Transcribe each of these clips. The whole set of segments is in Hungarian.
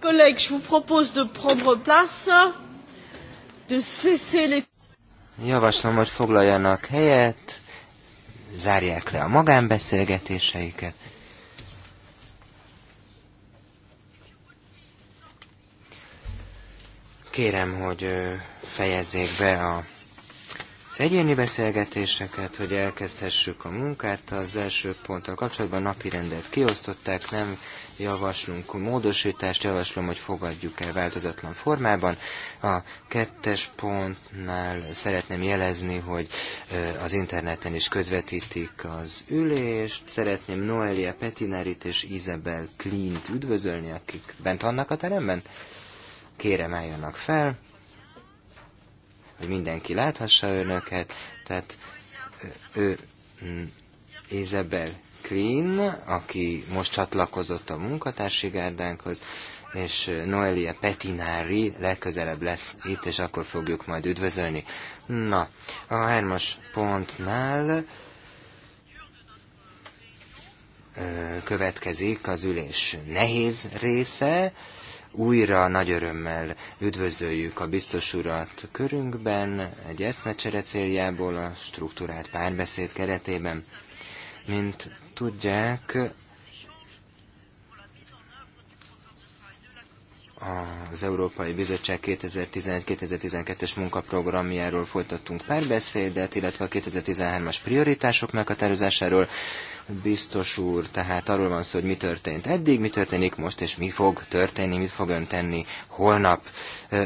collègues je vous propose de prendre place de cesser les Javaslom, hogy foglaljanak helyet, zárják le a magánbeszélgetéseiket. Kérem, hogy fejezzék be a az egyéni beszélgetéseket, hogy elkezdhessük a munkát. Az első ponttal kapcsolatban napi rendet kiosztották, nem javaslunk módosítást, javaslom, hogy fogadjuk el változatlan formában. A kettes pontnál szeretném jelezni, hogy az interneten is közvetítik az ülést. Szeretném Noelia Petinerit és Isabel Klint üdvözölni, akik bent vannak a teremben. Kérem, álljanak fel hogy mindenki láthassa önöket, tehát ő mm, Isabel Queen, aki most csatlakozott a munkatársi gárdánkhoz, és Noelia Petinári legközelebb lesz itt, és akkor fogjuk majd üdvözölni. Na, a hármas pontnál következik az ülés nehéz része, újra nagy örömmel üdvözöljük a biztos urat körünkben, egy eszmecsere céljából a struktúrált párbeszéd keretében. Mint tudják, az Európai Bizottság 2011-2012-es munkaprogramjáról folytattunk párbeszédet, illetve a 2013-as prioritások meghatározásáról. Biztos úr, tehát arról van szó, hogy mi történt eddig, mi történik most, és mi fog történni, mit fog ön tenni holnap.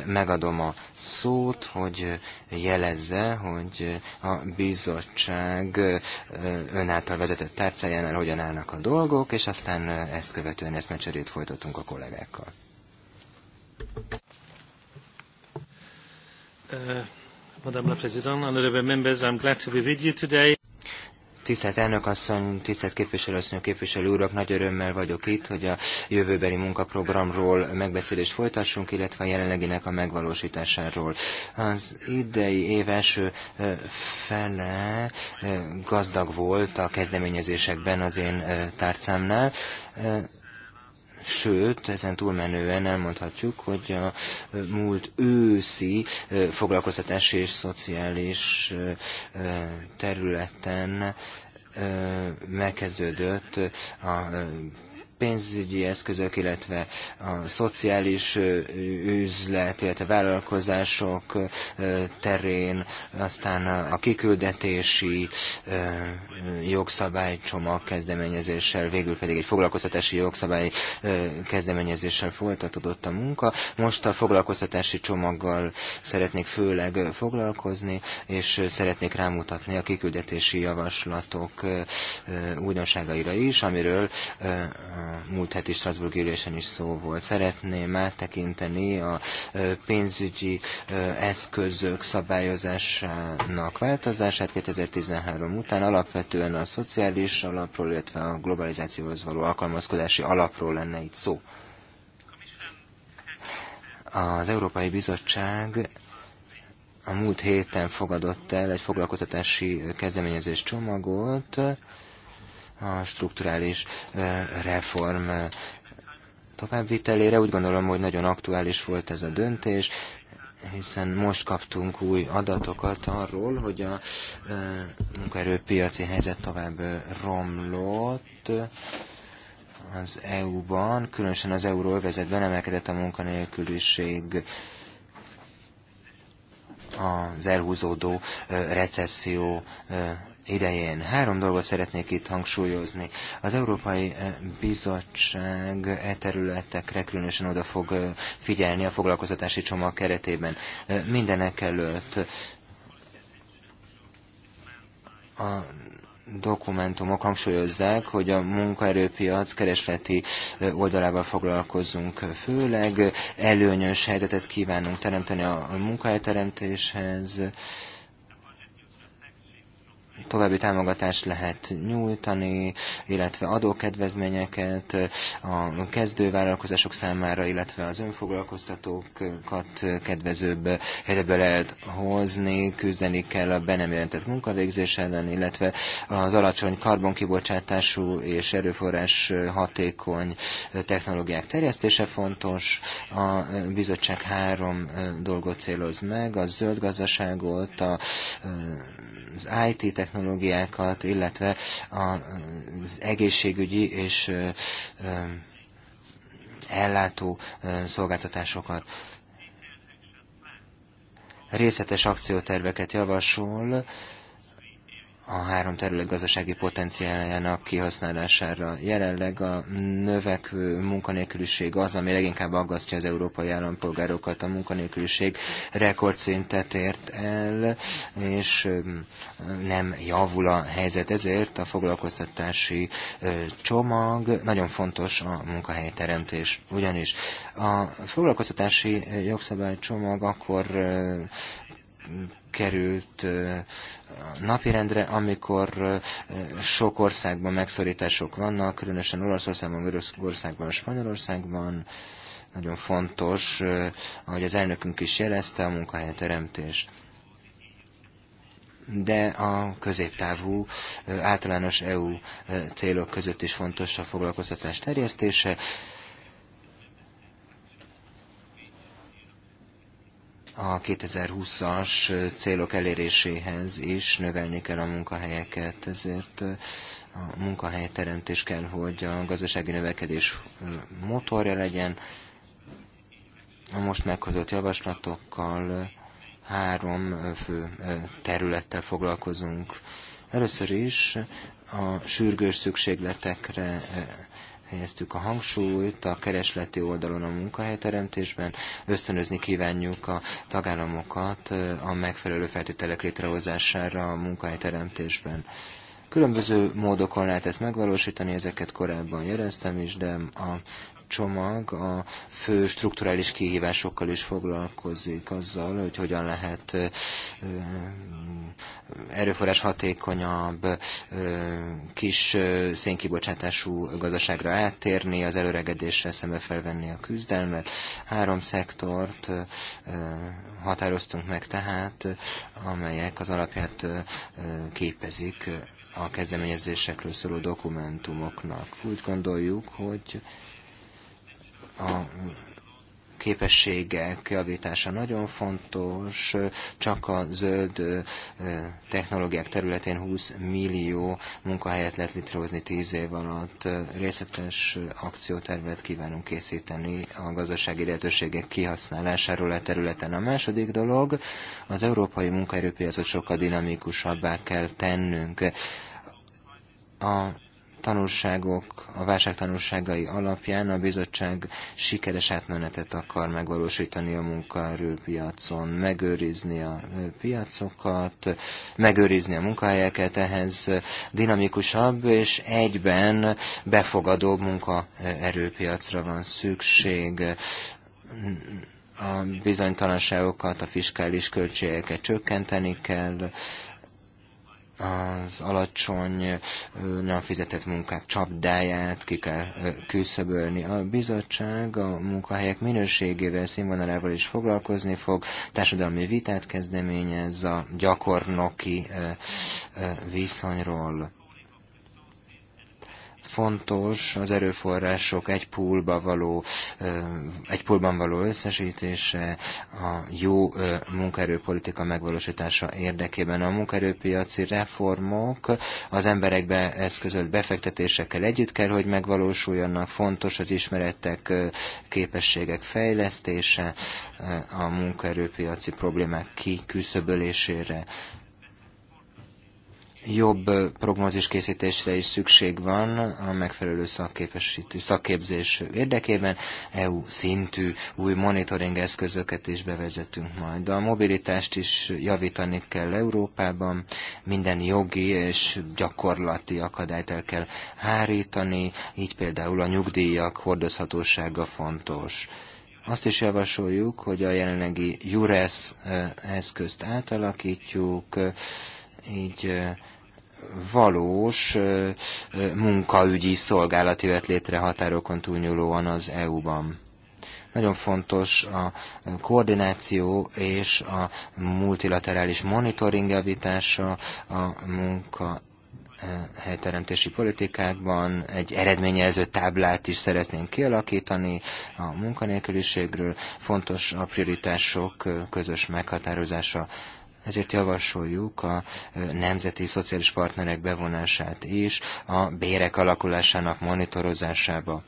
Megadom a szót, hogy jelezze, hogy a bizottság ön által vezetett tárcájánál hogyan állnak a dolgok, és aztán ezt követően eszmecserét folytatunk a kollégákkal. Uh, Madame la Présidente, honorable members, I'm glad to be with you today. Tisztelt elnökasszony, tisztelt képviselőasszony, képviselő urak, nagy örömmel vagyok itt, hogy a jövőbeli munkaprogramról megbeszélést folytassunk, illetve a jelenleginek a megvalósításáról. Az idei év első fele gazdag volt a kezdeményezésekben az én tárcámnál Sőt, ezen túlmenően elmondhatjuk, hogy a múlt őszi foglalkoztatási és szociális területen megkezdődött a pénzügyi eszközök, illetve a szociális üzlet, illetve vállalkozások terén, aztán a kiküldetési jogszabálycsomag kezdeményezéssel, végül pedig egy foglalkoztatási jogszabály kezdeményezéssel folytatódott a munka. Most a foglalkoztatási csomaggal szeretnék főleg foglalkozni, és szeretnék rámutatni a kiküldetési javaslatok újdonságaira is, amiről múlt heti Strasbourg ülésen is szó volt. Szeretném áttekinteni a pénzügyi eszközök szabályozásának változását 2013 után alapvető alapvetően a szociális alapról, illetve a globalizációhoz való alkalmazkodási alapról lenne itt szó. Az Európai Bizottság a múlt héten fogadott el egy foglalkoztatási kezdeményezés csomagot, a strukturális reform továbbvitelére. Úgy gondolom, hogy nagyon aktuális volt ez a döntés hiszen most kaptunk új adatokat arról, hogy a e, munkaerőpiaci helyzet tovább e, romlott az EU-ban, különösen az euróövezetben emelkedett a munkanélküliség az elhúzódó e, recesszió idején. Három dolgot szeretnék itt hangsúlyozni. Az Európai eh, Bizottság e területekre különösen oda fog eh, figyelni a foglalkoztatási csomag keretében. Eh, mindenek előtt a dokumentumok hangsúlyozzák, hogy a munkaerőpiac keresleti oldalával foglalkozunk főleg, előnyös helyzetet kívánunk teremteni a munkahelyteremtéshez, teremtéshez, további támogatást lehet nyújtani, illetve adókedvezményeket a kezdővállalkozások számára, illetve az önfoglalkoztatókat kedvezőbb helyzetbe lehet hozni, küzdeni kell a be nem jelentett munkavégzés ellen, illetve az alacsony karbonkibocsátású és erőforrás hatékony technológiák terjesztése fontos. A bizottság három dolgot céloz meg, a zöld gazdaságot, a az IT technológiákat, illetve az egészségügyi és ellátó szolgáltatásokat. Részletes akcióterveket javasol, a három terület gazdasági potenciáljának kihasználására. Jelenleg a növekvő munkanélküliség az, ami leginkább aggasztja az európai állampolgárokat. A munkanélküliség rekordszintet ért el, és nem javul a helyzet. Ezért a foglalkoztatási csomag nagyon fontos a munkahelyteremtés. Ugyanis a foglalkoztatási jogszabálycsomag akkor került napirendre, amikor sok országban megszorítások vannak, különösen Olaszországban, Görögországban, Spanyolországban. Nagyon fontos, ahogy az elnökünk is jelezte, a munkahelyteremtés. De a középtávú általános EU célok között is fontos a foglalkoztatás terjesztése. a 2020-as célok eléréséhez is növelni kell a munkahelyeket, ezért a munkahelyteremtés kell, hogy a gazdasági növekedés motorja legyen. A most meghozott javaslatokkal három fő területtel foglalkozunk. Először is a sürgős szükségletekre helyeztük a hangsúlyt a keresleti oldalon a munkahelyteremtésben, ösztönözni kívánjuk a tagállamokat a megfelelő feltételek létrehozására a munkahelyteremtésben. Különböző módokon lehet ezt megvalósítani, ezeket korábban jeleztem is, de a csomag a fő strukturális kihívásokkal is foglalkozik azzal, hogy hogyan lehet erőforrás hatékonyabb, kis szénkibocsátású gazdaságra áttérni, az előregedéssel szembe felvenni a küzdelmet. Három szektort határoztunk meg tehát, amelyek az alapját képezik a kezdeményezésekről szóló dokumentumoknak. Úgy gondoljuk, hogy a képességek javítása nagyon fontos, csak a zöld technológiák területén 20 millió munkahelyet lehet létrehozni 10 év alatt. Részletes akciótervet kívánunk készíteni a gazdasági lehetőségek kihasználásáról a e területen. A második dolog, az európai munkaerőpiacot sokkal dinamikusabbá kell tennünk. A tanulságok, a válság tanulságai alapján a bizottság sikeres átmenetet akar megvalósítani a munkaerőpiacon, megőrizni a piacokat, megőrizni a munkahelyeket, ehhez dinamikusabb és egyben befogadóbb munkaerőpiacra van szükség a bizonytalanságokat, a fiskális költségeket csökkenteni kell, az alacsony nem fizetett munkák csapdáját ki kell küszöbölni. A bizottság a munkahelyek minőségével, színvonalával is foglalkozni fog, társadalmi vitát kezdeményez a gyakornoki viszonyról fontos az erőforrások egy poolba való, egy poolban való összesítése, a jó munkaerőpolitika megvalósítása érdekében. A munkaerőpiaci reformok az emberekbe eszközölt befektetésekkel együtt kell, hogy megvalósuljanak. Fontos az ismeretek, képességek fejlesztése, a munkaerőpiaci problémák kiküszöbölésére jobb prognózis készítésre is szükség van a megfelelő szakképzés érdekében. EU szintű új monitoring eszközöket is bevezetünk majd. A mobilitást is javítani kell Európában, minden jogi és gyakorlati akadályt el kell hárítani, így például a nyugdíjak hordozhatósága fontos. Azt is javasoljuk, hogy a jelenlegi JURES eszközt átalakítjuk, így valós munkaügyi szolgálat jöhet létre határokon túlnyúlóan az EU-ban nagyon fontos a koordináció és a multilaterális monitoring javítása a munka helyteremtési politikákban egy eredményező táblát is szeretnénk kialakítani a munkanélküliségről. Fontos a prioritások közös meghatározása ezért javasoljuk a nemzeti szociális partnerek bevonását is a bérek alakulásának monitorozásába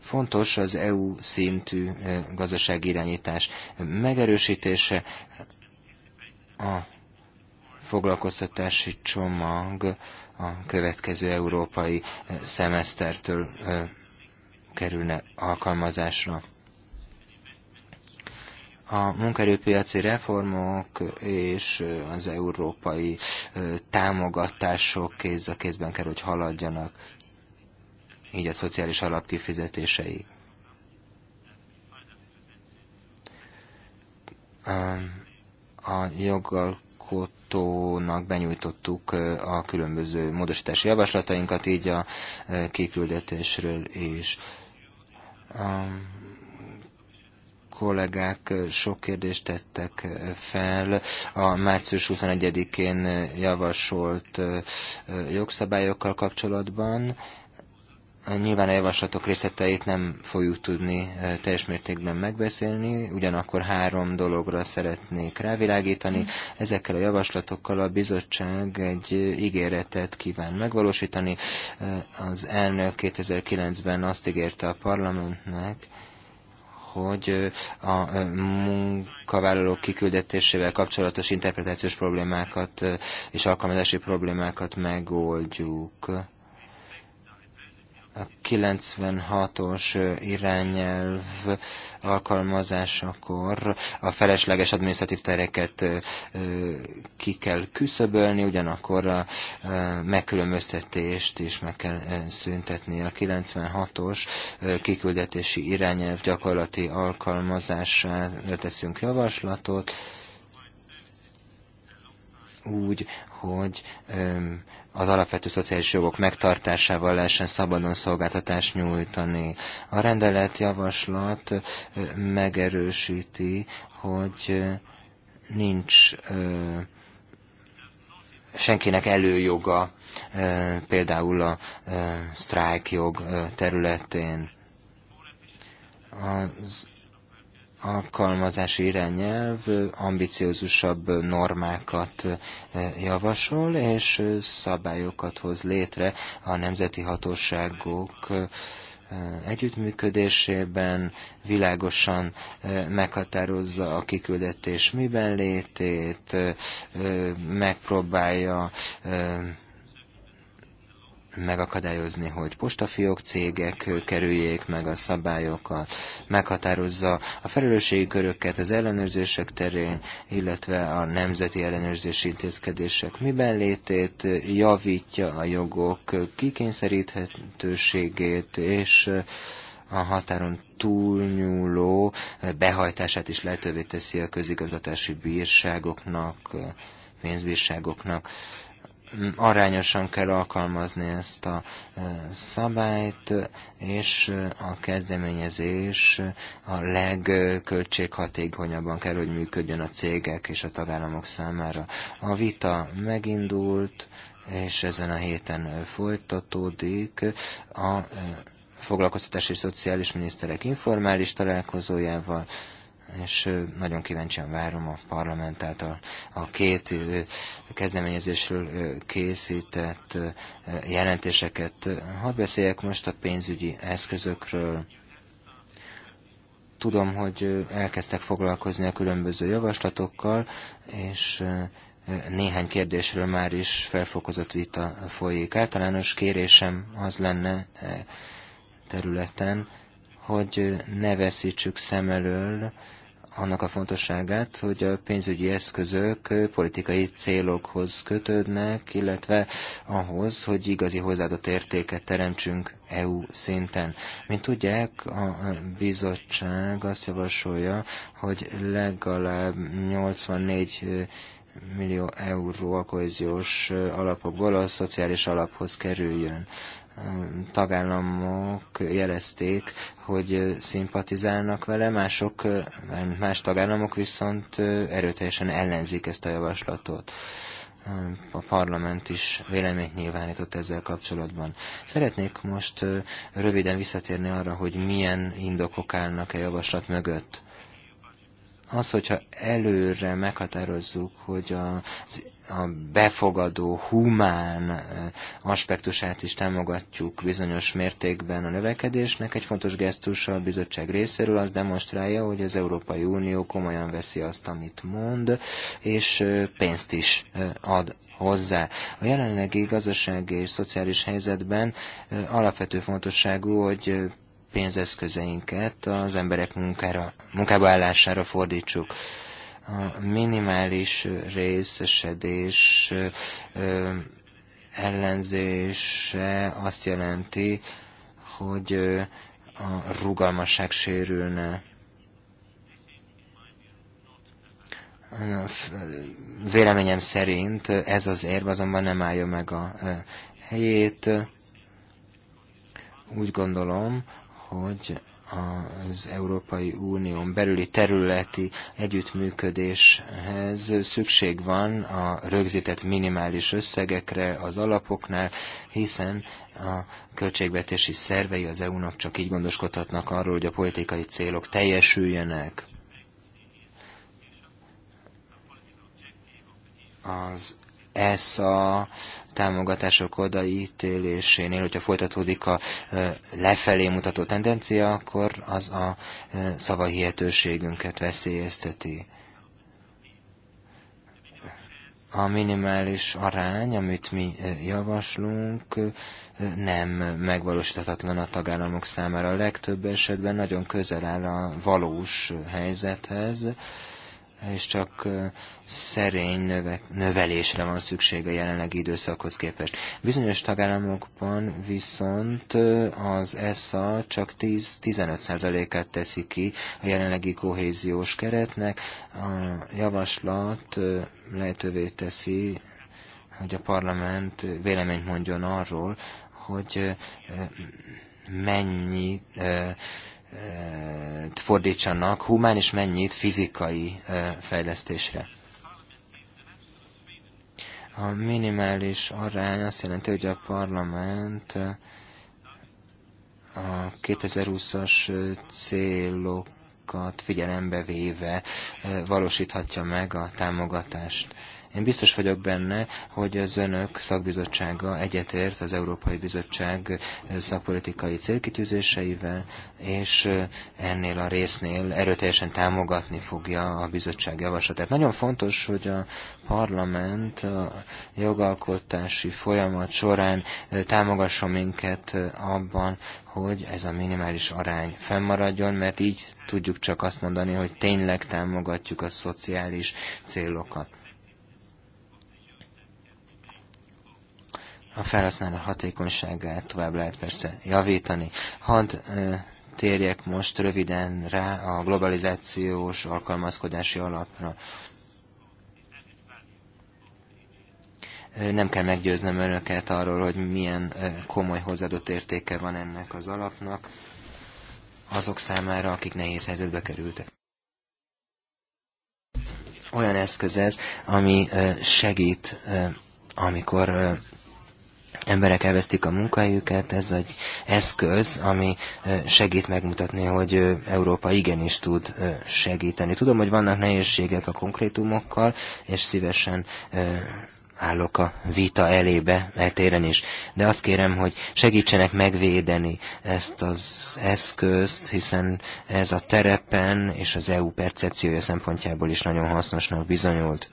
fontos az EU szintű gazdasági irányítás megerősítése, a foglalkoztatási csomag a következő európai szemesztertől kerülne alkalmazásra a munkaerőpiaci reformok és az európai támogatások kéz a kézben kell, hogy haladjanak, így a szociális alap kifizetései. A jogalkotónak benyújtottuk a különböző módosítási javaslatainkat, így a kiküldetésről is. Um, kollégák sok kérdést tettek fel a március 21-én javasolt jogszabályokkal kapcsolatban. Nyilván a javaslatok részleteit nem fogjuk tudni teljes mértékben megbeszélni, ugyanakkor három dologra szeretnék rávilágítani. Ezekkel a javaslatokkal a bizottság egy ígéretet kíván megvalósítani. Az elnök 2009-ben azt ígérte a parlamentnek, hogy a munkavállalók kiküldetésével kapcsolatos interpretációs problémákat és alkalmazási problémákat megoldjuk a 96-os irányelv alkalmazásakor a felesleges adminisztratív tereket ki kell küszöbölni, ugyanakkor a megkülönböztetést is meg kell szüntetni. A 96-os kiküldetési irányelv gyakorlati alkalmazására teszünk javaslatot, úgy, hogy az alapvető szociális jogok megtartásával lehessen szabadon szolgáltatást nyújtani. A rendeletjavaslat megerősíti, hogy nincs senkinek előjoga például a sztrájkjog területén. Az alkalmazási irányelv ambiciózusabb normákat e, javasol, és szabályokat hoz létre a nemzeti hatóságok e, együttműködésében világosan e, meghatározza a kiküldetés miben létét, megpróbálja megakadályozni, hogy postafiók cégek kerüljék meg a szabályokat, meghatározza a felelősségi köröket az ellenőrzések terén, illetve a nemzeti ellenőrzési intézkedések miben létét, javítja a jogok kikényszeríthetőségét, és a határon túlnyúló behajtását is lehetővé teszi a közigazgatási bírságoknak, pénzbírságoknak arányosan kell alkalmazni ezt a e, szabályt, és e, a kezdeményezés e, a legköltséghatékonyabban kell, hogy működjön a cégek és a tagállamok számára. A vita megindult, és ezen a héten folytatódik. A foglalkoztatás és szociális miniszterek informális találkozójával, és nagyon kíváncsian várom a parlament által a két kezdeményezésről készített jelentéseket. Hadd beszéljek most a pénzügyi eszközökről. Tudom, hogy elkezdtek foglalkozni a különböző javaslatokkal, és néhány kérdésről már is felfokozott vita folyik. Általános kérésem az lenne területen, hogy ne veszítsük szem elől annak a fontosságát, hogy a pénzügyi eszközök politikai célokhoz kötődnek, illetve ahhoz, hogy igazi hozzáadott értéket teremtsünk EU szinten. Mint tudják, a bizottság azt javasolja, hogy legalább 84 millió euró a kohéziós alapokból a szociális alaphoz kerüljön tagállamok jelezték, hogy szimpatizálnak vele, mások, más tagállamok viszont erőteljesen ellenzik ezt a javaslatot a parlament is véleményt nyilvánított ezzel kapcsolatban. Szeretnék most röviden visszatérni arra, hogy milyen indokok állnak a e javaslat mögött. Az, hogyha előre meghatározzuk, hogy az a befogadó, humán eh, aspektusát is támogatjuk bizonyos mértékben a növekedésnek. Egy fontos gesztus a bizottság részéről az demonstrálja, hogy az Európai Unió komolyan veszi azt, amit mond, és eh, pénzt is eh, ad hozzá. A jelenlegi gazdasági és szociális helyzetben alapvető fontosságú, hogy pénzeszközeinket az emberek munkára, munkába állására fordítsuk a minimális részesedés ellenzése azt jelenti, hogy a rugalmasság sérülne. Véleményem szerint ez az érv azonban nem állja meg a helyét. Úgy gondolom, hogy az Európai Unión belüli területi együttműködéshez szükség van a rögzített minimális összegekre az alapoknál, hiszen a költségvetési szervei az EU-nak csak így gondoskodhatnak arról, hogy a politikai célok teljesüljenek. Az ESA támogatások odaítélésénél, hogyha folytatódik a lefelé mutató tendencia, akkor az a szavahihetőségünket veszélyezteti. A minimális arány, amit mi javaslunk, nem megvalósíthatatlan a tagállamok számára. A legtöbb esetben nagyon közel áll a valós helyzethez, és csak szerény növe, növelésre van szükség a jelenlegi időszakhoz képest. Bizonyos tagállamokban viszont az ESSA csak 10-15%-át teszi ki a jelenlegi kohéziós keretnek. A javaslat lehetővé teszi, hogy a parlament véleményt mondjon arról, hogy mennyi Eh, fordítsanak humán és mennyit fizikai eh, fejlesztésre. A minimális arány azt jelenti, hogy a parlament eh, a 2020-as célokat figyelembe véve valósíthatja meg a támogatást. Én biztos vagyok benne, hogy az önök szakbizottsága egyetért az Európai Bizottság szakpolitikai célkitűzéseivel, és ennél a résznél erőteljesen támogatni fogja a bizottság javaslatát. Nagyon fontos, hogy a parlament a jogalkotási folyamat során támogasson minket abban, hogy ez a minimális arány fennmaradjon, mert így tudjuk csak azt mondani, hogy tényleg támogatjuk a szociális célokat. a felhasználó hatékonyságát tovább lehet persze javítani. Hadd térjek most röviden rá a globalizációs alkalmazkodási alapra. Nem kell meggyőznöm önöket arról, hogy milyen komoly hozzáadott értéke van ennek az alapnak azok számára, akik nehéz helyzetbe kerültek. Olyan eszköz ez, ami segít, amikor emberek elvesztik a munkájukat, ez egy eszköz, ami segít megmutatni, hogy Európa igenis tud segíteni. Tudom, hogy vannak nehézségek a konkrétumokkal, és szívesen állok a vita elébe eltéren is. De azt kérem, hogy segítsenek megvédeni ezt az eszközt, hiszen ez a terepen és az EU percepciója szempontjából is nagyon hasznosnak bizonyult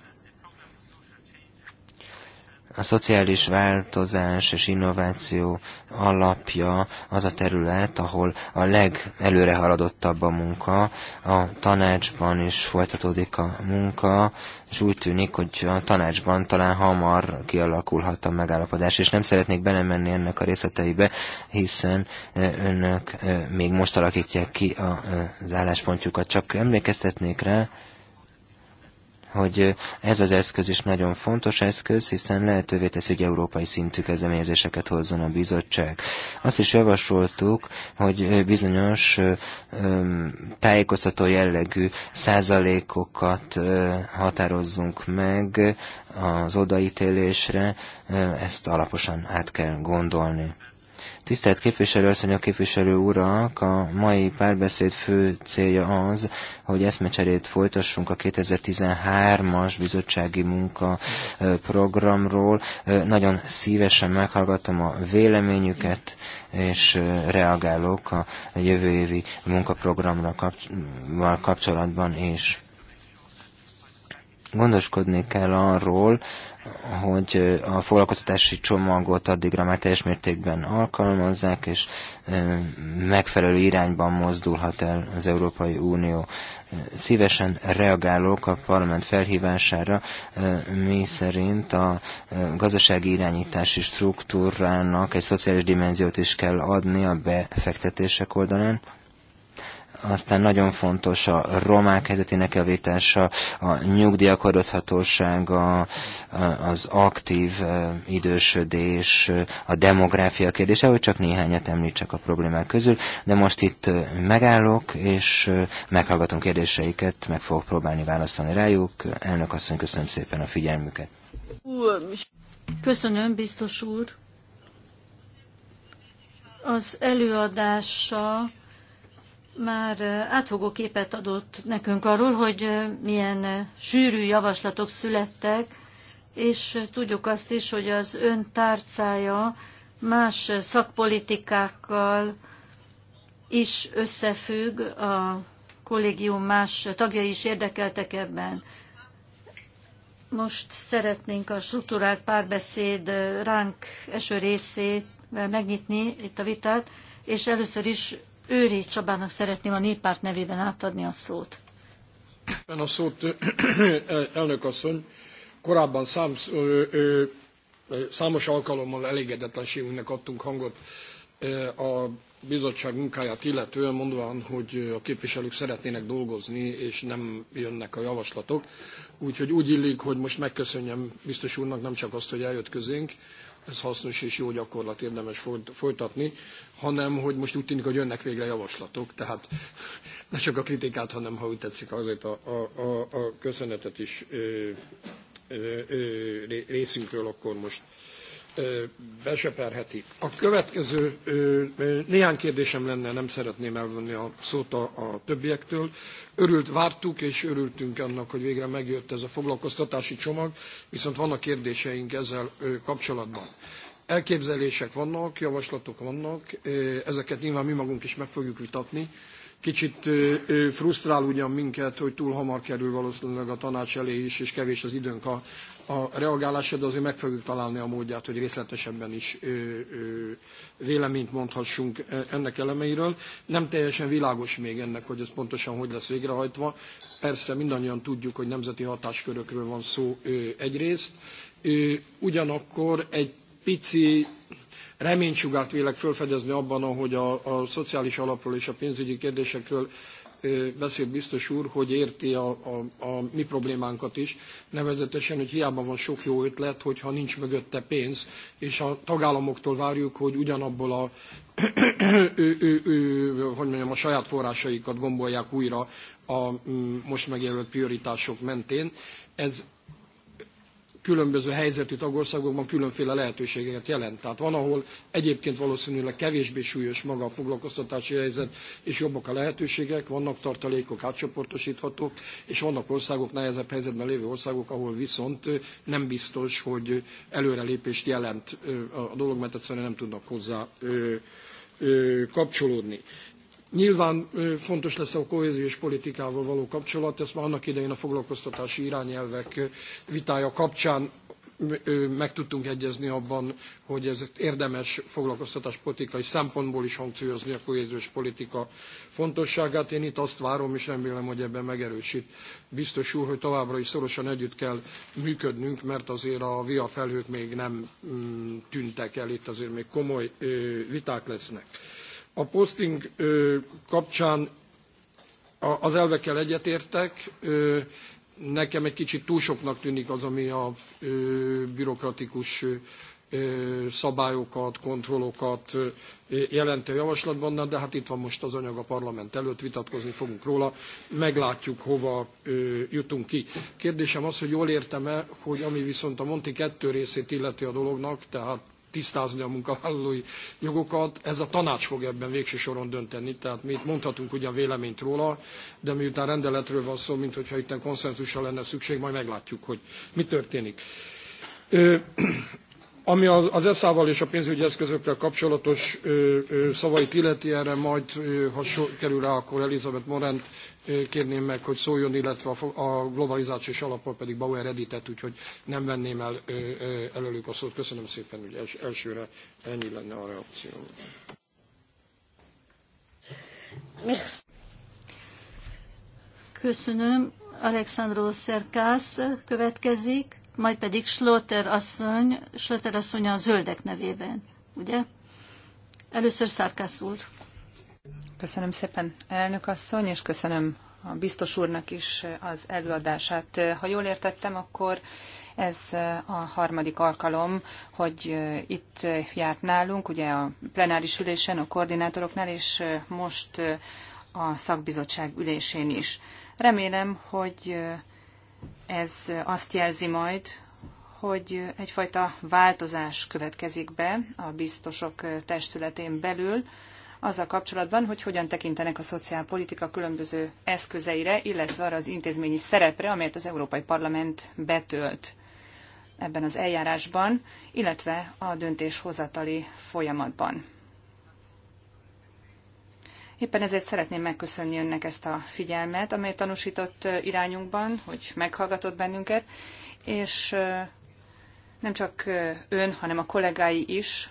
a szociális változás és innováció alapja az a terület, ahol a legelőre haladottabb a munka, a tanácsban is folytatódik a munka, és úgy tűnik, hogy a tanácsban talán hamar kialakulhat a megállapodás, és nem szeretnék belemenni ennek a részleteibe, hiszen önök még most alakítják ki az álláspontjukat, csak emlékeztetnék rá, hogy ez az eszköz is nagyon fontos eszköz, hiszen lehetővé teszi, hogy európai szintű kezdeményezéseket hozzon a bizottság. Azt is javasoltuk, hogy bizonyos tájékoztató jellegű százalékokat határozzunk meg az odaítélésre, ezt alaposan át kell gondolni. Tisztelt képviselő asszonyok, képviselő urak, a mai párbeszéd fő célja az, hogy eszmecserét folytassunk a 2013-as bizottsági munka programról. Nagyon szívesen meghallgatom a véleményüket, és reagálok a jövő évi munkaprogramra kapcsolatban is gondoskodni kell arról, hogy a foglalkoztatási csomagot addigra már teljes mértékben alkalmazzák, és megfelelő irányban mozdulhat el az Európai Unió. Szívesen reagálok a parlament felhívására, mi szerint a gazdasági irányítási struktúrának egy szociális dimenziót is kell adni a befektetések oldalán, aztán nagyon fontos a romák helyzetének javítása, a nyugdíjak hordozhatósága, az aktív idősödés, a demográfia kérdése, hogy csak néhányat említsek a problémák közül, de most itt megállok, és meghallgatom kérdéseiket, meg fogok próbálni válaszolni rájuk. Elnök asszony, köszönöm szépen a figyelmüket. Köszönöm, biztos úr. Az előadása már átfogó képet adott nekünk arról, hogy milyen sűrű javaslatok születtek, és tudjuk azt is, hogy az ön tárcája más szakpolitikákkal is összefügg, a kollégium más tagjai is érdekeltek ebben. Most szeretnénk a struktúrált párbeszéd ránk eső részét megnyitni itt a vitát, és először is Őri Csabának szeretném a néppárt nevében átadni a szót. a szót, elnök asszony. Korábban számsz, ö, ö, számos alkalommal elégedetlenségünknek adtunk hangot a bizottság munkáját illetően, mondván, hogy a képviselők szeretnének dolgozni, és nem jönnek a javaslatok. Úgyhogy úgy illik, hogy most megköszönjem biztos úrnak nem csak azt, hogy eljött közénk, ez hasznos és jó gyakorlat, érdemes folytatni, hanem hogy most úgy tűnik, hogy jönnek végre javaslatok, tehát ne csak a kritikát, hanem ha úgy tetszik, azért a, a, a, a köszönetet is ö, ö, ö, részünkről akkor most ö, beseperheti. A következő ö, néhány kérdésem lenne, nem szeretném elvonni a szót a, a többiektől. Örült, vártuk és örültünk annak, hogy végre megjött ez a foglalkoztatási csomag, viszont vannak kérdéseink ezzel ö, kapcsolatban. Elképzelések vannak, javaslatok vannak, ezeket nyilván mi magunk is meg fogjuk vitatni. Kicsit frusztrál ugyan minket, hogy túl hamar kerül valószínűleg a tanács elé is, és kevés az időnk a, a reagálásra, de azért meg fogjuk találni a módját, hogy részletesebben is ö, ö, véleményt mondhassunk e, ennek elemeiről. Nem teljesen világos még ennek, hogy ez pontosan hogy lesz végrehajtva. Persze mindannyian tudjuk, hogy nemzeti hatáskörökről van szó ö, egyrészt, Ugyanakkor egy pici reménysugárt vélek felfedezni abban, ahogy a, a szociális alapról és a pénzügyi kérdésekről beszél biztos úr, hogy érti a, a, a mi problémánkat is, nevezetesen, hogy hiába van sok jó ötlet, hogyha nincs mögötte pénz, és a tagállamoktól várjuk, hogy ugyanabból a, ő, ő, ő, hogy mondjam, a saját forrásaikat gombolják újra a most megjelölt prioritások mentén. Ez különböző helyzetű tagországokban különféle lehetőségeket jelent. Tehát van, ahol egyébként valószínűleg kevésbé súlyos maga a foglalkoztatási helyzet, és jobbak a lehetőségek, vannak tartalékok átcsoportosíthatók, és vannak országok, nehezebb helyzetben lévő országok, ahol viszont nem biztos, hogy előrelépést jelent a dolog, mert egyszerűen nem tudnak hozzá kapcsolódni. Nyilván fontos lesz a kohéziós politikával való kapcsolat, ezt már annak idején a foglalkoztatási irányelvek vitája kapcsán meg tudtunk egyezni abban, hogy ez érdemes foglalkoztatáspolitikai szempontból is hangsúlyozni a kohéziós politika fontosságát. Én itt azt várom, és remélem, hogy ebben megerősít biztos úr, hogy továbbra is szorosan együtt kell működnünk, mert azért a via felhők még nem mm, tűntek el, itt azért még komoly viták lesznek. A posting kapcsán az elvekkel egyetértek, nekem egy kicsit túl soknak tűnik az, ami a bürokratikus szabályokat, kontrollokat a javaslatban, de hát itt van most az anyag a parlament előtt, vitatkozni fogunk róla, meglátjuk, hova jutunk ki. Kérdésem az, hogy jól értem-e, hogy ami viszont a Monti kettő részét illeti a dolognak, tehát tisztázni a munkavállalói jogokat. Ez a tanács fog ebben végső soron dönteni, tehát mi itt mondhatunk ugyan véleményt róla, de miután rendeletről van szó, mint hogyha itt konszenzusra lenne szükség, majd meglátjuk, hogy mi történik. Ö, ami az eszával és a pénzügyi eszközökkel kapcsolatos ö, ö, szavait illeti, erre majd, ö, ha so, kerül rá, akkor Elizabeth Morent kérném meg, hogy szóljon, illetve a globalizációs alapról pedig Bauer Editet, úgyhogy nem venném el előlük a szót. Köszönöm szépen, hogy els, elsőre ennyi lenne a reakció. Köszönöm. Alexandro Szerkász következik, majd pedig Slóter asszony, Slóter asszony a zöldek nevében, ugye? Először Szerkász úr. Köszönöm szépen, elnök asszony, és köszönöm a biztos úrnak is az előadását. Ha jól értettem, akkor ez a harmadik alkalom, hogy itt járt nálunk, ugye a plenáris ülésen, a koordinátoroknál, és most a szakbizottság ülésén is. Remélem, hogy ez azt jelzi majd, hogy egyfajta változás következik be a biztosok testületén belül, azzal kapcsolatban, hogy hogyan tekintenek a szociálpolitika különböző eszközeire, illetve arra az intézményi szerepre, amelyet az Európai Parlament betölt ebben az eljárásban, illetve a döntéshozatali folyamatban. Éppen ezért szeretném megköszönni önnek ezt a figyelmet, amely tanúsított irányunkban, hogy meghallgatott bennünket, és nem csak ön, hanem a kollégái is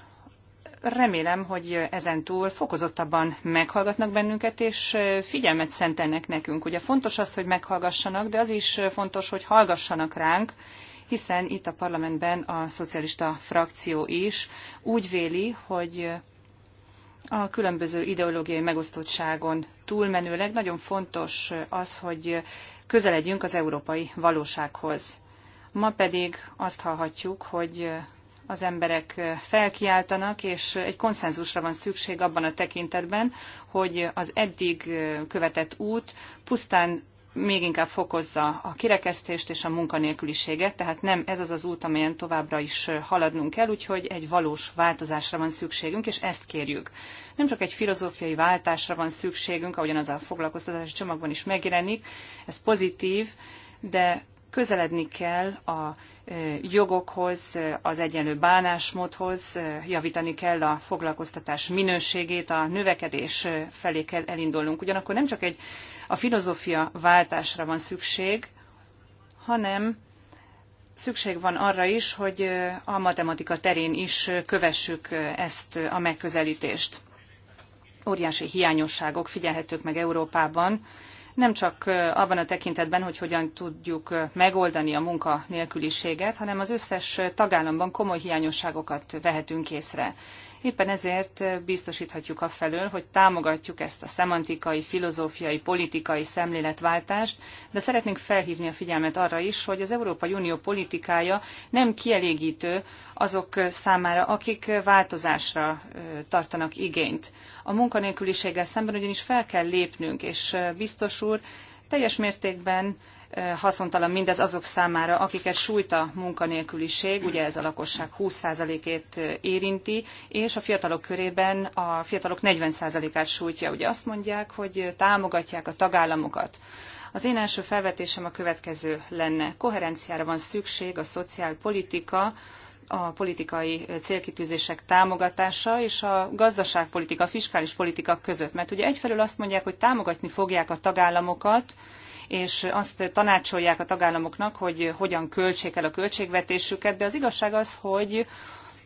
remélem, hogy ezentúl fokozottabban meghallgatnak bennünket, és figyelmet szentelnek nekünk. Ugye fontos az, hogy meghallgassanak, de az is fontos, hogy hallgassanak ránk, hiszen itt a parlamentben a szocialista frakció is úgy véli, hogy a különböző ideológiai megosztottságon túlmenőleg nagyon fontos az, hogy közeledjünk az európai valósághoz. Ma pedig azt hallhatjuk, hogy az emberek felkiáltanak, és egy konszenzusra van szükség abban a tekintetben, hogy az eddig követett út pusztán még inkább fokozza a kirekesztést és a munkanélküliséget, tehát nem ez az az út, amelyen továbbra is haladnunk kell, úgyhogy egy valós változásra van szükségünk, és ezt kérjük. Nem csak egy filozófiai váltásra van szükségünk, ahogyan az a foglalkoztatási csomagban is megjelenik, ez pozitív, de közeledni kell a jogokhoz, az egyenlő bánásmódhoz, javítani kell a foglalkoztatás minőségét, a növekedés felé kell elindulnunk. Ugyanakkor nem csak egy a filozófia váltásra van szükség, hanem szükség van arra is, hogy a matematika terén is kövessük ezt a megközelítést. Óriási hiányosságok figyelhetők meg Európában, nem csak abban a tekintetben, hogy hogyan tudjuk megoldani a munka nélküliséget, hanem az összes tagállamban komoly hiányosságokat vehetünk észre. Éppen ezért biztosíthatjuk a felől, hogy támogatjuk ezt a szemantikai, filozófiai, politikai szemléletváltást, de szeretnénk felhívni a figyelmet arra is, hogy az Európai Unió politikája nem kielégítő azok számára, akik változásra tartanak igényt. A munkanélküliséggel szemben ugyanis fel kell lépnünk, és biztos úr, teljes mértékben haszontalan mindez azok számára, akiket sújt a munkanélküliség, ugye ez a lakosság 20%-ét érinti, és a fiatalok körében a fiatalok 40%-át sújtja. Ugye azt mondják, hogy támogatják a tagállamokat. Az én első felvetésem a következő lenne. Koherenciára van szükség a szociálpolitika, a politikai célkitűzések támogatása és a gazdaságpolitika, a fiskális politika között. Mert ugye egyfelől azt mondják, hogy támogatni fogják a tagállamokat, és azt tanácsolják a tagállamoknak, hogy hogyan költsék el a költségvetésüket, de az igazság az, hogy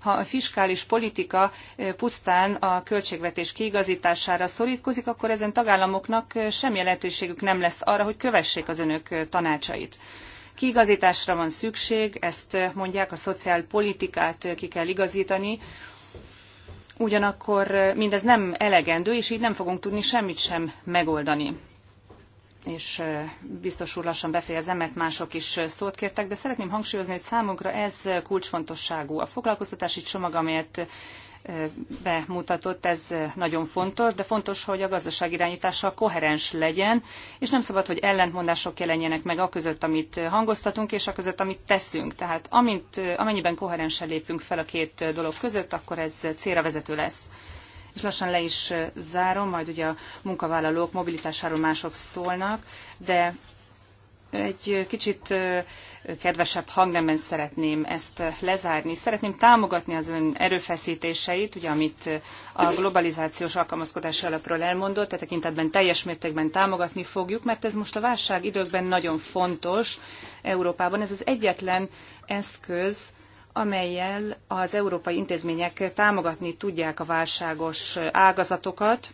ha a fiskális politika eh, pusztán a költségvetés kiigazítására szorítkozik, akkor ezen tagállamoknak eh, semmi lehetőségük nem lesz arra, hogy kövessék az önök eh, tanácsait. Kiigazításra van szükség, ezt mondják, a szociálpolitikát ki kell igazítani, ugyanakkor mindez nem elegendő, és így nem fogunk tudni semmit sem megoldani és biztos úr lassan befejezem, mert mások is szót kértek, de szeretném hangsúlyozni, hogy számunkra ez kulcsfontosságú. A foglalkoztatási csomag, amelyet bemutatott, ez nagyon fontos, de fontos, hogy a gazdaság irányítása koherens legyen, és nem szabad, hogy ellentmondások jelenjenek meg a között, amit hangoztatunk, és a között, amit teszünk. Tehát amint, amennyiben koherensen lépünk fel a két dolog között, akkor ez célra vezető lesz és lassan le is zárom, majd ugye a munkavállalók mobilitásáról mások szólnak, de egy kicsit kedvesebb hangnemben szeretném ezt lezárni. Szeretném támogatni az ön erőfeszítéseit, ugye, amit a globalizációs alkalmazkodási alapról elmondott, tehát tekintetben teljes mértékben támogatni fogjuk, mert ez most a válság időkben nagyon fontos Európában. Ez az egyetlen eszköz, amelyel az európai intézmények támogatni tudják a válságos ágazatokat,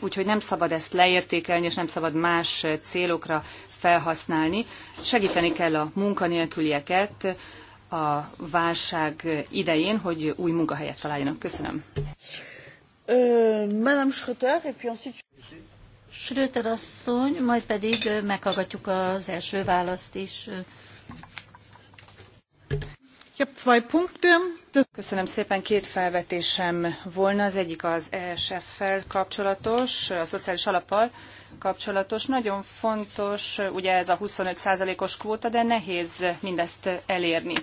úgyhogy nem szabad ezt leértékelni, és nem szabad más célokra felhasználni. Segíteni kell a munkanélkülieket a válság idején, hogy új munkahelyet találjanak. Köszönöm. Madame Schröter, et puis ensuite... Schröter asszony, majd pedig meghallgatjuk az első választ is. Köszönöm szépen, két felvetésem volna. Az egyik az ESF-fel kapcsolatos, a szociális alappal kapcsolatos. Nagyon fontos, ugye ez a 25%-os kvóta, de nehéz mindezt elérni.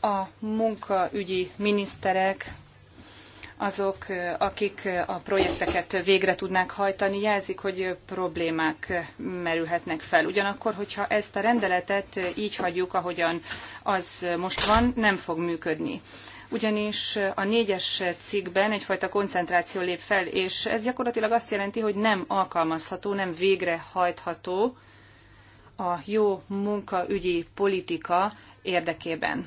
A munkaügyi miniszterek azok, akik a projekteket végre tudnák hajtani, jelzik, hogy problémák merülhetnek fel. Ugyanakkor, hogyha ezt a rendeletet így hagyjuk, ahogyan az most van, nem fog működni ugyanis a négyes cikkben egyfajta koncentráció lép fel, és ez gyakorlatilag azt jelenti, hogy nem alkalmazható, nem végrehajtható a jó munkaügyi politika érdekében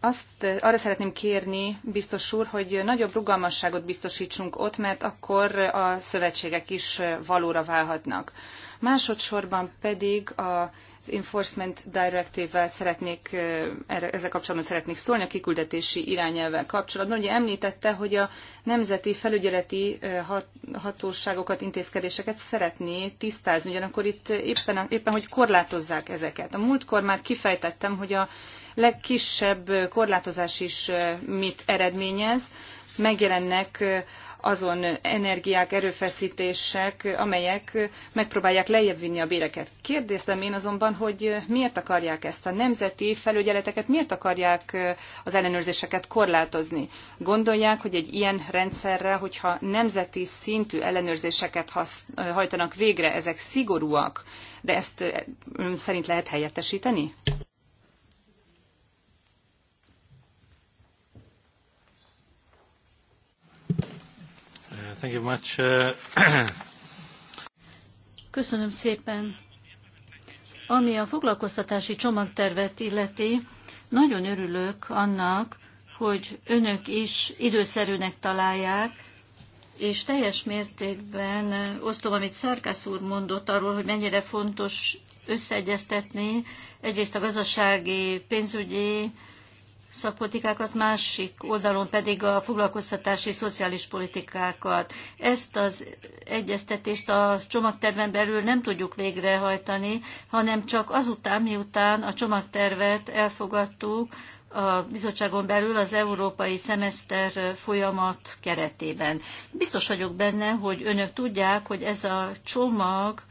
azt, eh, arra szeretném kérni, biztos úr, hogy nagyobb rugalmasságot biztosítsunk ott, mert akkor a szövetségek is eh, valóra válhatnak. Másodszorban pedig az Enforcement Directive-vel szeretnék, eh, ezzel kapcsolatban szeretnék szólni, a kiküldetési irányelvvel kapcsolatban. Ugye említette, hogy a nemzeti felügyeleti hatóságokat, intézkedéseket szeretné tisztázni, ugyanakkor itt éppen, éppen hogy korlátozzák ezeket. A múltkor már kifejtettem, hogy a legkisebb korlátozás is mit eredményez. Megjelennek azon energiák, erőfeszítések, amelyek megpróbálják lejjebb vinni a béreket. Kérdeztem én azonban, hogy miért akarják ezt a nemzeti felügyeleteket, miért akarják az ellenőrzéseket korlátozni? Gondolják, hogy egy ilyen rendszerre hogyha nemzeti szintű ellenőrzéseket hasz, hajtanak végre, ezek szigorúak, de ezt szerint lehet helyettesíteni? Thank you much. Uh, Köszönöm szépen. Ami a foglalkoztatási csomagtervet illeti, nagyon örülök annak, hogy önök is időszerűnek találják, és teljes mértékben osztom, amit Szárkász úr mondott arról, hogy mennyire fontos összeegyeztetni egyrészt a gazdasági, pénzügyi, szakpolitikákat, másik oldalon pedig a foglalkoztatási szociális politikákat. Ezt az egyeztetést a csomagterven belül nem tudjuk végrehajtani, hanem csak azután, miután a csomagtervet elfogadtuk a bizottságon belül az európai szemeszter folyamat keretében. Biztos vagyok benne, hogy önök tudják, hogy ez a csomag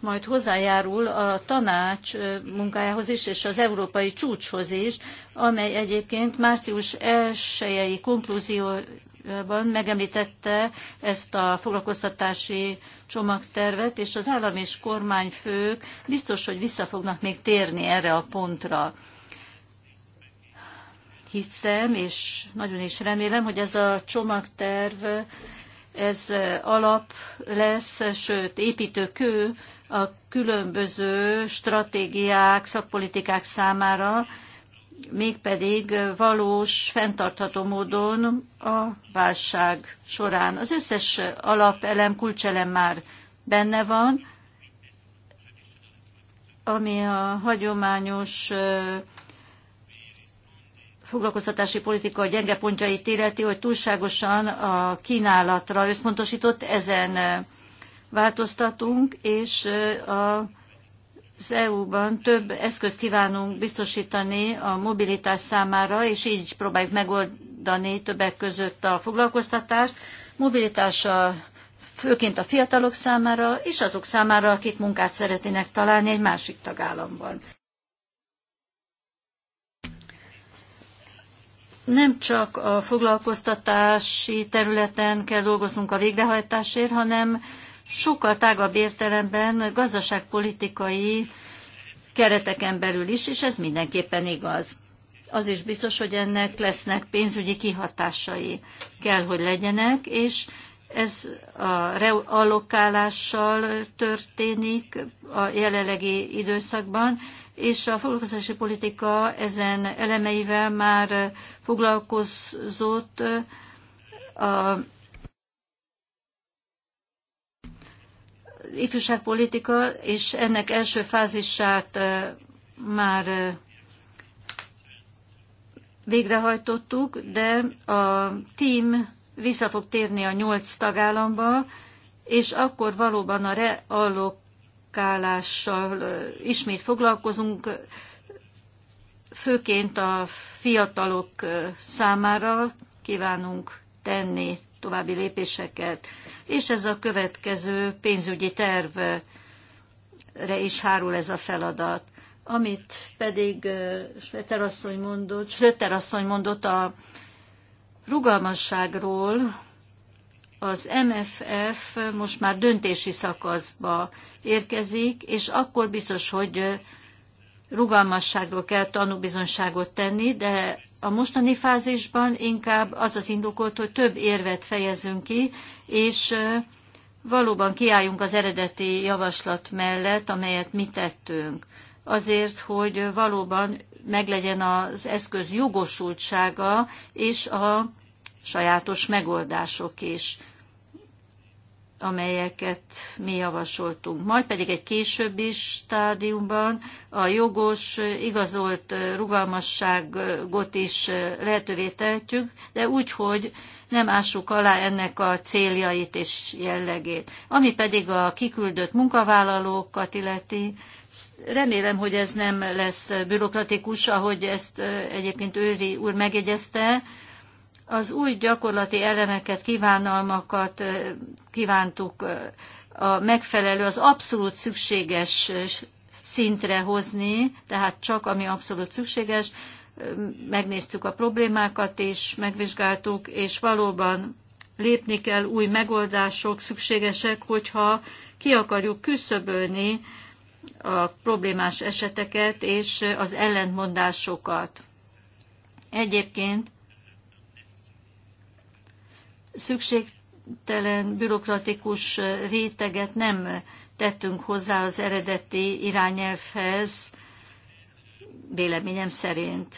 majd hozzájárul a tanács munkájához is, és az európai csúcshoz is, amely egyébként március 1-i konklúzióban megemlítette ezt a foglalkoztatási csomagtervet, és az állam és kormányfők biztos, hogy vissza fognak még térni erre a pontra hiszem, és nagyon is remélem, hogy ez a csomagterv ez alap lesz, sőt építőkő a különböző stratégiák, szakpolitikák számára, mégpedig valós, fenntartható módon a válság során. Az összes alapelem, kulcselem már benne van, ami a hagyományos foglalkoztatási politika gyenge pontjait illeti, hogy túlságosan a kínálatra összpontosított, ezen változtatunk, és a az EU-ban több eszközt kívánunk biztosítani a mobilitás számára, és így próbáljuk megoldani többek között a foglalkoztatást. Mobilitás a, főként a fiatalok számára, és azok számára, akik munkát szeretnének találni egy másik tagállamban. Nem csak a foglalkoztatási területen kell dolgoznunk a végrehajtásért, hanem sokkal tágabb értelemben gazdaságpolitikai kereteken belül is, és ez mindenképpen igaz. Az is biztos, hogy ennek lesznek pénzügyi kihatásai kell, hogy legyenek, és ez a reallokálással történik a jelenlegi időszakban, és a foglalkozási politika ezen elemeivel már foglalkozott a ifjúságpolitika, és ennek első fázisát már végrehajtottuk, de a team vissza fog térni a nyolc tagállamba, és akkor valóban a reallokálással ismét foglalkozunk, főként a fiatalok számára kívánunk tenni további lépéseket és ez a következő pénzügyi tervre is hárul ez a feladat. Amit pedig Schröter asszony mondott, Schröter asszony mondott a rugalmasságról, az MFF most már döntési szakaszba érkezik, és akkor biztos, hogy rugalmasságról kell tanúbizonyságot tenni, de a mostani fázisban inkább az az indokolt, hogy több érvet fejezünk ki, és valóban kiálljunk az eredeti javaslat mellett, amelyet mi tettünk. Azért, hogy valóban meglegyen az eszköz jogosultsága és a sajátos megoldások is amelyeket mi javasoltunk. Majd pedig egy későbbi stádiumban a jogos, igazolt rugalmasságot is lehetővé tehetjük, de úgy, hogy nem ássuk alá ennek a céljait és jellegét. Ami pedig a kiküldött munkavállalókat illeti, remélem, hogy ez nem lesz bürokratikus, ahogy ezt egyébként Őri úr megjegyezte, az új gyakorlati elemeket, kívánalmakat kívántuk a megfelelő, az abszolút szükséges szintre hozni, tehát csak ami abszolút szükséges, megnéztük a problémákat és megvizsgáltuk, és valóban lépni kell, új megoldások szükségesek, hogyha ki akarjuk küszöbölni a problémás eseteket és az ellentmondásokat. Egyébként szükségtelen bürokratikus réteget nem tettünk hozzá az eredeti irányelvhez, véleményem szerint.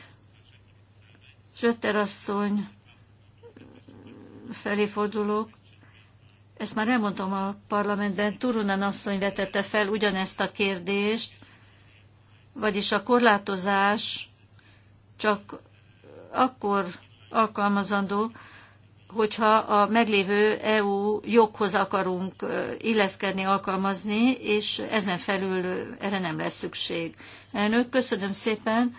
Sötter asszony felé fordulok. Ezt már elmondtam a parlamentben, Turunan asszony vetette fel ugyanezt a kérdést, vagyis a korlátozás csak akkor alkalmazandó, hogyha a meglévő EU joghoz akarunk illeszkedni, alkalmazni, és ezen felül erre nem lesz szükség. Elnök, köszönöm szépen.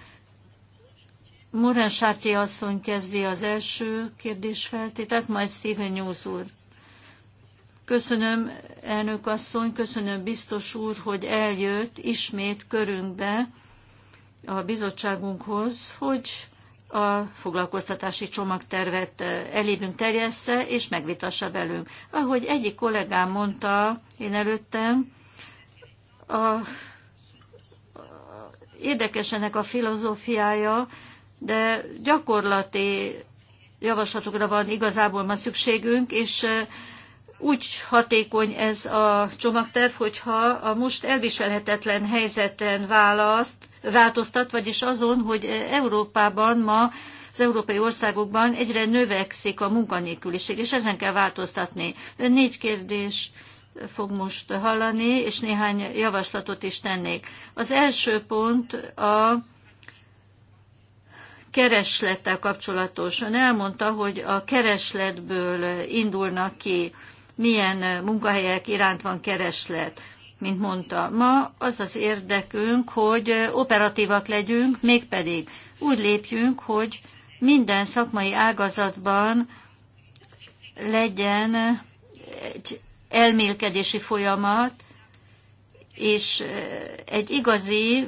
Morán Sárti asszony kezdi az első kérdésfeltételt, majd Stephen News úr. Köszönöm, elnök asszony, köszönöm biztos úr, hogy eljött ismét körünkbe a bizottságunkhoz, hogy a foglalkoztatási csomagtervet eh, elébünk terjessze, és megvitassa velünk. Ahogy egyik kollégám mondta én előttem, a, érdekes ennek a filozófiája, de gyakorlati javaslatokra van igazából ma szükségünk, és eh, úgy hatékony ez a csomagterv, hogyha a most elviselhetetlen helyzeten választ, változtat, vagyis azon, hogy Európában ma az európai országokban egyre növekszik a munkanélküliség, és ezen kell változtatni. Ön négy kérdés fog most hallani, és néhány javaslatot is tennék. Az első pont a kereslettel kapcsolatos. Ön elmondta, hogy a keresletből indulnak ki milyen munkahelyek iránt van kereslet. Mint mondta, ma az az érdekünk, hogy operatívak legyünk, mégpedig úgy lépjünk, hogy minden szakmai ágazatban legyen egy elmélkedési folyamat, és egy igazi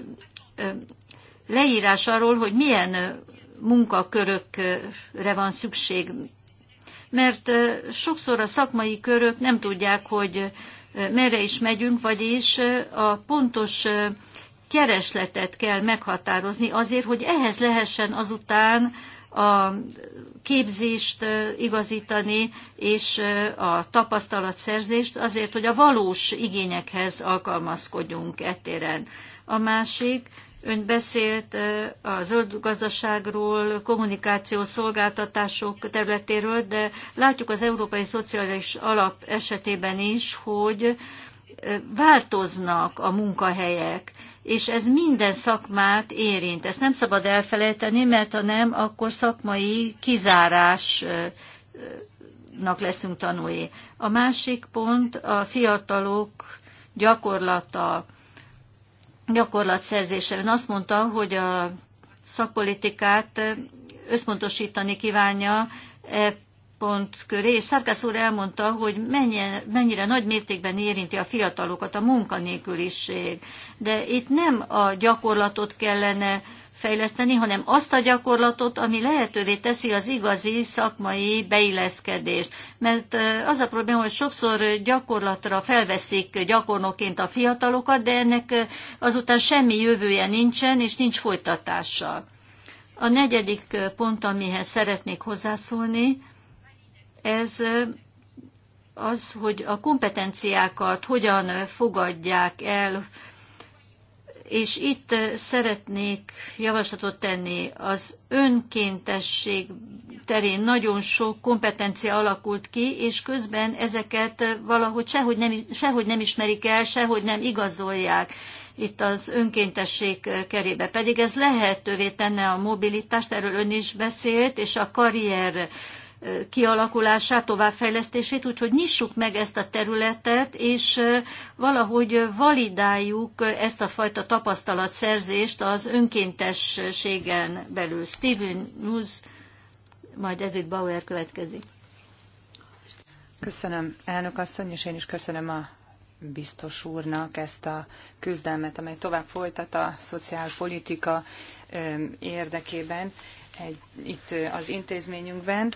leírás arról, hogy milyen munkakörökre van szükség, mert sokszor a szakmai körök nem tudják, hogy merre is megyünk, vagyis a pontos keresletet kell meghatározni azért, hogy ehhez lehessen azután a képzést igazítani, és a tapasztalatszerzést azért, hogy a valós igényekhez alkalmazkodjunk ettéren. A másik Ön beszélt a zöld gazdaságról, kommunikáció szolgáltatások területéről, de látjuk az Európai Szociális Alap esetében is, hogy változnak a munkahelyek, és ez minden szakmát érint. Ezt nem szabad elfelejteni, mert ha nem, akkor szakmai kizárásnak leszünk tanulni. A másik pont a fiatalok gyakorlata Ön azt mondta, hogy a szakpolitikát összpontosítani kívánja e pont köré, és Szarkász úr elmondta, hogy mennyi, mennyire nagy mértékben érinti a fiatalokat a munkanélküliség. De itt nem a gyakorlatot kellene fejleszteni, hanem azt a gyakorlatot, ami lehetővé teszi az igazi szakmai beilleszkedést. Mert az a probléma, hogy sokszor gyakorlatra felveszik gyakornokként a fiatalokat, de ennek azután semmi jövője nincsen, és nincs folytatása. A negyedik pont, amihez szeretnék hozzászólni, ez az, hogy a kompetenciákat hogyan fogadják el, és itt szeretnék javaslatot tenni. Az önkéntesség terén nagyon sok kompetencia alakult ki, és közben ezeket valahogy sehogy nem, sehogy nem ismerik el, sehogy nem igazolják itt az önkéntesség kerébe. Pedig ez lehetővé tenne a mobilitást, erről ön is beszélt, és a karrier kialakulását, továbbfejlesztését, úgyhogy nyissuk meg ezt a területet, és valahogy validáljuk ezt a fajta tapasztalatszerzést az önkéntességen belül. Steven News, majd Edith Bauer következik. Köszönöm, elnök asszony, és én is köszönöm a biztos úrnak ezt a küzdelmet, amely tovább folytat a szociálpolitika érdekében egy, itt az intézményünkben.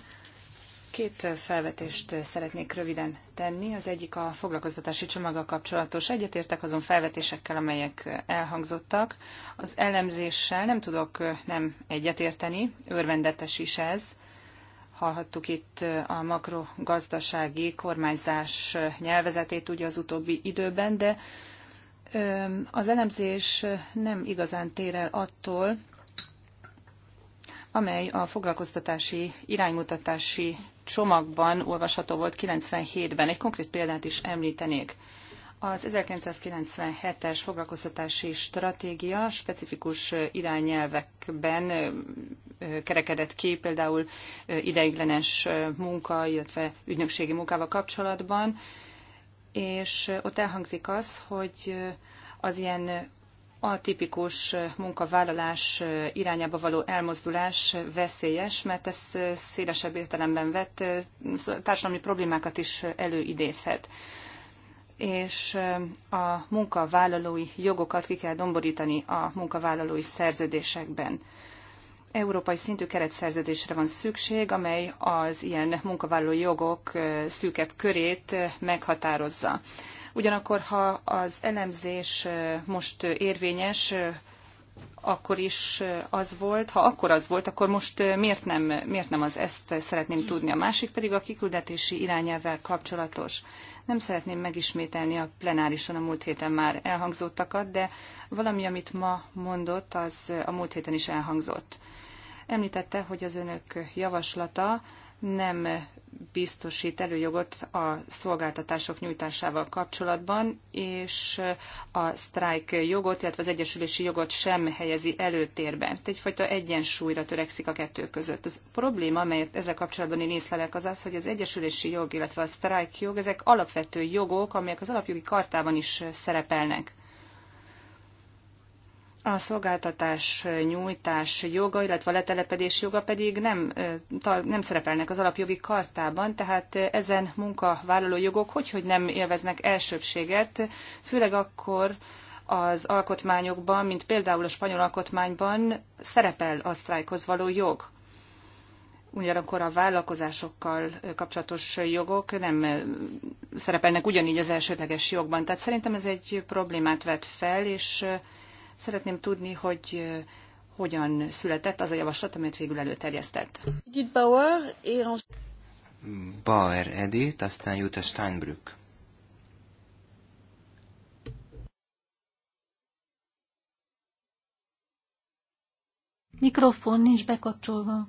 Két felvetést szeretnék röviden tenni. Az egyik a foglalkoztatási csomaggal kapcsolatos. Egyetértek azon felvetésekkel, amelyek elhangzottak. Az elemzéssel nem tudok nem egyetérteni, örvendetes is ez. Hallhattuk itt a makrogazdasági kormányzás nyelvezetét ugye az utóbbi időben, de az elemzés nem igazán tér el attól, amely a foglalkoztatási iránymutatási csomagban olvasható volt 97-ben. Egy konkrét példát is említenék. Az 1997-es foglalkoztatási stratégia specifikus irányelvekben kerekedett ki, például ideiglenes munka, illetve ügynökségi munkával kapcsolatban, és ott elhangzik az, hogy az ilyen a tipikus munkavállalás irányába való elmozdulás veszélyes, mert ez szélesebb értelemben vett társadalmi problémákat is előidézhet és a munkavállalói jogokat ki kell domborítani a munkavállalói szerződésekben. Európai szintű keretszerződésre van szükség, amely az ilyen munkavállalói jogok szűkebb körét meghatározza. Ugyanakkor, ha az elemzés most érvényes, akkor is az volt, ha akkor az volt, akkor most miért nem, miért nem az ezt szeretném tudni. A másik pedig a kiküldetési irányelvvel kapcsolatos. Nem szeretném megismételni a plenárison a múlt héten már elhangzottakat, de valami, amit ma mondott, az a múlt héten is elhangzott. Említette, hogy az önök javaslata nem biztosít előjogot a szolgáltatások nyújtásával kapcsolatban, és a sztrájk jogot, illetve az egyesülési jogot sem helyezi előtérbe. Tehát egyfajta egyensúlyra törekszik a kettő között. Az probléma, amelyet ezzel kapcsolatban én észlelek, az az, hogy az egyesülési jog, illetve a sztrájk jog, ezek alapvető jogok, amelyek az alapjogi kartában is szerepelnek. A szolgáltatás nyújtás joga, illetve a letelepedés joga pedig nem, nem szerepelnek az alapjogi kartában, tehát ezen munkavállaló jogok hogy hogy nem élveznek elsőbséget, főleg akkor, az alkotmányokban, mint például a spanyol alkotmányban szerepel a sztrájkhoz való jog. Ugyanakkor a vállalkozásokkal kapcsolatos jogok nem szerepelnek ugyanígy az elsődleges jogban. Tehát szerintem ez egy problémát vet fel, és Szeretném tudni, hogy hogyan született az a javaslat, amit végül előterjesztett. Edith Bauer, és... Bauer Edith, aztán jut a Steinbrück. Mikrofon nincs bekapcsolva.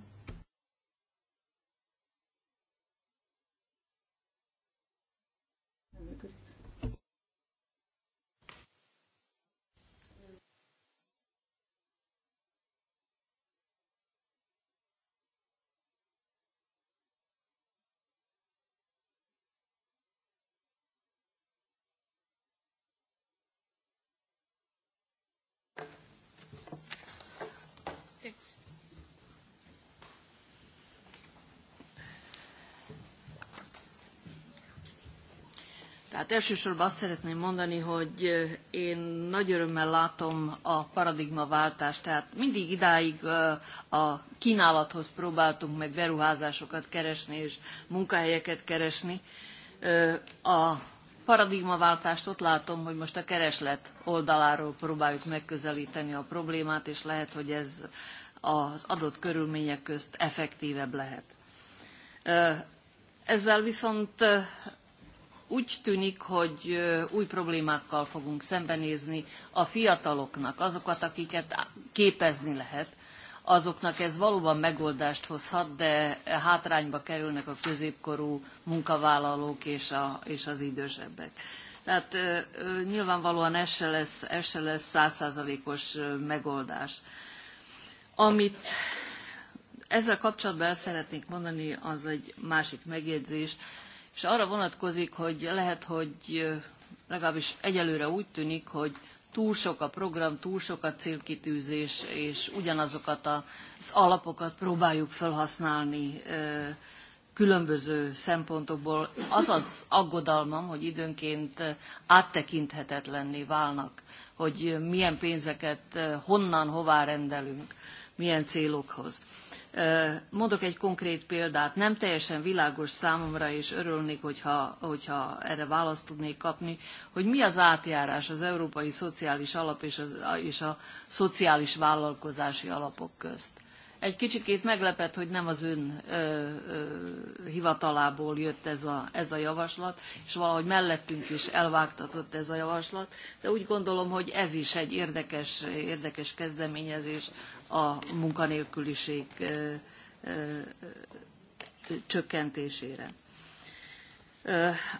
Hát elsősorban azt szeretném mondani, hogy én nagy örömmel látom a paradigmaváltást. Tehát mindig idáig a kínálathoz próbáltunk meg beruházásokat keresni és munkahelyeket keresni. A paradigmaváltást ott látom, hogy most a kereslet oldaláról próbáljuk megközelíteni a problémát, és lehet, hogy ez az adott körülmények közt effektívebb lehet. Ezzel viszont úgy tűnik, hogy új problémákkal fogunk szembenézni a fiataloknak, azokat, akiket képezni lehet, azoknak ez valóban megoldást hozhat, de hátrányba kerülnek a középkorú munkavállalók és, a, és az idősebbek. Tehát nyilvánvalóan ez se lesz, ez se lesz százszázalékos megoldás. Amit ezzel kapcsolatban el szeretnék mondani, az egy másik megjegyzés, és arra vonatkozik, hogy lehet, hogy legalábbis egyelőre úgy tűnik, hogy túl sok a program, túl sok a célkitűzés, és ugyanazokat az alapokat próbáljuk felhasználni különböző szempontokból. Az az aggodalmam, hogy időnként áttekinthetetlenné válnak, hogy milyen pénzeket honnan, hová rendelünk, milyen célokhoz. Mondok egy konkrét példát, nem teljesen világos számomra, és örülnék, hogyha, hogyha erre választ tudnék kapni, hogy mi az átjárás az Európai Szociális Alap és, az, és a Szociális Vállalkozási Alapok közt. Egy kicsikét meglepett, hogy nem az ön ö, ö, hivatalából jött ez a, ez a javaslat, és valahogy mellettünk is elvágtatott ez a javaslat, de úgy gondolom, hogy ez is egy érdekes, érdekes kezdeményezés a munkanélküliség csökkentésére.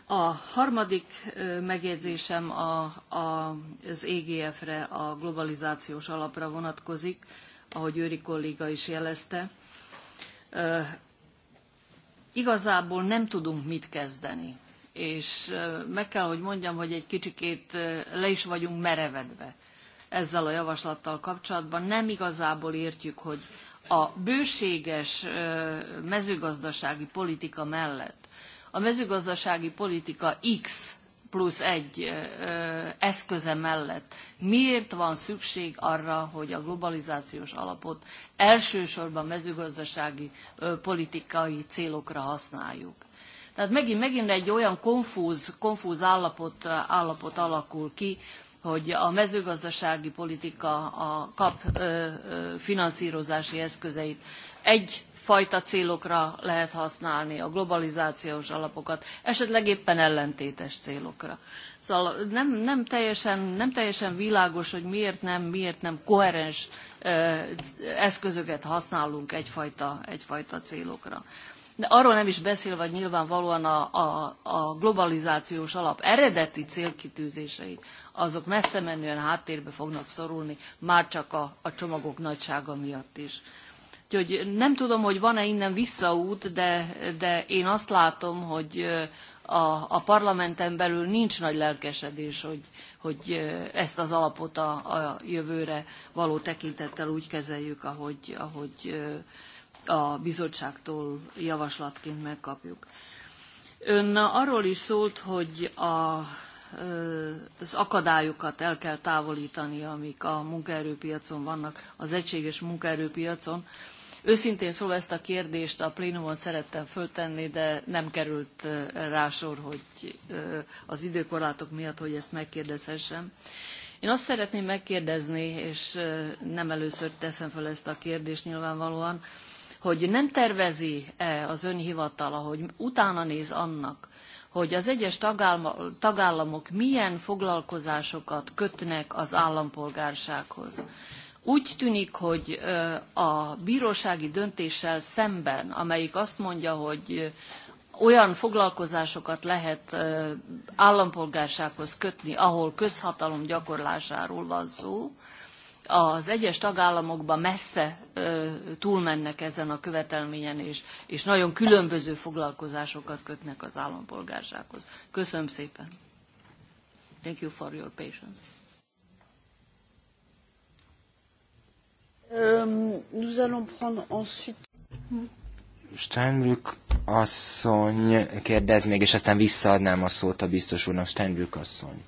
A harmadik megjegyzésem az EGF-re, a globalizációs alapra vonatkozik, ahogy Őri kolléga is jelezte. Igazából nem tudunk mit kezdeni, és meg kell, hogy mondjam, hogy egy kicsikét le is vagyunk merevedve ezzel a javaslattal kapcsolatban. Nem igazából értjük, hogy a bőséges mezőgazdasági politika mellett a mezőgazdasági politika X plusz egy eszköze mellett miért van szükség arra, hogy a globalizációs alapot elsősorban mezőgazdasági politikai célokra használjuk. Tehát megint, megint egy olyan konfúz, konfúz állapot, állapot alakul ki, hogy a mezőgazdasági politika a kap finanszírozási eszközeit egy fajta célokra lehet használni, a globalizációs alapokat, esetleg éppen ellentétes célokra. Szóval nem, nem, teljesen, nem teljesen világos, hogy miért nem, miért nem koherens eszközöket használunk egyfajta, egyfajta célokra arról nem is beszél, vagy nyilvánvalóan a, a, a globalizációs alap eredeti célkitűzései, azok messze menően háttérbe fognak szorulni, már csak a, a csomagok nagysága miatt is. Úgyhogy nem tudom, hogy van-e innen visszaút, de, de én azt látom, hogy a, a parlamenten belül nincs nagy lelkesedés, hogy, hogy ezt az alapot a, a jövőre való tekintettel úgy kezeljük, ahogy, ahogy a bizottságtól javaslatként megkapjuk. Ön arról is szólt, hogy a, az akadályokat el kell távolítani, amik a munkaerőpiacon vannak, az egységes munkaerőpiacon. Őszintén szólva ezt a kérdést a plénumon szerettem föltenni, de nem került rá sor, hogy az időkorlátok miatt, hogy ezt megkérdezhessem. Én azt szeretném megkérdezni, és nem először teszem fel ezt a kérdést nyilvánvalóan, hogy nem tervezi-e az önhivatala, hogy utána néz annak, hogy az egyes tagállamok milyen foglalkozásokat kötnek az állampolgársághoz. Úgy tűnik, hogy e, a bírósági döntéssel szemben, amelyik azt mondja, hogy e, olyan foglalkozásokat lehet e, állampolgársághoz kötni, ahol közhatalom gyakorlásáról van szó, az egyes tagállamokban messze túlmennek ezen a követelményen, és, és nagyon különböző foglalkozásokat kötnek az állampolgársághoz. Köszönöm szépen. Thank you for your patience. Um, nous allons prendre ensuite... Steinbrück asszony kérdez még, és aztán visszaadnám a szót a biztos úrnak. Steinbrück asszony.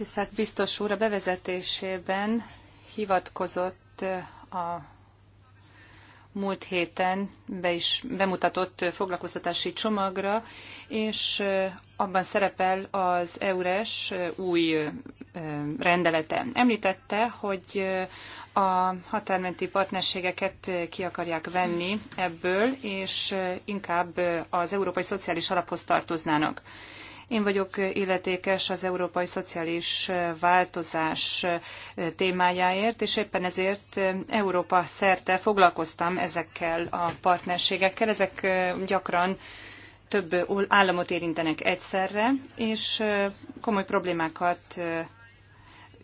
Tisztelt biztos úr, a bevezetésében hivatkozott eh, a múlt héten be is bemutatott foglalkoztatási csomagra, és eh, abban szerepel az EURES eh, új rendelete. Említette, hogy a határmenti partnerségeket ki akarják venni ebből, és inkább az Európai Szociális Alaphoz tartoznának. Én vagyok illetékes az európai szociális változás témájáért, és éppen ezért Európa szerte foglalkoztam ezekkel a partnerségekkel. Ezek gyakran több államot érintenek egyszerre, és komoly problémákat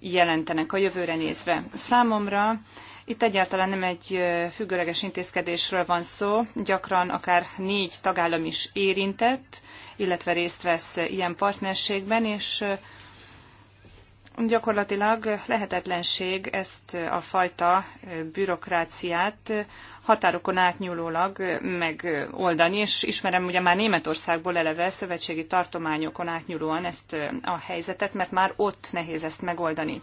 jelentenek a jövőre nézve. Számomra itt egyáltalán nem egy függőleges intézkedésről van szó, gyakran akár négy tagállam is érintett, illetve részt vesz ilyen partnerségben, és gyakorlatilag lehetetlenség ezt a fajta bürokráciát határokon átnyúlólag megoldani, és ismerem ugye már Németországból eleve szövetségi tartományokon átnyúlóan ezt a helyzetet, mert már ott nehéz ezt megoldani.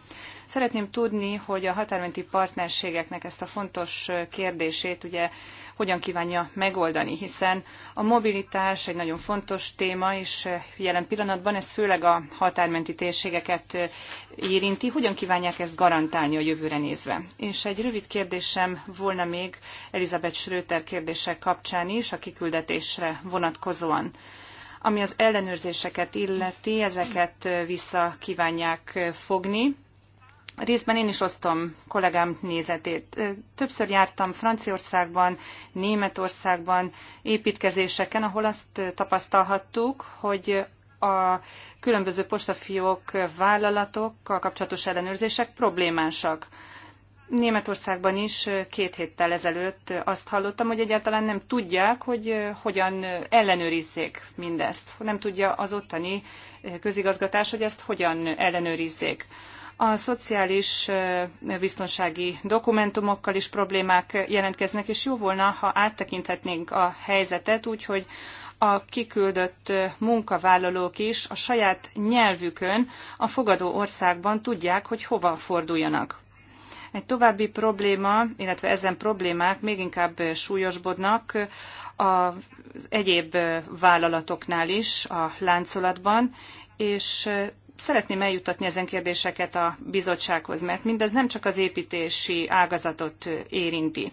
Szeretném tudni, hogy a határmenti partnerségeknek ezt a fontos kérdését ugye hogyan kívánja megoldani, hiszen a mobilitás egy nagyon fontos téma, és jelen pillanatban ez főleg a határmenti térségeket érinti. Hogyan kívánják ezt garantálni a jövőre nézve? És egy rövid kérdésem volna még Elizabeth Schröter kérdése kapcsán is, a kiküldetésre vonatkozóan. Ami az ellenőrzéseket illeti, ezeket vissza kívánják fogni Részben én is osztom kollégám nézetét. Többször jártam Franciaországban, Németországban, építkezéseken, ahol azt tapasztalhattuk, hogy a különböző postafiók vállalatokkal kapcsolatos ellenőrzések problémásak. Németországban is két héttel ezelőtt azt hallottam, hogy egyáltalán nem tudják, hogy hogyan ellenőrizzék mindezt. Nem tudja az ottani közigazgatás, hogy ezt hogyan ellenőrizzék. A szociális biztonsági dokumentumokkal is problémák jelentkeznek, és jó volna, ha áttekinthetnénk a helyzetet úgy, hogy a kiküldött munkavállalók is a saját nyelvükön a fogadó országban tudják, hogy hova forduljanak. Egy további probléma, illetve ezen problémák még inkább súlyosbodnak az egyéb vállalatoknál is a láncolatban, és szeretném eljutatni ezen kérdéseket a bizottsághoz, mert mindez nem csak az építési ágazatot érinti.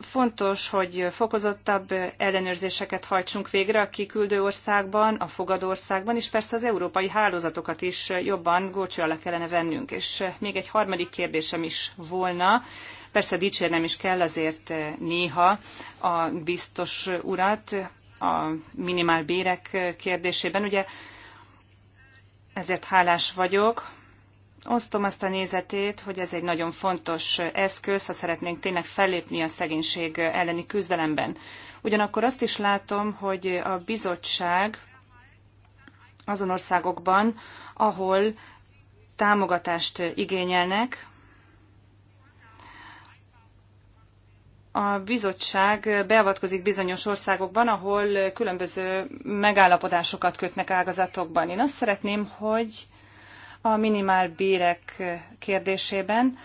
Fontos, hogy fokozottabb ellenőrzéseket hajtsunk végre a kiküldő országban, a fogadó országban, és persze az európai hálózatokat is jobban górcső alá kellene vennünk. És még egy harmadik kérdésem is volna, persze dicsérnem is kell azért néha a biztos urat, a minimálbérek kérdésében. Ugye ezért hálás vagyok. Osztom azt a nézetét, hogy ez egy nagyon fontos eszköz, ha szeretnénk tényleg fellépni a szegénység elleni küzdelemben. Ugyanakkor azt is látom, hogy a bizottság azon országokban, ahol támogatást igényelnek, a bizottság beavatkozik bizonyos országokban, ahol különböző megállapodásokat kötnek ágazatokban. Én azt szeretném, hogy a minimál bérek kérdésében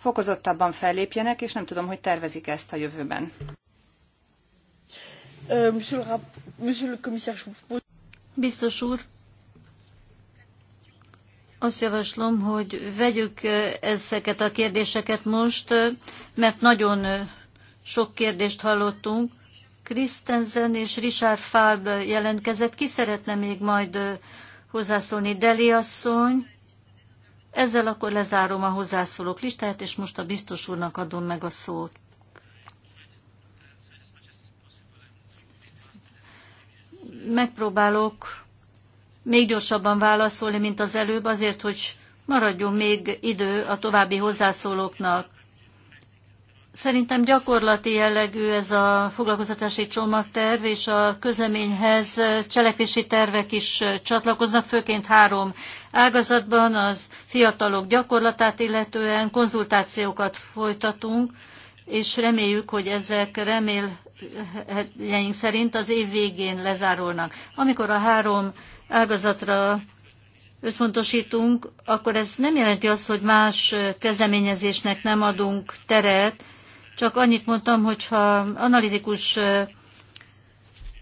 fokozottabban fellépjenek, és nem tudom, hogy tervezik ezt a jövőben. Euh, Biztos úr, azt javaslom, hogy vegyük euh, ezeket a kérdéseket most, euh, mert nagyon sok kérdést hallottunk. Christensen és Richard Falb jelentkezett. Ki szeretne még majd hozzászólni? Deli asszony. Ezzel akkor lezárom a hozzászólók listáját, és most a biztos úrnak adom meg a szót. Megpróbálok még gyorsabban válaszolni, mint az előbb, azért, hogy maradjon még idő a további hozzászólóknak. Szerintem gyakorlati jellegű ez a foglalkoztatási csomagterv, és a közleményhez cselekvési tervek is csatlakoznak, főként három ágazatban, az fiatalok gyakorlatát illetően konzultációkat folytatunk, és reméljük, hogy ezek reméljeink szerint az év végén lezárulnak. Amikor a három ágazatra összpontosítunk, akkor ez nem jelenti azt, hogy más kezdeményezésnek nem adunk teret, csak annyit mondtam, hogyha analitikus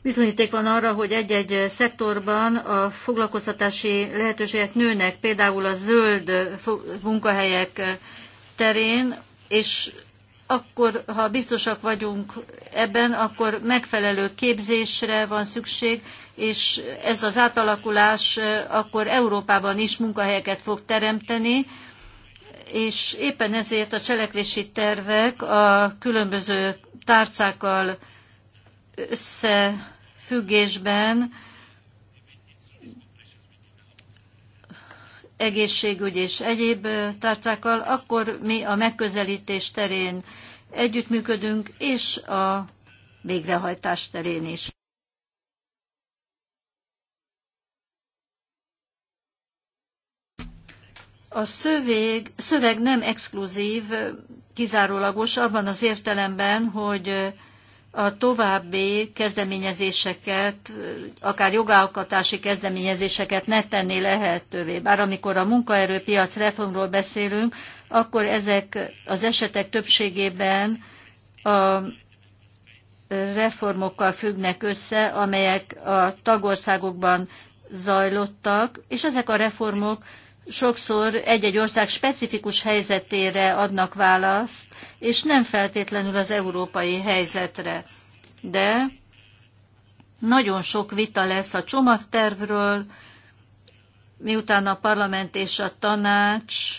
bizonyíték van arra, hogy egy-egy szektorban a foglalkoztatási lehetőségek nőnek, például a zöld munkahelyek terén, és akkor, ha biztosak vagyunk ebben, akkor megfelelő képzésre van szükség, és ez az átalakulás akkor Európában is munkahelyeket fog teremteni, és éppen ezért a cselekvési tervek a különböző tárcákkal összefüggésben egészségügy és egyéb tárcákkal, akkor mi a megközelítés terén együttműködünk, és a végrehajtás terén is. A szöveg, szöveg nem exkluzív, kizárólagos abban az értelemben, hogy a további kezdeményezéseket, akár jogalkotási kezdeményezéseket ne tenni lehetővé. Bár amikor a munkaerőpiac reformról beszélünk, akkor ezek az esetek többségében a reformokkal függnek össze, amelyek a tagországokban zajlottak, és ezek a reformok sokszor egy-egy ország specifikus helyzetére adnak választ, és nem feltétlenül az európai helyzetre. De nagyon sok vita lesz a csomagtervről, miután a parlament és a tanács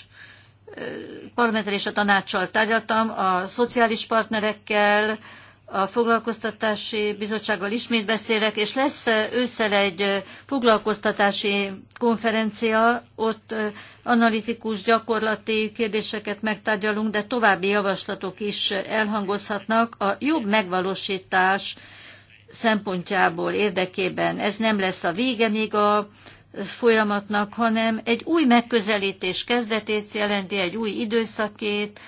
parlamentre és a tanácssal tárgyaltam, a szociális partnerekkel, a foglalkoztatási bizottsággal ismét beszélek, és lesz ősszel egy foglalkoztatási konferencia, ott analitikus, gyakorlati kérdéseket megtárgyalunk, de további javaslatok is elhangozhatnak a jobb megvalósítás szempontjából, érdekében. Ez nem lesz a vége még a folyamatnak, hanem egy új megközelítés kezdetét jelenti, egy új időszakét,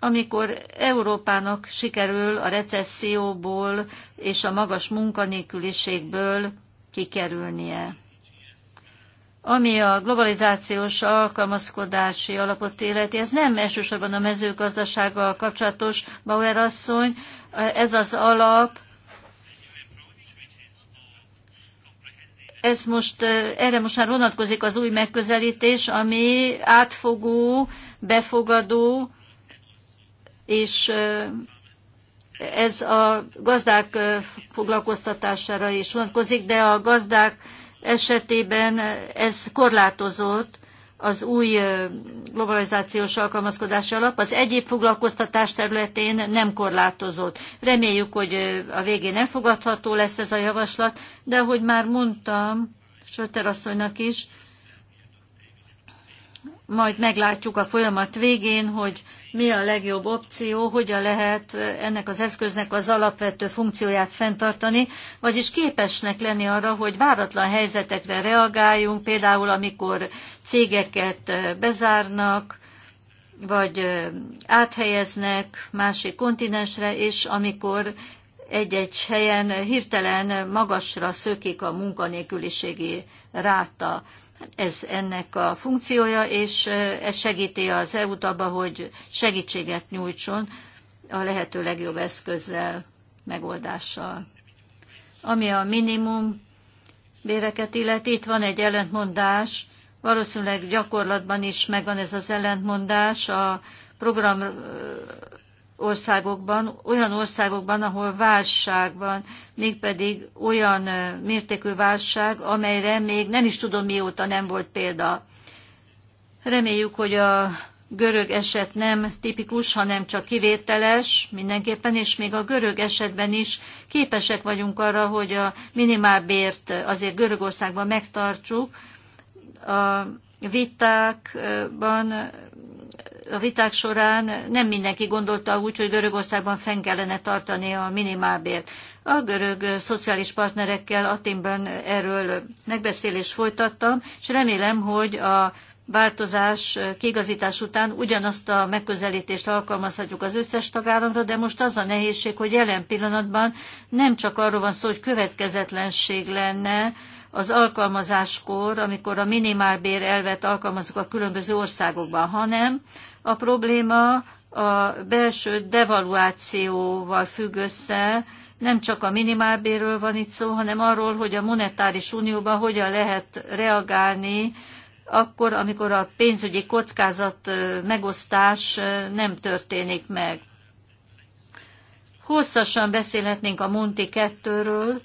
amikor Európának sikerül a recesszióból és a magas munkanélküliségből kikerülnie. Ami a globalizációs alkalmazkodási alapot illeti, ez nem elsősorban a mezőgazdasággal kapcsolatos, Bauer asszony, ez az alap, ez most, erre most már vonatkozik az új megközelítés, ami átfogó, befogadó, és ez a gazdák foglalkoztatására is vonatkozik, de a gazdák esetében ez korlátozott az új globalizációs alkalmazkodási alap. Az egyéb foglalkoztatás területén nem korlátozott. Reméljük, hogy a végén elfogadható lesz ez a javaslat, de ahogy már mondtam Söter asszonynak is, majd meglátjuk a folyamat végén, hogy mi a legjobb opció, hogyan lehet ennek az eszköznek az alapvető funkcióját fenntartani, vagyis képesnek lenni arra, hogy váratlan helyzetekre reagáljunk, például amikor cégeket eh, bezárnak, vagy eh, áthelyeznek másik kontinensre, és amikor egy-egy helyen hirtelen magasra szökik a munkanélküliségi ráta. Ez ennek a funkciója, és ez segíti az EU-t abba, hogy segítséget nyújtson a lehető legjobb eszközzel, megoldással. Ami a minimum béreket illeti, itt van egy ellentmondás, valószínűleg gyakorlatban is megvan ez az ellentmondás a program országokban, olyan országokban, ahol válság van, mégpedig olyan mértékű válság, amelyre még nem is tudom mióta nem volt példa. Reméljük, hogy a görög eset nem tipikus, hanem csak kivételes mindenképpen, és még a görög esetben is képesek vagyunk arra, hogy a minimálbért azért Görögországban megtartsuk. A vitákban a viták során nem mindenki gondolta úgy, hogy Görögországban fenn kellene tartani a minimálbért. A görög szociális partnerekkel Aténban erről megbeszélést folytattam, és remélem, hogy a változás, kigazítás után ugyanazt a megközelítést alkalmazhatjuk az összes tagállamra, de most az a nehézség, hogy jelen pillanatban nem csak arról van szó, hogy következetlenség lenne, az alkalmazáskor, amikor a minimálbér elvet alkalmazunk a különböző országokban, hanem a probléma a belső devaluációval függ össze, nem csak a minimálbérről van itt szó, hanem arról, hogy a monetáris unióban hogyan lehet reagálni akkor, amikor a pénzügyi kockázat megosztás nem történik meg. Hosszasan beszélhetnénk a Monti 2-ről,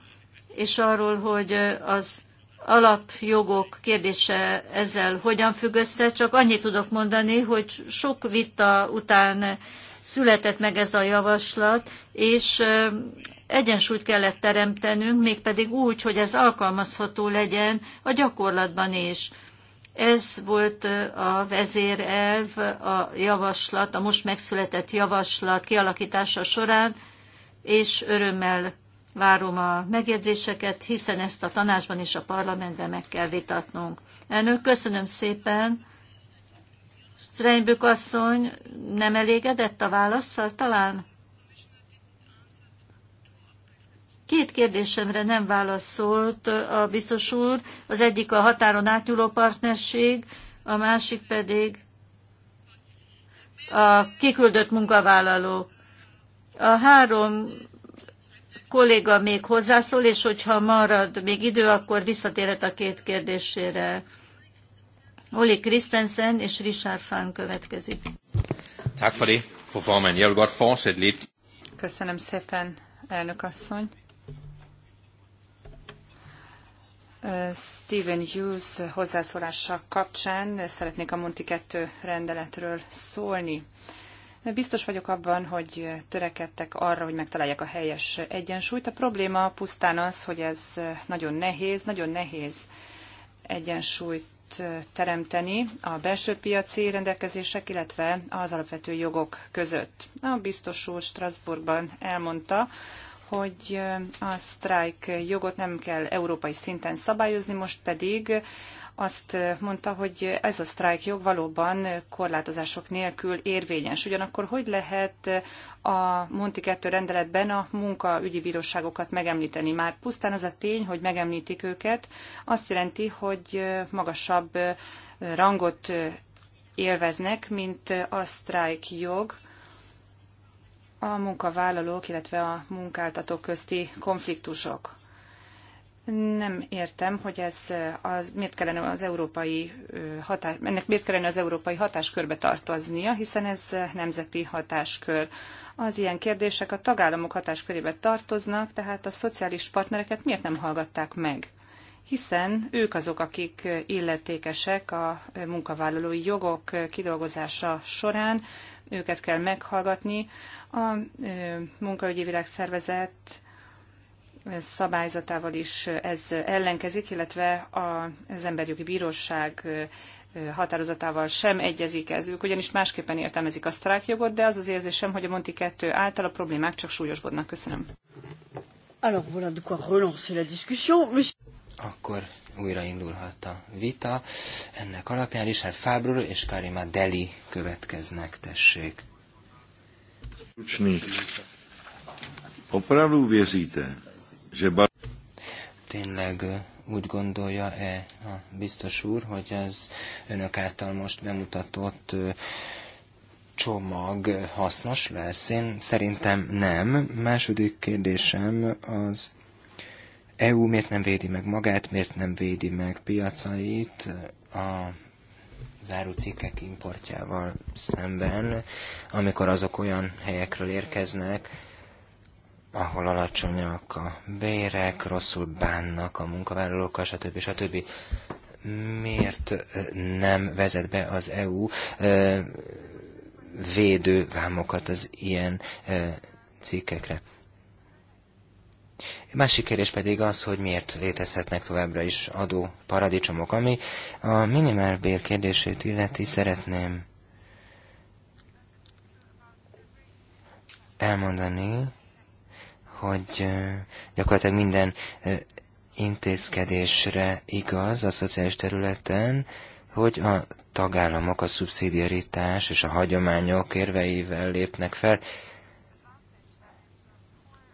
és arról, hogy az alapjogok kérdése ezzel hogyan függ össze, csak annyit tudok mondani, hogy sok vita után született meg ez a javaslat, és egyensúlyt kellett teremtenünk, mégpedig úgy, hogy ez alkalmazható legyen a gyakorlatban is. Ez volt a vezérelv, a javaslat, a most megszületett javaslat kialakítása során, és örömmel várom a megjegyzéseket, hiszen ezt a tanácsban és a parlamentben meg kell vitatnunk. Elnök, köszönöm szépen. Streinbük asszony nem elégedett a válaszsal talán? Két kérdésemre nem válaszolt a biztos úr. Az egyik a határon átnyúló partnerség, a másik pedig a kiküldött munkavállalók. A három kolléga még hozzászól, és hogyha marad még idő, akkor visszatérhet a két kérdésére. Oli Christensen és Richard Fán következik. Köszönöm szépen, elnök asszony. Stephen Hughes hozzászólása kapcsán szeretnék a Monti 2 rendeletről szólni. Biztos vagyok abban, hogy törekedtek arra, hogy megtalálják a helyes egyensúlyt. A probléma pusztán az, hogy ez nagyon nehéz, nagyon nehéz egyensúlyt teremteni a belső piaci rendelkezések, illetve az alapvető jogok között. A biztos úr Strasbourgban elmondta, hogy a sztrájk jogot nem kell európai szinten szabályozni, most pedig azt mondta, hogy ez a sztrájkjog valóban korlátozások nélkül érvényes. Ugyanakkor hogy lehet a Monti 2 rendeletben a munkaügyi bíróságokat megemlíteni? Már pusztán az a tény, hogy megemlítik őket, azt jelenti, hogy magasabb rangot élveznek, mint a sztrájkjog a munkavállalók, illetve a munkáltatók közti konfliktusok nem értem, hogy ez az, miért kellene az európai hatás, ennek miért kellene az európai hatáskörbe tartoznia, hiszen ez nemzeti hatáskör. Az ilyen kérdések a tagállamok hatáskörébe tartoznak, tehát a szociális partnereket miért nem hallgatták meg? Hiszen ők azok, akik illetékesek a munkavállalói jogok kidolgozása során, őket kell meghallgatni. A munkaügyi világszervezet szabályzatával is ez ellenkezik, illetve az Emberjogi Bíróság határozatával sem egyezik ez. Ők ugyanis másképpen értelmezik a sztrákjogot, de az az érzésem, hogy a Monti 2 által a problémák csak súlyosbodnak. Köszönöm. Alors voilà la discussion. Monsieur... Akkor újraindulhat a vita. Ennek alapján Richard Fábror és Karima Deli következnek, tessék. Ručný. Opravdu věříte, Tényleg úgy gondolja-e a biztos úr, hogy az önök által most bemutatott csomag hasznos lesz? Én szerintem nem. Második kérdésem az EU miért nem védi meg magát, miért nem védi meg piacait a zárucikkek importjával szemben, amikor azok olyan helyekről érkeznek, ahol alacsonyak a bérek, rosszul bánnak a munkavállalókkal, stb. stb. Miért nem vezet be az EU védővámokat az ilyen cikkekre? Másik kérdés pedig az, hogy miért létezhetnek továbbra is adó paradicsomok, ami a minimálbér kérdését illeti szeretném elmondani, hogy gyakorlatilag minden intézkedésre igaz a szociális területen, hogy a tagállamok a szubszidiaritás és a hagyományok érveivel lépnek fel,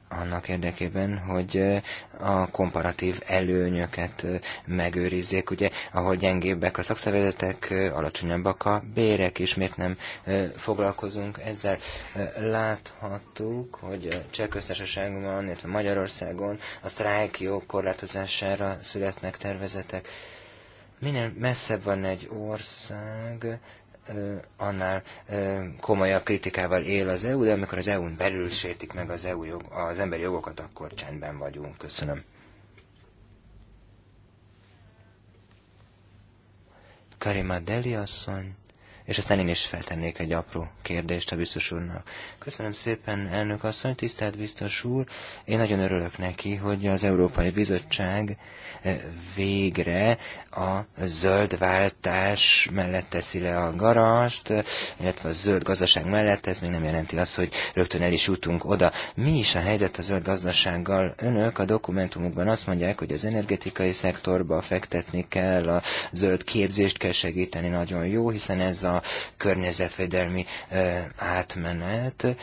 annak érdekében, hogy a komparatív előnyöket megőrizzék. Ugye, ahol gyengébbek a szakszervezetek, alacsonyabbak a bérek, és miért nem foglalkozunk ezzel. Láthattuk, hogy a Cseh Köztársaságban, illetve Magyarországon a sztrájk jó korlátozására születnek tervezetek. Minél messzebb van egy ország, annál komolyabb kritikával él az EU, de amikor az EU-n belül sértik meg az, EU jog, az emberi jogokat, akkor csendben vagyunk. Köszönöm. Karima Deli asszony, és aztán én is feltennék egy apró kérdést a biztos úrnak. Köszönöm szépen, elnök asszony, tisztelt biztos úr. Én nagyon örülök neki, hogy az Európai Bizottság végre a zöld váltás mellett teszi le a garast, illetve a zöld gazdaság mellett, ez még nem jelenti azt, hogy rögtön el is jutunk oda. Mi is a helyzet a zöld gazdasággal? Önök a dokumentumukban azt mondják, hogy az energetikai szektorba fektetni kell, a zöld képzést kell segíteni, nagyon jó, hiszen ez a környezetvédelmi eh, átmenet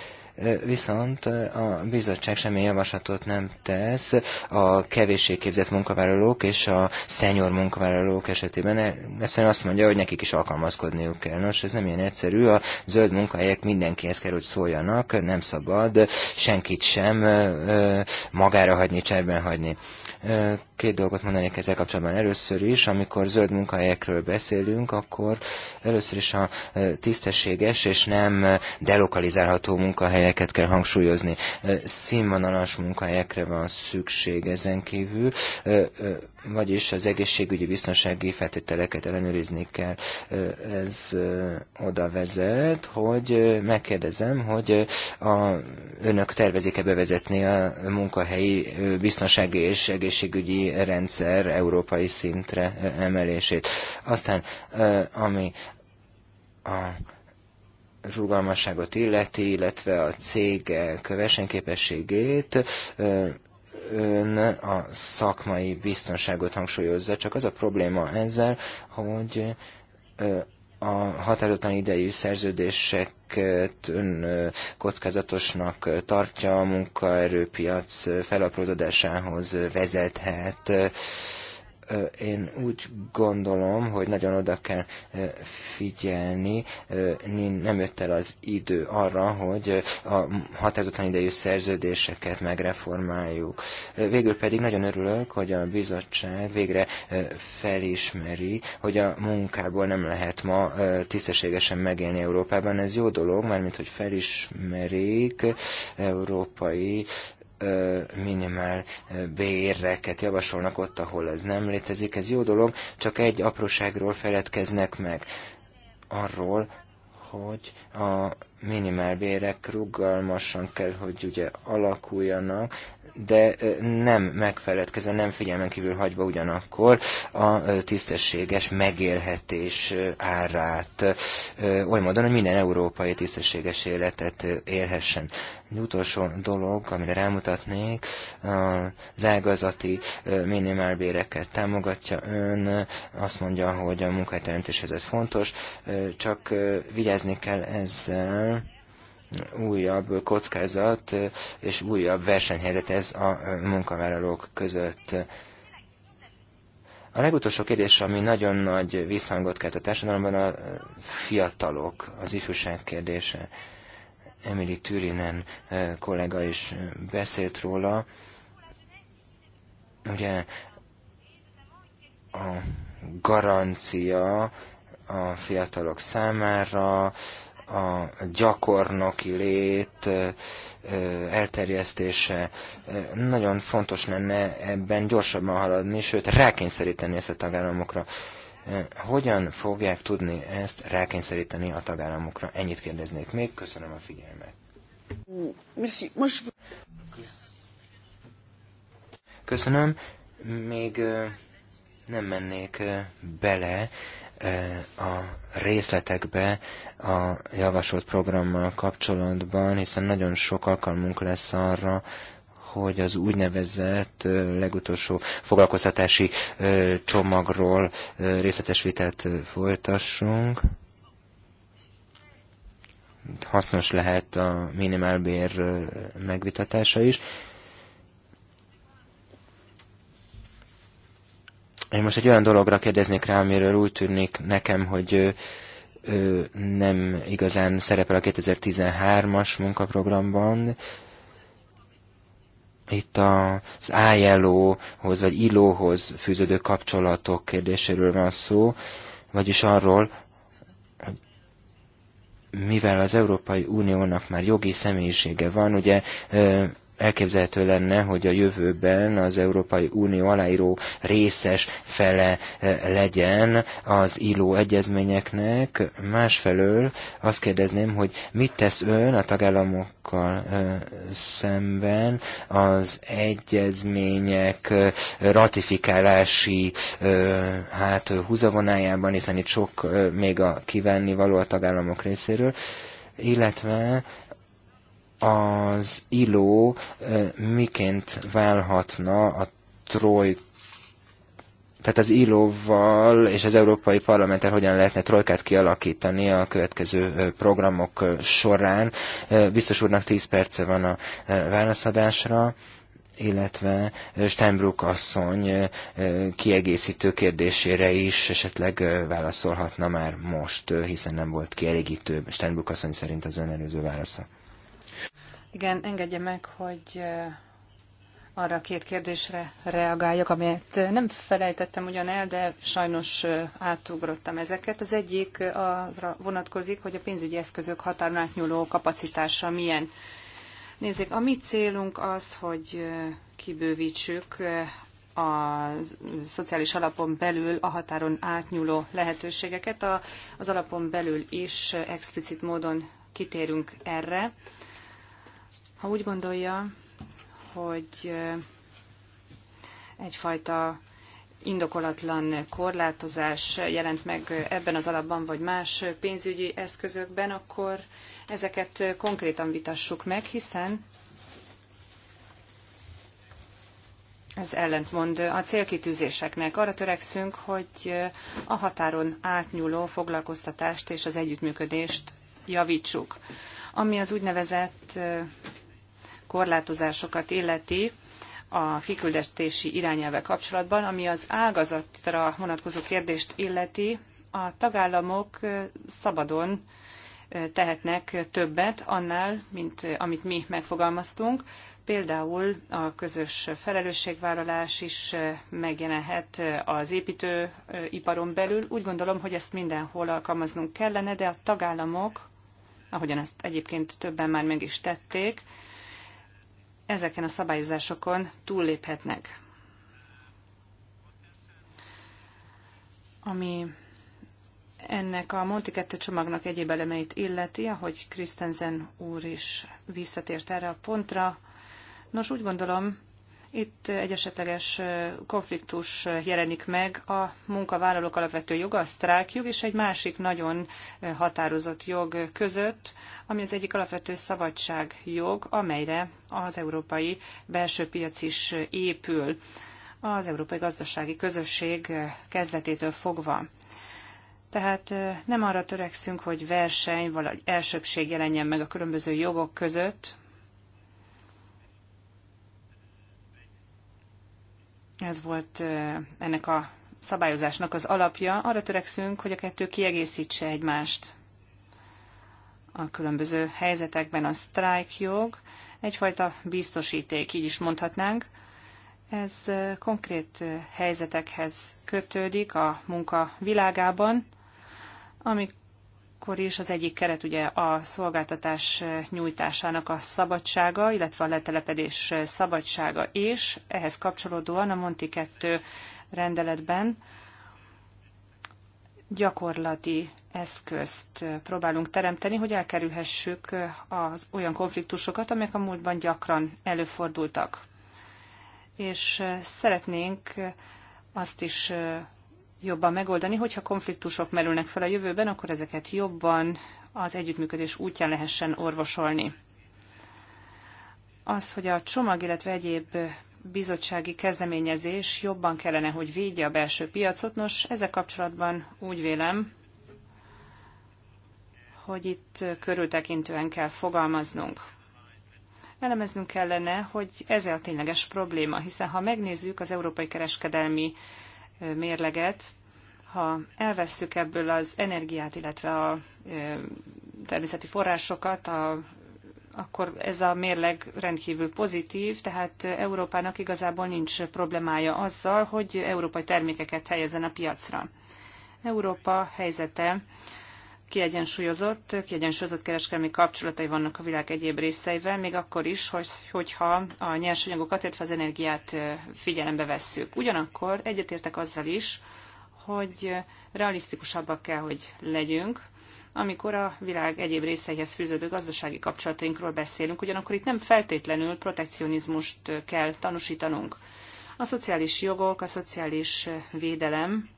viszont a bizottság semmi javaslatot nem tesz a kevéssé képzett munkavállalók és a szenyor munkavállalók esetében. E, egyszerűen azt mondja, hogy nekik is alkalmazkodniuk kell. Nos, ez nem ilyen egyszerű. A zöld munkahelyek mindenkihez kell, hogy szóljanak, nem szabad senkit sem magára hagyni, cserben hagyni Két dolgot mondanék ezzel kapcsolatban. Először is, amikor zöld munkahelyekről beszélünk, akkor először is a tisztességes és nem delokalizálható munkahelyeket kell hangsúlyozni. Színvonalas munkahelyekre van szükség ezen kívül vagyis az egészségügyi biztonsági feltételeket ellenőrizni kell. Ez oda vezet, hogy megkérdezem, hogy a, önök tervezik-e bevezetni a munkahelyi biztonsági és egészségügyi rendszer európai szintre emelését. Aztán, ami a rugalmasságot illeti, illetve a cégek versenyképességét, ön a szakmai biztonságot hangsúlyozza, csak az a probléma ezzel, hogy a határozatlan idejű szerződéseket ön kockázatosnak tartja, a munkaerőpiac felaprózódásához vezethet én úgy gondolom, hogy nagyon oda kell figyelni, nem jött el az idő arra, hogy a határozatlan idejű szerződéseket megreformáljuk. Végül pedig nagyon örülök, hogy a bizottság végre felismeri, hogy a munkából nem lehet ma tisztességesen megélni Európában. Ez jó dolog, mármint hogy felismerik európai minimál bérreket javasolnak ott, ahol ez nem létezik. Ez jó dolog, csak egy apróságról feledkeznek meg. Arról, hogy a bérek rugalmasan kell, hogy ugye alakuljanak, de nem megfeledkezve, nem figyelmen kívül hagyva ugyanakkor a tisztességes megélhetés árát, oly módon, hogy minden európai tisztességes életet élhessen. Egy utolsó dolog, amire rámutatnék, az ágazati minimálbéreket támogatja ön, azt mondja, hogy a munkahelyteremtéshez ez fontos, csak vigyázni kell ezzel, újabb kockázat és újabb versenyhelyzet ez a munkavállalók között. A legutolsó kérdés, ami nagyon nagy visszhangot kelt a társadalomban, a fiatalok, az ifjúság kérdése. Emily Türinen eh, kollega is beszélt róla. Ugye a garancia a fiatalok számára, a gyakornoki lét elterjesztése nagyon fontos lenne ebben gyorsabban haladni, sőt rákényszeríteni ezt a tagállamokra. Hogyan fogják tudni ezt rákényszeríteni a tagállamokra? Ennyit kérdeznék még. Köszönöm a figyelmet. Köszönöm. Még nem mennék bele E, a részletekbe a javasolt programmal kapcsolatban, hiszen nagyon sok alkalmunk lesz arra, hogy az úgynevezett e, legutolsó foglalkoztatási e, csomagról részletes vitát folytassunk. Hasznos lehet a minimálbér megvitatása is. Én most egy olyan dologra kérdeznék rá, amiről úgy tűnik nekem, hogy ö, nem igazán szerepel a 2013-as munkaprogramban. Itt az ILO-hoz vagy ILO-hoz fűződő kapcsolatok kérdéséről van szó, vagyis arról, hogy mivel az Európai Uniónak már jogi személyisége van, ugye elképzelhető lenne, hogy a jövőben az Európai Unió aláíró részes fele eh, legyen az ILO egyezményeknek. Másfelől azt kérdezném, hogy mit tesz ön a tagállamokkal eh, szemben az egyezmények eh, ratifikálási hát húzavonájában, hiszen itt sok még a való a tagállamok részéről, illetve az ILO miként válhatna a troj tehát az ILO-val és az Európai Parlamenttel hogyan lehetne trojkát kialakítani a következő programok során. Biztos úrnak 10 perce van a válaszadásra illetve Steinbrück asszony kiegészítő kérdésére is esetleg válaszolhatna már most, hiszen nem volt kielégítő Steinbrück asszony szerint az ön előző válasza. Igen, engedje meg, hogy eh, arra a két kérdésre reagáljak, amelyet eh, nem felejtettem ugyan el, de sajnos eh, átugrottam ezeket. Az egyik azra vonatkozik, hogy a pénzügyi eszközök határon átnyúló kapacitása milyen. Nézzék, a mi célunk az, hogy kibővítsük a szociális alapon belül a határon átnyúló lehetőségeket. A, az alapon belül is explicit módon kitérünk erre ha úgy gondolja, hogy egyfajta indokolatlan korlátozás jelent meg ebben az alapban vagy más pénzügyi eszközökben, akkor ezeket konkrétan vitassuk meg, hiszen ez ellentmond a célkitűzéseknek. Arra törekszünk, hogy a határon átnyúló foglalkoztatást és az együttműködést javítsuk. Ami az úgynevezett korlátozásokat illeti a kiküldetési irányelve kapcsolatban, ami az ágazatra vonatkozó kérdést illeti, a tagállamok szabadon tehetnek többet annál, mint amit mi megfogalmaztunk. Például a közös felelősségvállalás is megjelenhet az építőiparon belül. Úgy gondolom, hogy ezt mindenhol alkalmaznunk kellene, de a tagállamok, ahogyan ezt egyébként többen már meg is tették, ezeken a szabályozásokon túlléphetnek. Ami ennek a Monti 2 csomagnak egyéb elemeit illeti, ahogy Christensen úr is visszatért erre a pontra. Nos, úgy gondolom, itt egy esetleges konfliktus jelenik meg a munkavállalók alapvető joga, a sztrákjog, és egy másik nagyon határozott jog között, ami az egyik alapvető szabadságjog, amelyre az európai belső piac is épül az Európai Gazdasági Közösség kezdetétől fogva. Tehát nem arra törekszünk, hogy verseny, vagy elsőbség jelenjen meg a különböző jogok között, Ez volt ennek a szabályozásnak az alapja. Arra törekszünk, hogy a kettő kiegészítse egymást a különböző helyzetekben a jog, egyfajta biztosíték, így is mondhatnánk. Ez konkrét helyzetekhez kötődik a munka világában, amik akkor is az egyik keret ugye a szolgáltatás nyújtásának a szabadsága, illetve a letelepedés szabadsága, és ehhez kapcsolódóan a Monti 2 rendeletben gyakorlati eszközt próbálunk teremteni, hogy elkerülhessük az olyan konfliktusokat, amelyek a múltban gyakran előfordultak. És szeretnénk azt is jobban megoldani, hogyha konfliktusok merülnek fel a jövőben, akkor ezeket jobban az együttműködés útján lehessen orvosolni. Az, hogy a csomag, illetve egyéb bizottsági kezdeményezés jobban kellene, hogy védje a belső piacot, nos, ezzel kapcsolatban úgy vélem, hogy itt körültekintően kell fogalmaznunk elemeznünk kellene, hogy ez a tényleges probléma, hiszen ha megnézzük az európai kereskedelmi mérleget, ha elvesszük ebből az energiát, illetve a természeti forrásokat, a, akkor ez a mérleg rendkívül pozitív, tehát Európának igazából nincs problémája azzal, hogy európai termékeket helyezzen a piacra. Európa helyzete kiegyensúlyozott, kiegyensúlyozott kereskedelmi kapcsolatai vannak a világ egyéb részeivel, még akkor is, hogy, hogyha a nyersanyagokat, illetve az energiát figyelembe vesszük. Ugyanakkor egyetértek azzal is, hogy realisztikusabbak kell, hogy legyünk, amikor a világ egyéb részeihez fűződő gazdasági kapcsolatainkról beszélünk, ugyanakkor itt nem feltétlenül protekcionizmust kell tanúsítanunk. A szociális jogok, a szociális védelem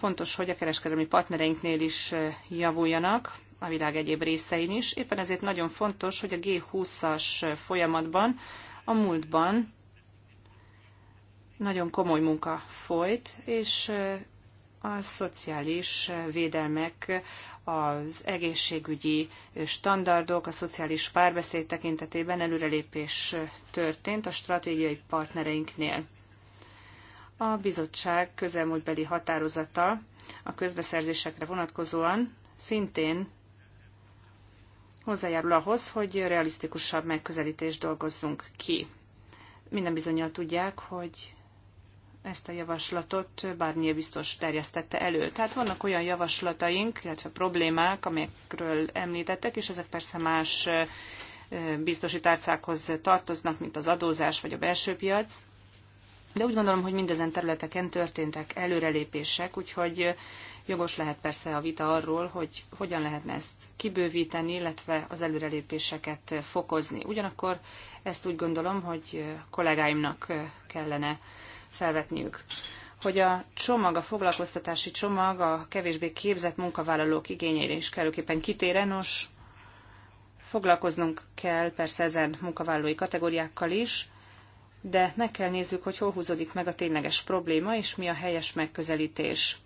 Fontos, hogy a kereskedelmi partnereinknél is javuljanak, a világ egyéb részein is. Éppen ezért nagyon fontos, hogy a G20-as folyamatban, a múltban nagyon komoly munka folyt, és a szociális védelmek, az egészségügyi standardok, a szociális párbeszéd tekintetében előrelépés történt a stratégiai partnereinknél a bizottság közelmúltbeli határozata a közbeszerzésekre vonatkozóan szintén hozzájárul ahhoz, hogy realisztikusabb megközelítést dolgozzunk ki. Minden bizonyal tudják, hogy ezt a javaslatot bármilyen biztos terjesztette elő. Tehát vannak olyan javaslataink, illetve problémák, amelyekről említettek, és ezek persze más biztosi tárcákhoz tartoznak, mint az adózás vagy a belső piac. De úgy gondolom, hogy mindezen területeken történtek előrelépések, úgyhogy jogos lehet persze a vita arról, hogy hogyan lehetne ezt kibővíteni, illetve az előrelépéseket fokozni. Ugyanakkor ezt úgy gondolom, hogy kollégáimnak kellene felvetniük hogy a csomag, a foglalkoztatási csomag a kevésbé képzett munkavállalók igényeire is kellőképpen kitérenos. Foglalkoznunk kell persze ezen munkavállalói kategóriákkal is, de meg kell nézzük, hogy hol húzódik meg a tényleges probléma, és mi a helyes megközelítés.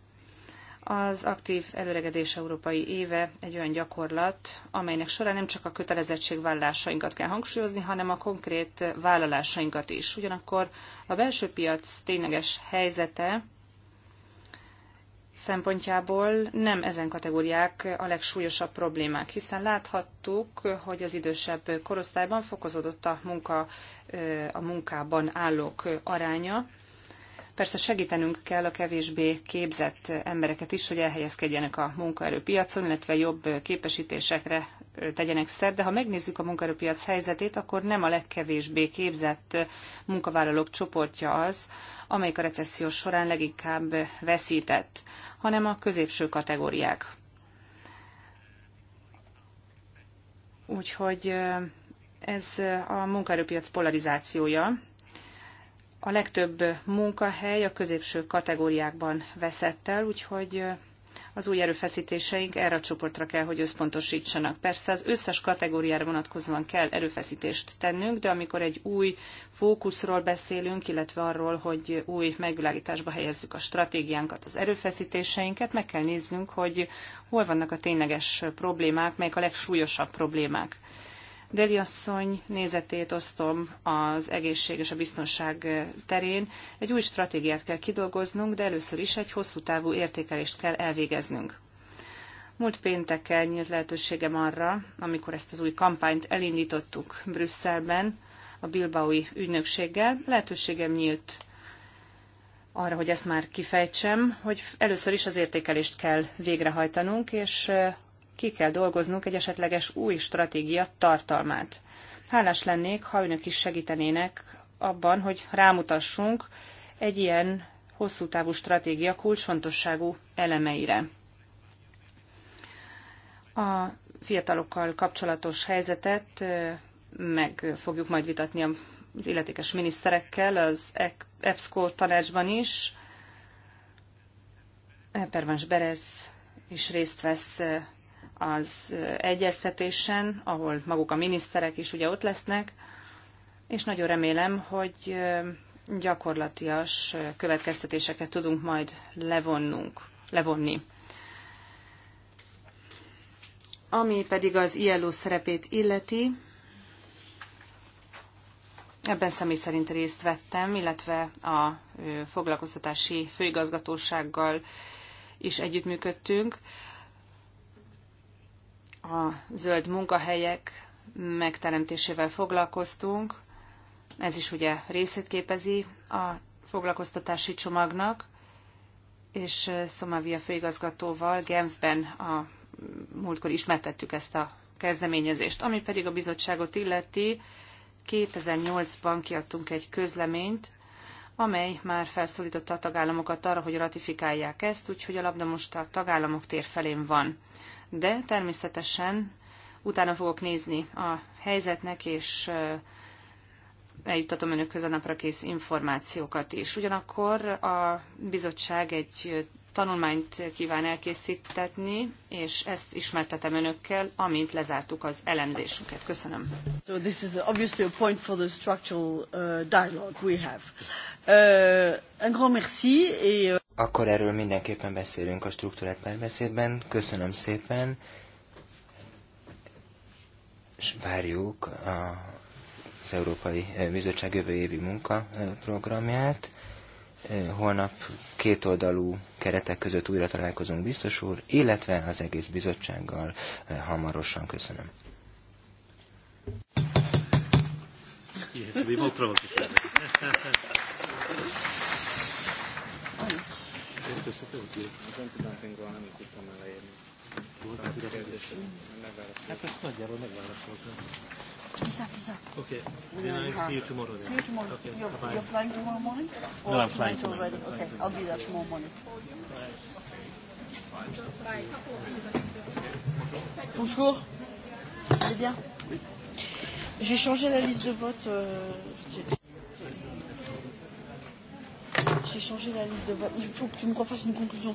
Az aktív előregedés európai éve egy olyan gyakorlat, amelynek során nem csak a kötelezettségvállásainkat kell hangsúlyozni, hanem a konkrét vállalásainkat is. Ugyanakkor a belső piac tényleges helyzete szempontjából nem ezen kategóriák a legsúlyosabb problémák, hiszen láthattuk, hogy az idősebb korosztályban fokozódott a, munka, a munkában állók aránya. Persze segítenünk kell a kevésbé képzett embereket is, hogy elhelyezkedjenek a munkaerőpiacon, illetve jobb képesítésekre tegyenek szert, de ha megnézzük a munkaerőpiac helyzetét, akkor nem a legkevésbé képzett munkavállalók csoportja az, amelyik a recesszió során leginkább veszített, hanem a középső kategóriák. Úgyhogy ez a munkaerőpiac polarizációja. A legtöbb munkahely a középső kategóriákban veszett el, úgyhogy az új erőfeszítéseink erre a csoportra kell, hogy összpontosítsanak. Persze az összes kategóriára vonatkozóan kell erőfeszítést tennünk, de amikor egy új fókuszról beszélünk, illetve arról, hogy új megvilágításba helyezzük a stratégiánkat, az erőfeszítéseinket, meg kell néznünk, hogy hol vannak a tényleges problémák, melyek a legsúlyosabb problémák. Déli asszony nézetét osztom az egészség és a biztonság terén. Egy új stratégiát kell kidolgoznunk, de először is egy hosszú távú értékelést kell elvégeznünk. Múlt pénteken nyílt lehetőségem arra, amikor ezt az új kampányt elindítottuk Brüsszelben, a Bilbaui ügynökséggel, lehetőségem nyílt arra, hogy ezt már kifejtsem, hogy először is az értékelést kell végrehajtanunk, és ki kell dolgoznunk egy esetleges új stratégia tartalmát. Hálás lennék, ha önök is segítenének abban, hogy rámutassunk egy ilyen hosszú távú stratégia kulcsfontosságú elemeire. A fiatalokkal kapcsolatos helyzetet meg fogjuk majd vitatni az illetékes miniszterekkel, az EPSCO e tanácsban is. Pervans Berez is részt vesz az egyeztetésen, ahol maguk a miniszterek is ugye ott lesznek, és nagyon remélem, hogy gyakorlatias következtetéseket tudunk majd levonnunk, levonni. Ami pedig az ILO szerepét illeti, Ebben személy szerint részt vettem, illetve a foglalkoztatási főigazgatósággal is együttműködtünk a zöld munkahelyek megteremtésével foglalkoztunk. Ez is ugye részét képezi a foglalkoztatási csomagnak, és Szomavia főigazgatóval Genfben a múltkor ismertettük ezt a kezdeményezést. Ami pedig a bizottságot illeti, 2008-ban kiadtunk egy közleményt, amely már felszólította a tagállamokat arra, hogy ratifikálják ezt, úgyhogy a labda most a tagállamok tér felén van de természetesen utána fogok nézni a helyzetnek, és eljuttatom önökhöz a napra kész információkat is. Ugyanakkor a bizottság egy tanulmányt kíván elkészítetni, és ezt ismertetem önökkel, amint lezártuk az elemzésünket. Köszönöm. So this is obviously a point for the structural uh, dialogue we have. Uh, un grand merci et uh, akkor erről mindenképpen beszélünk a struktúrát párbeszédben. Köszönöm szépen, és várjuk a, az Európai Bizottság jövő évi munkaprogramját. Holnap kétoldalú keretek között újra találkozunk biztos úr, illetve az egész bizottsággal hamarosan. Köszönöm. Yeah, we will te szefőztél? Az antidumpingról nem tudtam elején. Voltak kérdések? Hát ezt nagyjából megválaszoltam. Okay. Then I'll see you tomorrow. Then. See you tomorrow. Okay. You're, Bye. you're flying tomorrow morning? Or no, I'm flying tomorrow. Already? Okay, I'll be there tomorrow morning. Bonjour. Vous allez bien Oui. J'ai changé la liste de vote. Euh, j'ai changé la liste de vote. Il faut que tu me refasses une conclusion.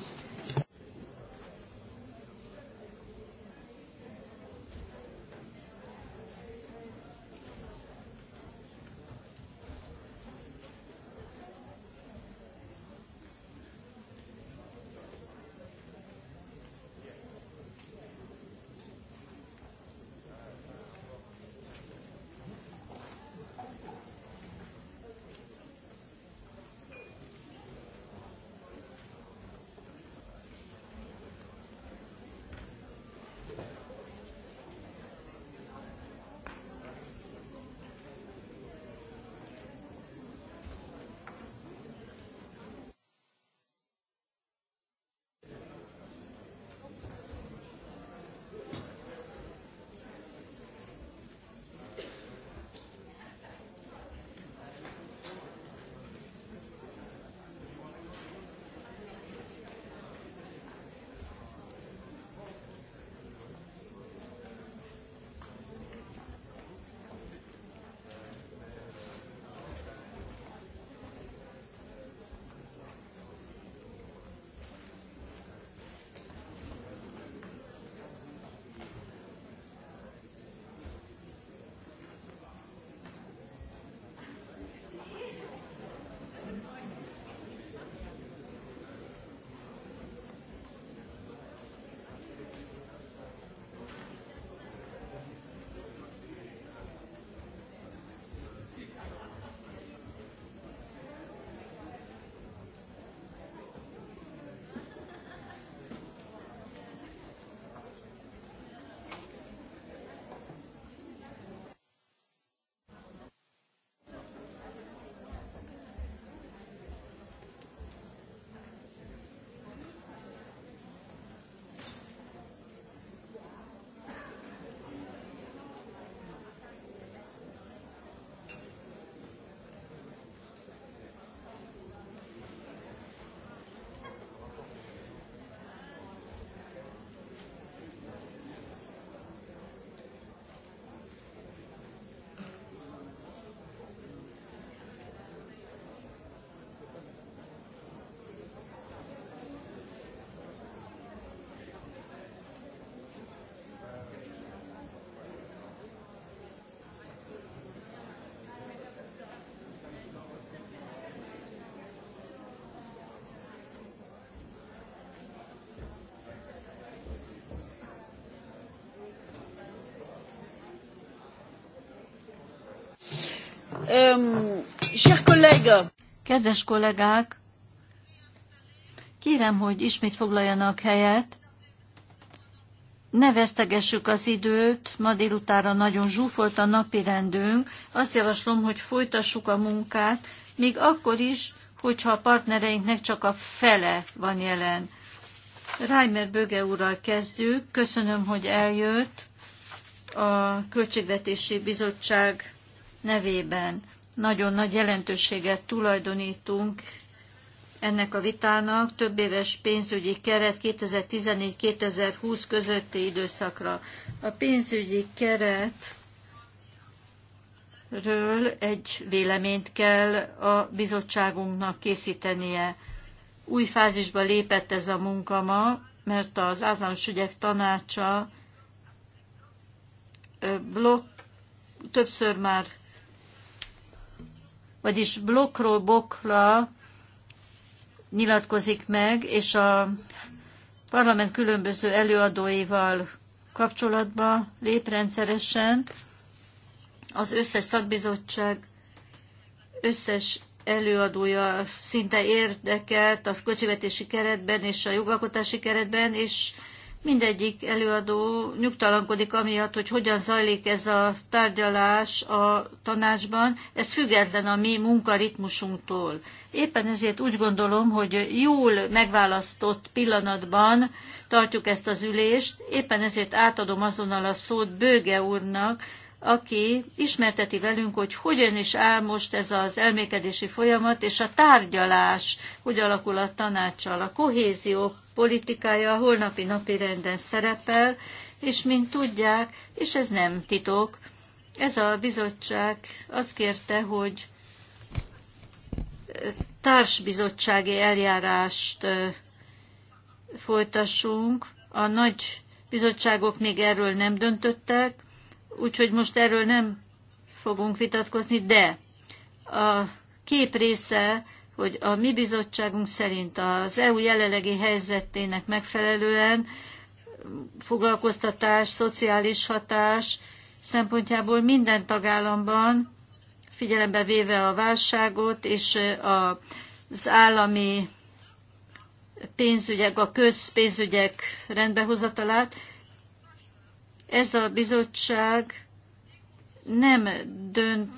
Kedves kollégák, kérem, hogy ismét foglaljanak helyet. Ne vesztegessük az időt, ma délutára nagyon zsúfolt a napi rendünk. Azt javaslom, hogy folytassuk a munkát, még akkor is, hogyha a partnereinknek csak a fele van jelen. Reimer Böge úrral kezdjük. Köszönöm, hogy eljött a Költségvetési Bizottság nevében. Nagyon nagy jelentőséget tulajdonítunk ennek a vitának több éves pénzügyi keret 2014-2020 közötti időszakra. A pénzügyi keret ről egy véleményt kell a bizottságunknak készítenie. Új fázisba lépett ez a munka ma, mert az általános ügyek tanácsa blokk, többször már vagyis blokkról bokra nyilatkozik meg, és a parlament különböző előadóival kapcsolatba lép rendszeresen. Az összes szakbizottság összes előadója szinte érdekelt a költségvetési keretben és a jogalkotási keretben, és Mindegyik előadó nyugtalankodik amiatt, hogy hogyan zajlik ez a tárgyalás a tanácsban, ez független a mi munkaritmusunktól. Éppen ezért úgy gondolom, hogy jól megválasztott pillanatban tartjuk ezt az ülést, éppen ezért átadom azonnal a szót Bőge úrnak, aki ismerteti velünk, hogy hogyan is áll most ez az elmékedési folyamat, és a tárgyalás, hogy alakul a tanácssal, a kohézió politikája a holnapi napi renden szerepel, és mint tudják, és ez nem titok, ez a bizottság azt kérte, hogy eh, társbizottsági eljárást eh, folytassunk. A nagy bizottságok még erről nem döntöttek, úgyhogy most erről nem fogunk vitatkozni, de a kép része hogy a mi bizottságunk szerint az EU jelenlegi helyzetének megfelelően foglalkoztatás, szociális hatás szempontjából minden tagállamban figyelembe véve a válságot és az állami pénzügyek, a közpénzügyek rendbehozatalát, ez a bizottság nem dönt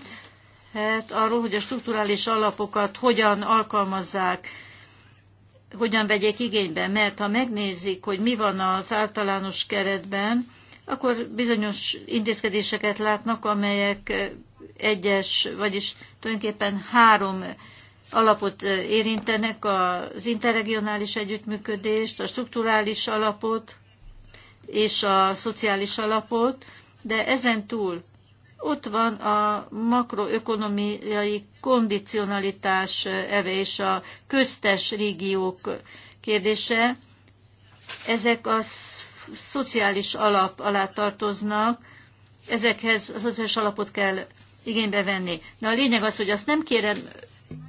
arról, hogy a strukturális alapokat hogyan alkalmazzák, hogyan vegyék igénybe, mert ha megnézik, hogy mi van az általános keretben, akkor bizonyos intézkedéseket látnak, amelyek egyes, vagyis tulajdonképpen három alapot érintenek, az interregionális együttműködést, a strukturális alapot és a szociális alapot, de ezen túl ott van a makroökonomiai kondicionalitás eve és a köztes régiók kérdése. Ezek a szociális alap alá tartoznak, ezekhez a szociális alapot kell igénybe venni. Na a lényeg az, hogy azt nem kérem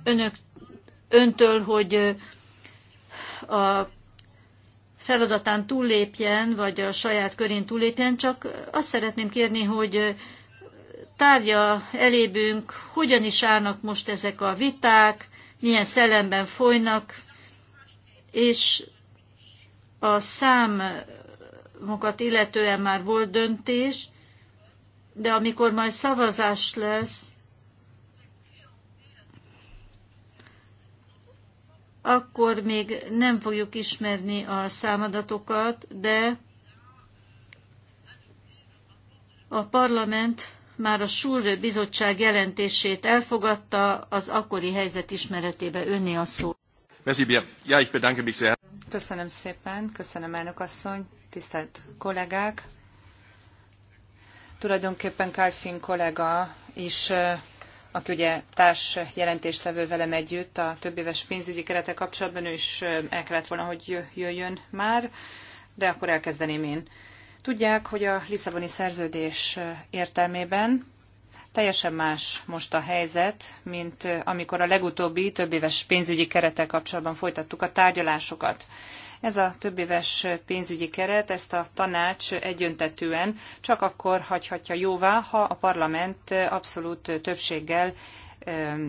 önök, öntől, hogy a feladatán túllépjen, vagy a saját körén túllépjen, csak azt szeretném kérni, hogy tárgya elébünk, hogyan is állnak most ezek a viták, milyen szellemben folynak, és a számokat illetően már volt döntés, de amikor majd szavazás lesz, akkor még nem fogjuk ismerni a számadatokat, de a parlament már a Súr bizottság jelentését elfogadta, az akkori helyzet ismeretébe önné a szó. Köszönöm szépen, köszönöm elnök asszony, tisztelt kollégák. Tulajdonképpen Kálfin kollega is aki ugye társ levő velem együtt a éves pénzügyi kerete kapcsolatban, ő is el kellett volna, hogy jöjjön már, de akkor elkezdeném én. Tudják, hogy a Lisszaboni szerződés értelmében teljesen más most a helyzet, mint amikor a legutóbbi többéves pénzügyi kerettel kapcsolatban folytattuk a tárgyalásokat. Ez a többéves pénzügyi keret, ezt a tanács egyöntetűen csak akkor hagyhatja jóvá, ha a parlament abszolút többséggel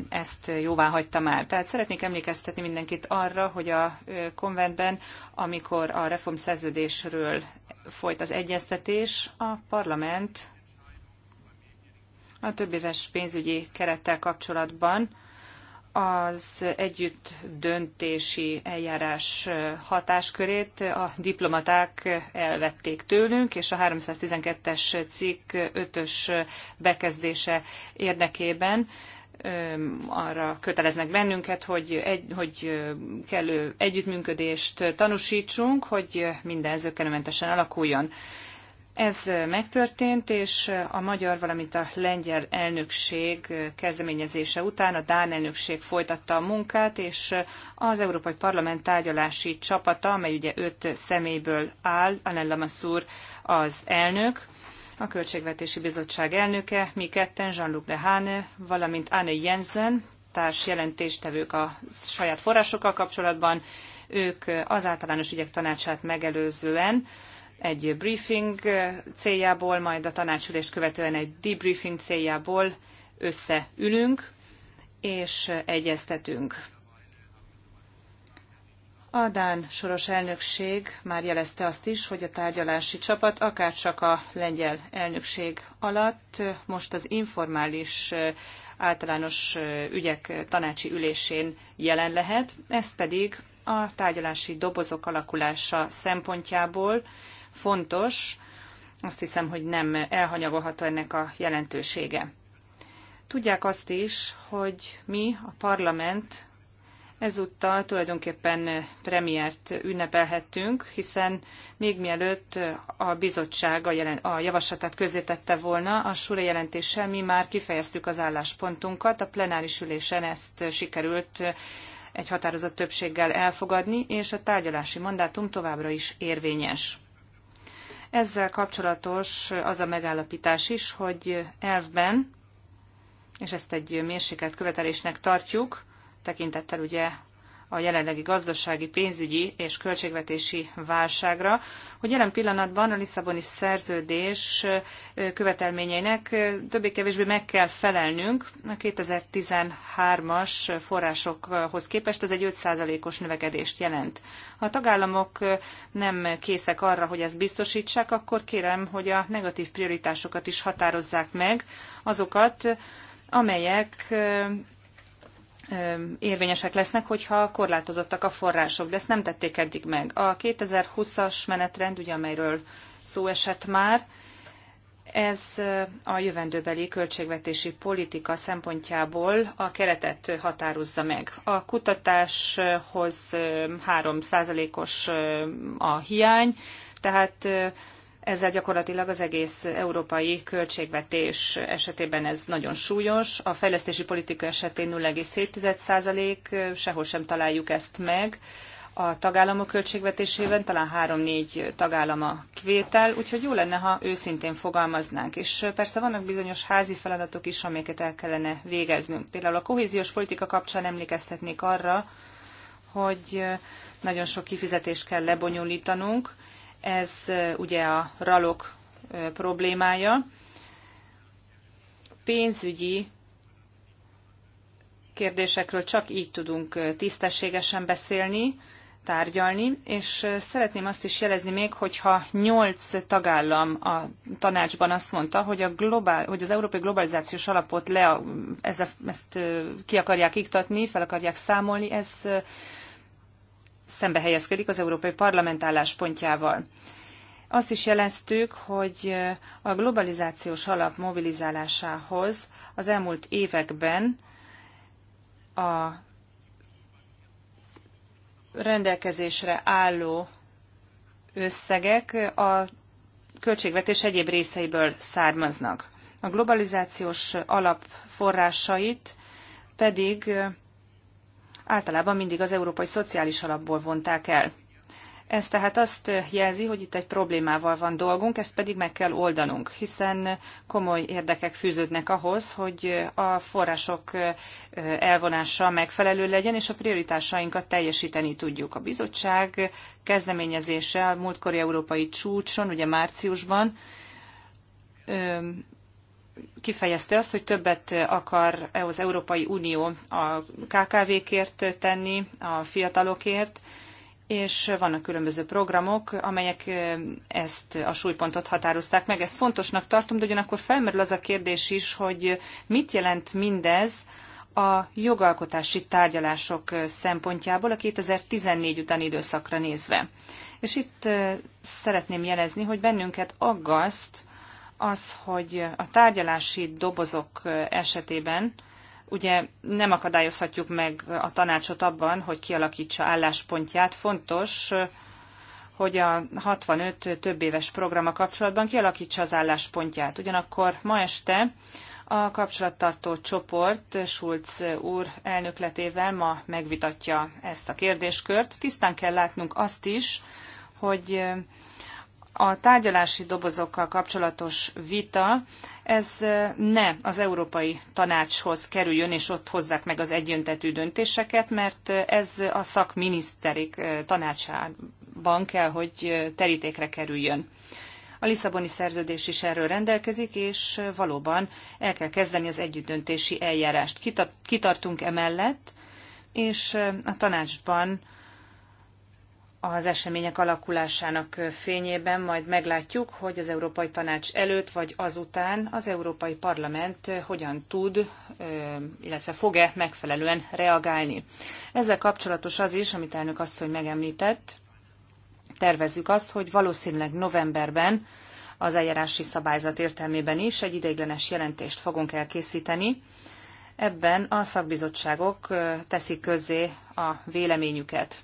ezt jóvá hagyta már. Tehát szeretnék emlékeztetni mindenkit arra, hogy a konventben, amikor a reformszerződésről folyt az egyeztetés, a parlament a többéves pénzügyi kerettel kapcsolatban az együtt döntési eljárás hatáskörét a diplomaták elvették tőlünk, és a 312-es cikk 5-ös bekezdése érdekében arra köteleznek bennünket, hogy, egy, hogy kellő együttműködést tanúsítsunk, hogy minden zökkenőmentesen alakuljon. Ez megtörtént, és a magyar, valamint a lengyel elnökség kezdeményezése után a Dán elnökség folytatta a munkát, és az Európai Parlament tárgyalási csapata, amely ugye öt személyből áll, Anella Massur az elnök, a Költségvetési Bizottság elnöke, mi ketten, Jean-Luc Dehane, valamint Anne Jensen, társ jelentéstevők a saját forrásokkal kapcsolatban. Ők az általános ügyek tanácsát megelőzően egy briefing céljából, majd a tanácsülést követően egy debriefing céljából összeülünk és egyeztetünk. A Dán soros elnökség már jelezte azt is, hogy a tárgyalási csapat akárcsak a lengyel elnökség alatt most az informális általános ügyek tanácsi ülésén jelen lehet, ez pedig a tárgyalási dobozok alakulása szempontjából fontos, azt hiszem, hogy nem elhanyagolható ennek a jelentősége. Tudják azt is, hogy mi, a parlament Ezúttal tulajdonképpen premiért ünnepelhettünk, hiszen még mielőtt a bizottság a, jelen, a javaslatát közzétette volna, a SURE jelentéssel mi már kifejeztük az álláspontunkat, a plenáris ülésen ezt sikerült egy határozott többséggel elfogadni, és a tárgyalási mandátum továbbra is érvényes. Ezzel kapcsolatos az a megállapítás is, hogy elvben, és ezt egy mérsékelt követelésnek tartjuk, tekintettel ugye a jelenlegi gazdasági, pénzügyi és költségvetési válságra, hogy jelen pillanatban a Lisszaboni szerződés követelményeinek többé-kevésbé meg kell felelnünk. A 2013-as forrásokhoz képest ez egy 5%-os növekedést jelent. Ha a tagállamok nem készek arra, hogy ezt biztosítsák, akkor kérem, hogy a negatív prioritásokat is határozzák meg, azokat, amelyek érvényesek lesznek, hogyha korlátozottak a források, de ezt nem tették eddig meg. A 2020-as menetrend, ugye, amelyről szó esett már, ez a jövendőbeli költségvetési politika szempontjából a keretet határozza meg. A kutatáshoz 3%-os a hiány, tehát ezzel gyakorlatilag az egész európai költségvetés esetében ez nagyon súlyos. A fejlesztési politika esetén 0,7% sehol sem találjuk ezt meg a tagállamok költségvetésében, talán 3-4 tagállam a kvétel, úgyhogy jó lenne, ha őszintén fogalmaznánk. És persze vannak bizonyos házi feladatok is, amiket el kellene végeznünk. Például a kohéziós politika kapcsán emlékeztetnék arra, hogy nagyon sok kifizetést kell lebonyolítanunk, ez ugye a ralok problémája. Pénzügyi kérdésekről csak így tudunk tisztességesen beszélni, tárgyalni, és szeretném azt is jelezni még, hogyha nyolc tagállam a tanácsban azt mondta, hogy, a globál, hogy az európai globalizációs alapot le, ezt ki akarják iktatni, fel akarják számolni, ez szembe helyezkedik az Európai Parlament álláspontjával. Azt is jeleztük, hogy a globalizációs alap mobilizálásához az elmúlt években a rendelkezésre álló összegek a költségvetés egyéb részeiből származnak. A globalizációs alap forrásait pedig általában mindig az Európai Szociális Alapból vonták el. Ez tehát azt jelzi, hogy itt egy problémával van dolgunk, ezt pedig meg kell oldanunk, hiszen komoly érdekek fűződnek ahhoz, hogy a források elvonása megfelelő legyen, és a prioritásainkat teljesíteni tudjuk. A bizottság kezdeményezése a múltkori európai csúcson, ugye márciusban, kifejezte azt, hogy többet akar az Európai Unió a KKV-kért tenni, a fiatalokért, és vannak különböző programok, amelyek ezt a súlypontot határozták meg. Ezt fontosnak tartom, de ugyanakkor felmerül az a kérdés is, hogy mit jelent mindez a jogalkotási tárgyalások szempontjából a 2014 utáni időszakra nézve. És itt szeretném jelezni, hogy bennünket aggaszt, az, hogy a tárgyalási dobozok esetében ugye nem akadályozhatjuk meg a tanácsot abban, hogy kialakítsa álláspontját. Fontos, hogy a 65 több éves programa kapcsolatban kialakítsa az álláspontját. Ugyanakkor ma este a kapcsolattartó csoport Schulz úr elnökletével ma megvitatja ezt a kérdéskört. Tisztán kell látnunk azt is, hogy a tárgyalási dobozokkal kapcsolatos vita, ez ne az Európai Tanácshoz kerüljön, és ott hozzák meg az egyöntetű döntéseket, mert ez a szakminiszterik tanácsában kell, hogy terítékre kerüljön. A Lisszaboni szerződés is erről rendelkezik, és valóban el kell kezdeni az együttdöntési eljárást. Kitartunk emellett, és a tanácsban az események alakulásának fényében majd meglátjuk, hogy az Európai Tanács előtt vagy azután az Európai Parlament hogyan tud, illetve fog-e megfelelően reagálni. Ezzel kapcsolatos az is, amit elnök asszony megemlített, tervezzük azt, hogy valószínűleg novemberben az eljárási szabályzat értelmében is egy ideiglenes jelentést fogunk elkészíteni. Ebben a szakbizottságok teszik közzé a véleményüket.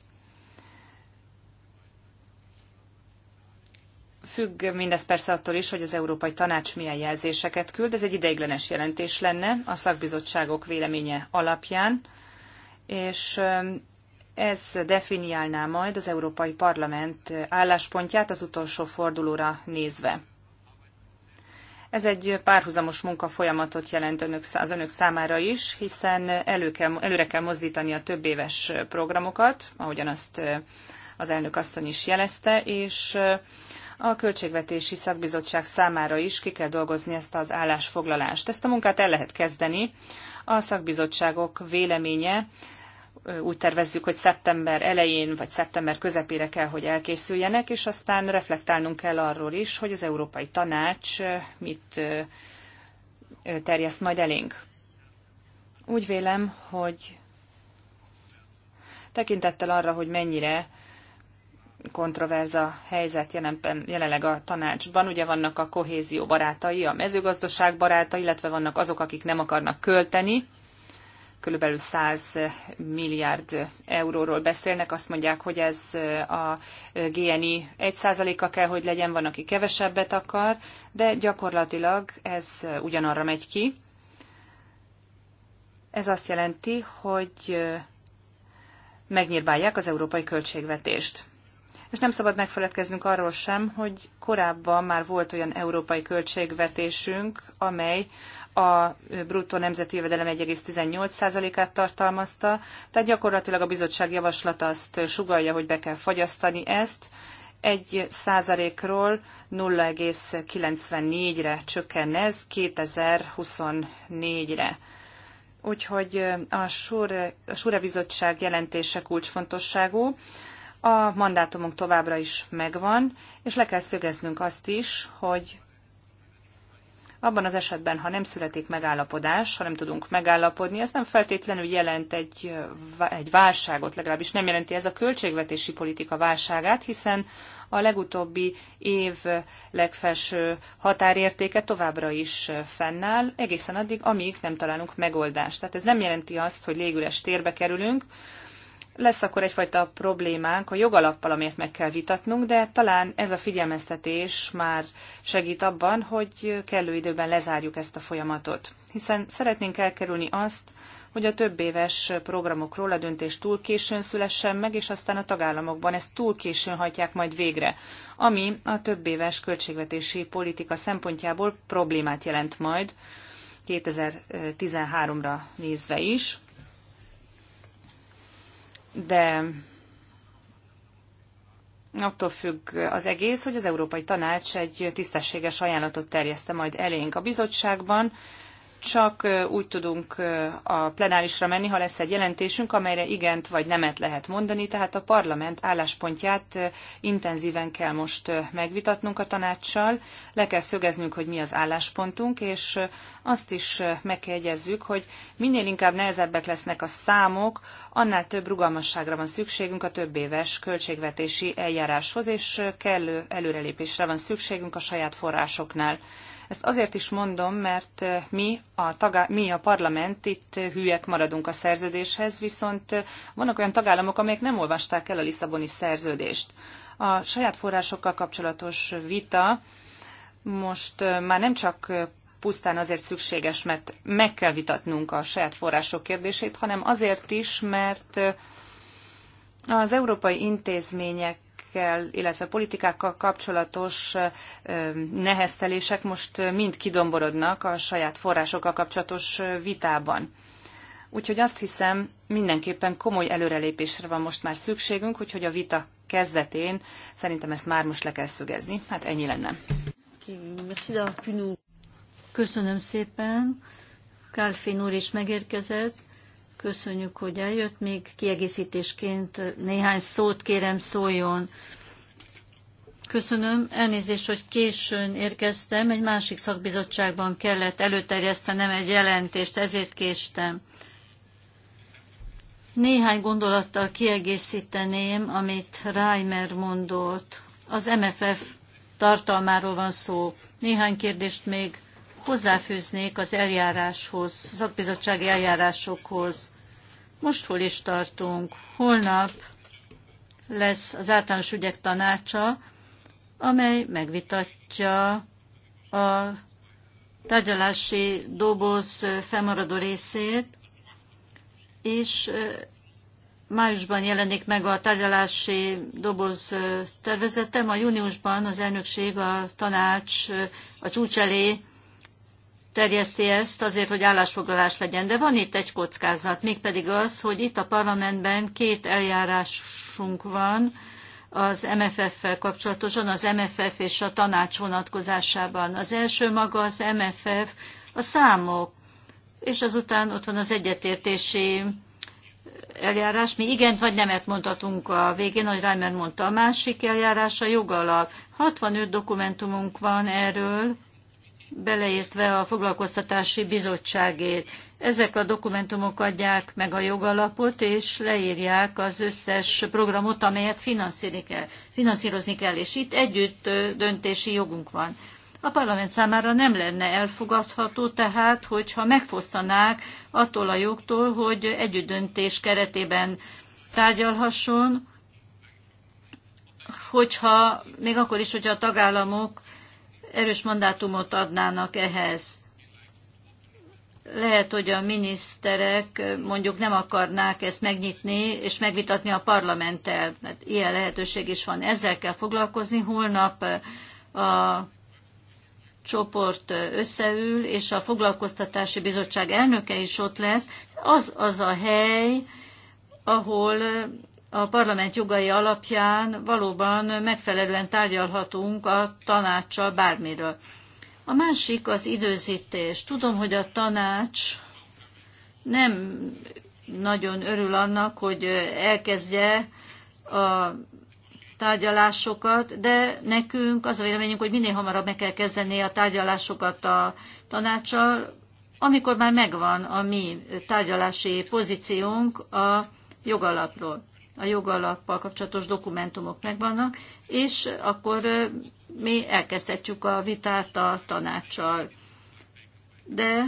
Függ mindez persze attól is, hogy az Európai Tanács milyen jelzéseket küld. Ez egy ideiglenes jelentés lenne a szakbizottságok véleménye alapján, és um, ez definiálná majd az Európai Parlament álláspontját az utolsó fordulóra nézve. Ez egy párhuzamos munkafolyamatot jelent önök, az önök számára is, hiszen elő kell, előre kell mozdítani a több éves programokat, ahogyan azt uh, az elnök asszony is jelezte, és uh, a Költségvetési Szakbizottság számára is ki kell dolgozni ezt az állásfoglalást. Ezt a munkát el lehet kezdeni. A szakbizottságok véleménye úgy tervezzük, hogy szeptember elején vagy szeptember közepére kell, hogy elkészüljenek, és aztán reflektálnunk kell arról is, hogy az Európai Tanács mit terjeszt majd elénk. Úgy vélem, hogy tekintettel arra, hogy mennyire kontroverza helyzet jelenben, jelenleg a tanácsban. Ugye vannak a kohézió barátai, a mezőgazdaság baráta, illetve vannak azok, akik nem akarnak költeni. Körülbelül 100 milliárd euróról beszélnek, azt mondják, hogy ez a GNI 1%-a kell, hogy legyen, van, aki kevesebbet akar, de gyakorlatilag ez ugyanarra megy ki. Ez azt jelenti, hogy megnyírbálják az európai költségvetést és nem szabad megfeledkeznünk arról sem, hogy korábban már volt olyan európai költségvetésünk, amely a bruttó nemzeti jövedelem 1,18%-át tartalmazta, tehát gyakorlatilag a bizottság javaslata azt sugalja, hogy be kell fagyasztani ezt, egy százalékról 0,94-re csökken ez 2024-re. Úgyhogy a Súre, a Súre Bizottság jelentése kulcsfontosságú. A mandátumunk továbbra is megvan, és le kell szögeznünk azt is, hogy abban az esetben, ha nem születik megállapodás, ha nem tudunk megállapodni, ez nem feltétlenül jelent egy, egy válságot, legalábbis nem jelenti ez a költségvetési politika válságát, hiszen a legutóbbi év legfelső határértéke továbbra is fennáll, egészen addig, amíg nem találunk megoldást. Tehát ez nem jelenti azt, hogy légüres térbe kerülünk, lesz akkor egyfajta problémánk a jogalappal, amit meg kell vitatnunk, de talán ez a figyelmeztetés már segít abban, hogy kellő időben lezárjuk ezt a folyamatot. Hiszen szeretnénk elkerülni azt, hogy a több éves programokról a döntés túl későn szülessen meg, és aztán a tagállamokban ezt túl későn hajtják majd végre, ami a több éves költségvetési politika szempontjából problémát jelent majd 2013-ra nézve is, de attól függ az egész, hogy az Európai Tanács egy tisztességes ajánlatot terjeszte majd elénk a bizottságban csak úgy tudunk a plenárisra menni, ha lesz egy jelentésünk, amelyre igent vagy nemet lehet mondani, tehát a parlament álláspontját intenzíven kell most megvitatnunk a tanácssal, le kell szögeznünk, hogy mi az álláspontunk, és azt is meg kell jegyezzük, hogy minél inkább nehezebbek lesznek a számok, annál több rugalmasságra van szükségünk a több éves költségvetési eljáráshoz, és kellő előrelépésre van szükségünk a saját forrásoknál. Ezt azért is mondom, mert mi a, taga, mi a parlament itt hűek maradunk a szerződéshez, viszont vannak olyan tagállamok, amelyek nem olvasták el a Lisszaboni szerződést. A saját forrásokkal kapcsolatos vita most már nem csak pusztán azért szükséges, mert meg kell vitatnunk a saját források kérdését, hanem azért is, mert az európai intézmények ügyekkel, illetve politikákkal kapcsolatos neheztelések most mind kidomborodnak a saját forrásokkal kapcsolatos vitában. Úgyhogy azt hiszem, mindenképpen komoly előrelépésre van most már szükségünk, úgyhogy a vita kezdetén szerintem ezt már most le kell szögezni. Hát ennyi lenne. Köszönöm szépen. Kálfén úr is megérkezett. Köszönjük, hogy eljött. Még kiegészítésként néhány szót kérem szóljon. Köszönöm. Elnézést, hogy későn érkeztem. Egy másik szakbizottságban kellett előterjesztenem egy jelentést, ezért késtem. Néhány gondolattal kiegészíteném, amit Reimer mondott. Az MFF tartalmáról van szó. Néhány kérdést még hozzáfűznék az eljáráshoz, szakbizottsági eljárásokhoz. Most hol is tartunk? Holnap lesz az általános ügyek tanácsa, amely megvitatja a tárgyalási doboz felmaradó részét, és májusban jelenik meg a tárgyalási doboz tervezete, a júniusban az elnökség, a tanács, a csúcs elé terjeszti ezt azért, hogy állásfoglalás legyen, de van itt egy kockázat, mégpedig az, hogy itt a parlamentben két eljárásunk van az MFF-fel kapcsolatosan, az MFF és a tanács vonatkozásában. Az első maga az MFF, a számok, és azután ott van az egyetértési eljárás. Mi igent vagy nemet mondhatunk a végén, ahogy Reimer mondta. A másik eljárás a jogalap. 65 dokumentumunk van erről, beleértve a foglalkoztatási bizottságét. Ezek a dokumentumok adják meg a jogalapot, és leírják az összes programot, amelyet finanszírozni kell, kell és itt együtt döntési jogunk van. A parlament számára nem lenne elfogadható tehát, hogyha megfosztanák attól a jogtól, hogy döntés keretében tárgyalhasson, hogyha még akkor is, hogyha a tagállamok erős mandátumot adnának ehhez. Lehet, hogy a miniszterek mondjuk nem akarnák ezt megnyitni és megvitatni a parlamenttel. Hát ilyen lehetőség is van. Ezzel kell foglalkozni. Holnap a csoport összeül, és a foglalkoztatási bizottság elnöke is ott lesz. Az az a hely, ahol a parlament jogai alapján valóban megfelelően tárgyalhatunk a tanácssal bármiről. A másik az időzítés. Tudom, hogy a tanács nem nagyon örül annak, hogy elkezdje a tárgyalásokat, de nekünk az a véleményünk, hogy minél hamarabb meg kell kezdeni a tárgyalásokat a tanácssal, amikor már megvan a mi tárgyalási pozíciónk a jogalapról a jogalappal kapcsolatos dokumentumok megvannak, és akkor mi elkezdhetjük a vitát a tanácssal. De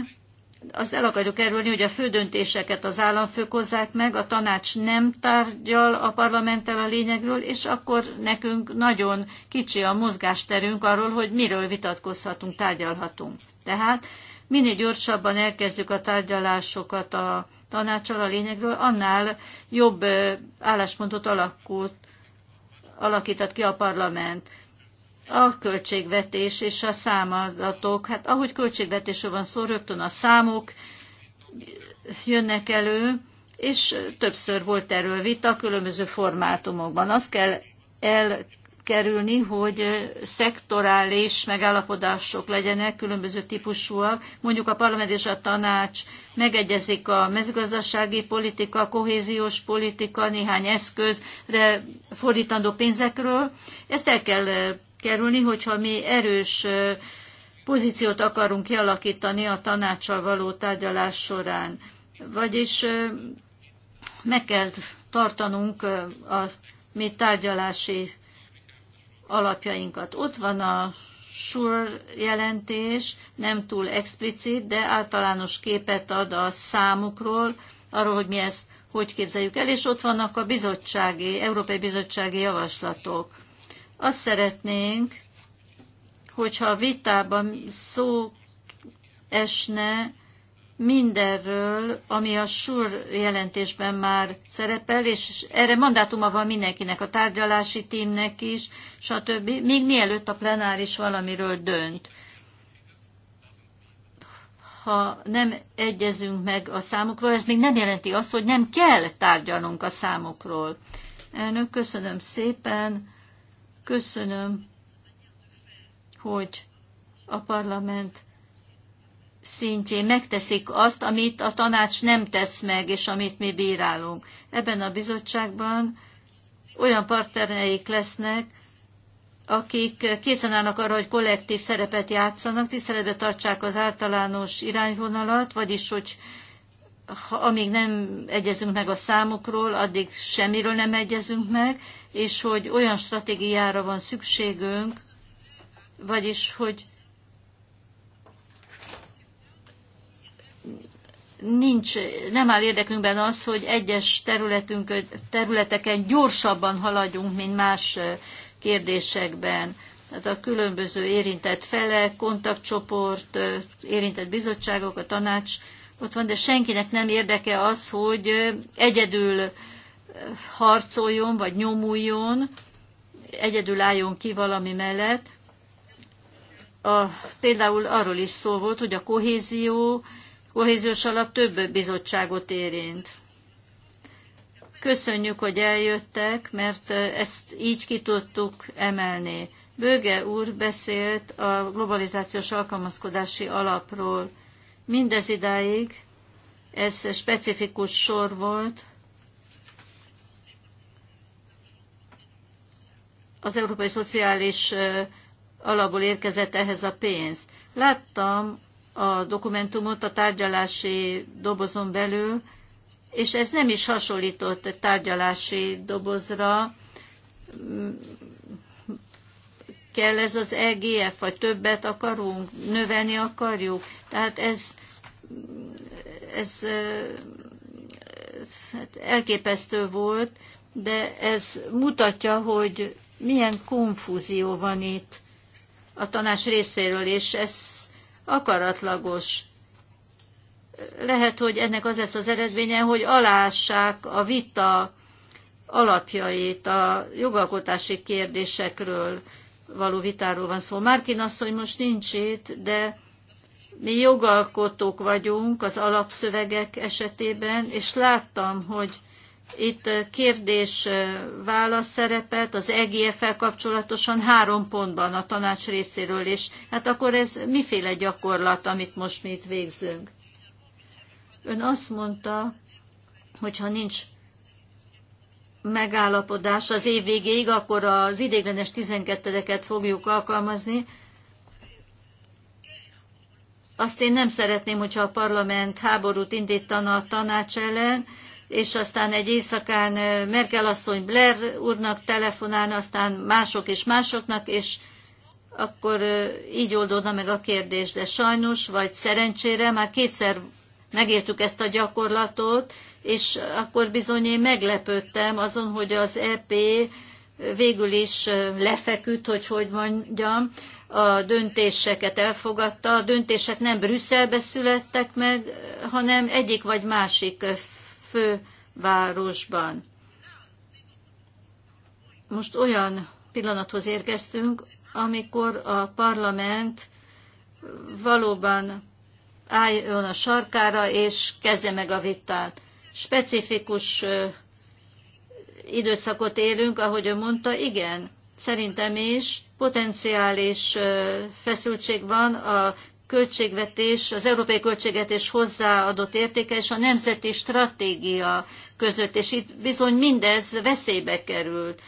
azt el akarjuk kerülni, hogy a fő döntéseket az államfők hozzák meg, a tanács nem tárgyal a parlamenttel a lényegről, és akkor nekünk nagyon kicsi a mozgásterünk arról, hogy miről vitatkozhatunk, tárgyalhatunk. Tehát minél gyorsabban elkezdjük a tárgyalásokat a tanácsal a lényegről, annál jobb álláspontot alakult, alakított ki a parlament. A költségvetés és a számadatok, hát ahogy költségvetésről van szó, rögtön a számok jönnek elő, és többször volt erről vita különböző formátumokban. Azt kell el kerülni, hogy szektorális megállapodások legyenek, különböző típusúak. Mondjuk a parlament és a tanács megegyezik a mezőgazdasági politika, a kohéziós politika, néhány eszközre fordítandó pénzekről. Ezt el kell eh, kerülni, hogyha mi erős eh, pozíciót akarunk kialakítani a tanácssal való tárgyalás során. Vagyis eh, meg kell tartanunk a mi tárgyalási alapjainkat. Ott van a SUR jelentés, nem túl explicit, de általános képet ad a számukról, arról, hogy mi ezt hogy képzeljük el, és ott vannak a bizottsági, Európai Bizottsági javaslatok. Azt szeretnénk, hogyha a vitában szó esne mindenről, ami a SUR jelentésben már szerepel, és erre mandátuma van mindenkinek, a tárgyalási tímnek is, stb. Még mielőtt a plenáris valamiről dönt. Ha nem egyezünk meg a számokról, ez még nem jelenti azt, hogy nem kell tárgyalnunk a számokról. Elnök, köszönöm szépen, köszönöm, hogy a parlament szintjén megteszik azt, amit a tanács nem tesz meg, és amit mi bírálunk. Ebben a bizottságban olyan partnereik lesznek, akik készen állnak arra, hogy kollektív szerepet játszanak, tiszteletbe tartsák az általános irányvonalat, vagyis, hogy ha, amíg nem egyezünk meg a számokról, addig semmiről nem egyezünk meg, és hogy olyan stratégiára van szükségünk, vagyis, hogy nincs, nem áll érdekünkben az, hogy egyes területünk, területeken gyorsabban haladjunk, mint más kérdésekben. Tehát a különböző érintett felek, kontaktcsoport, érintett bizottságok, a tanács ott van, de senkinek nem érdeke az, hogy egyedül harcoljon, vagy nyomuljon, egyedül álljon ki valami mellett. A, például arról is szó volt, hogy a kohézió kohéziós alap több bizottságot érint. Köszönjük, hogy eljöttek, mert ezt így ki tudtuk emelni. Bőge úr beszélt a globalizációs alkalmazkodási alapról. Mindez idáig ez specifikus sor volt, az Európai Szociális Alapból érkezett ehhez a pénz. Láttam a dokumentumot a tárgyalási dobozon belül, és ez nem is hasonlított tárgyalási dobozra. Kell ez az EGF, vagy többet akarunk, növelni akarjuk. Tehát ez, ez, ez hát elképesztő volt, de ez mutatja, hogy milyen konfúzió van itt a tanás részéről, és ez akaratlagos. Lehet, hogy ennek az lesz az eredménye, hogy alássák a vita alapjait a jogalkotási kérdésekről való vitáról van szó. Márkin asszony most nincs itt, de mi jogalkotók vagyunk az alapszövegek esetében, és láttam, hogy itt kérdés-válasz szerepelt az EGF-fel kapcsolatosan három pontban a tanács részéről, is. hát akkor ez miféle gyakorlat, amit most mi itt végzünk? Ön azt mondta, hogy ha nincs megállapodás az év végéig, akkor az idéglenes 12-eket fogjuk alkalmazni. Azt én nem szeretném, hogyha a parlament háborút indítana a tanács ellen, és aztán egy éjszakán Merkel asszony Blair úrnak telefonálna, aztán mások és másoknak, és akkor így oldódna meg a kérdés. De sajnos, vagy szerencsére már kétszer megértük ezt a gyakorlatot, és akkor bizony én meglepődtem azon, hogy az EP végül is lefeküdt, hogy hogy mondjam, a döntéseket elfogadta. A döntések nem Brüsszelbe születtek meg, hanem egyik vagy másik fővárosban. Most olyan pillanathoz érkeztünk, amikor a parlament valóban álljon a sarkára, és kezdje meg a vitát. Specifikus időszakot élünk, ahogy ő mondta, igen, szerintem is potenciális feszültség van a költségvetés, az európai költségvetés hozzáadott értéke és a nemzeti stratégia között, és itt bizony mindez veszélybe került.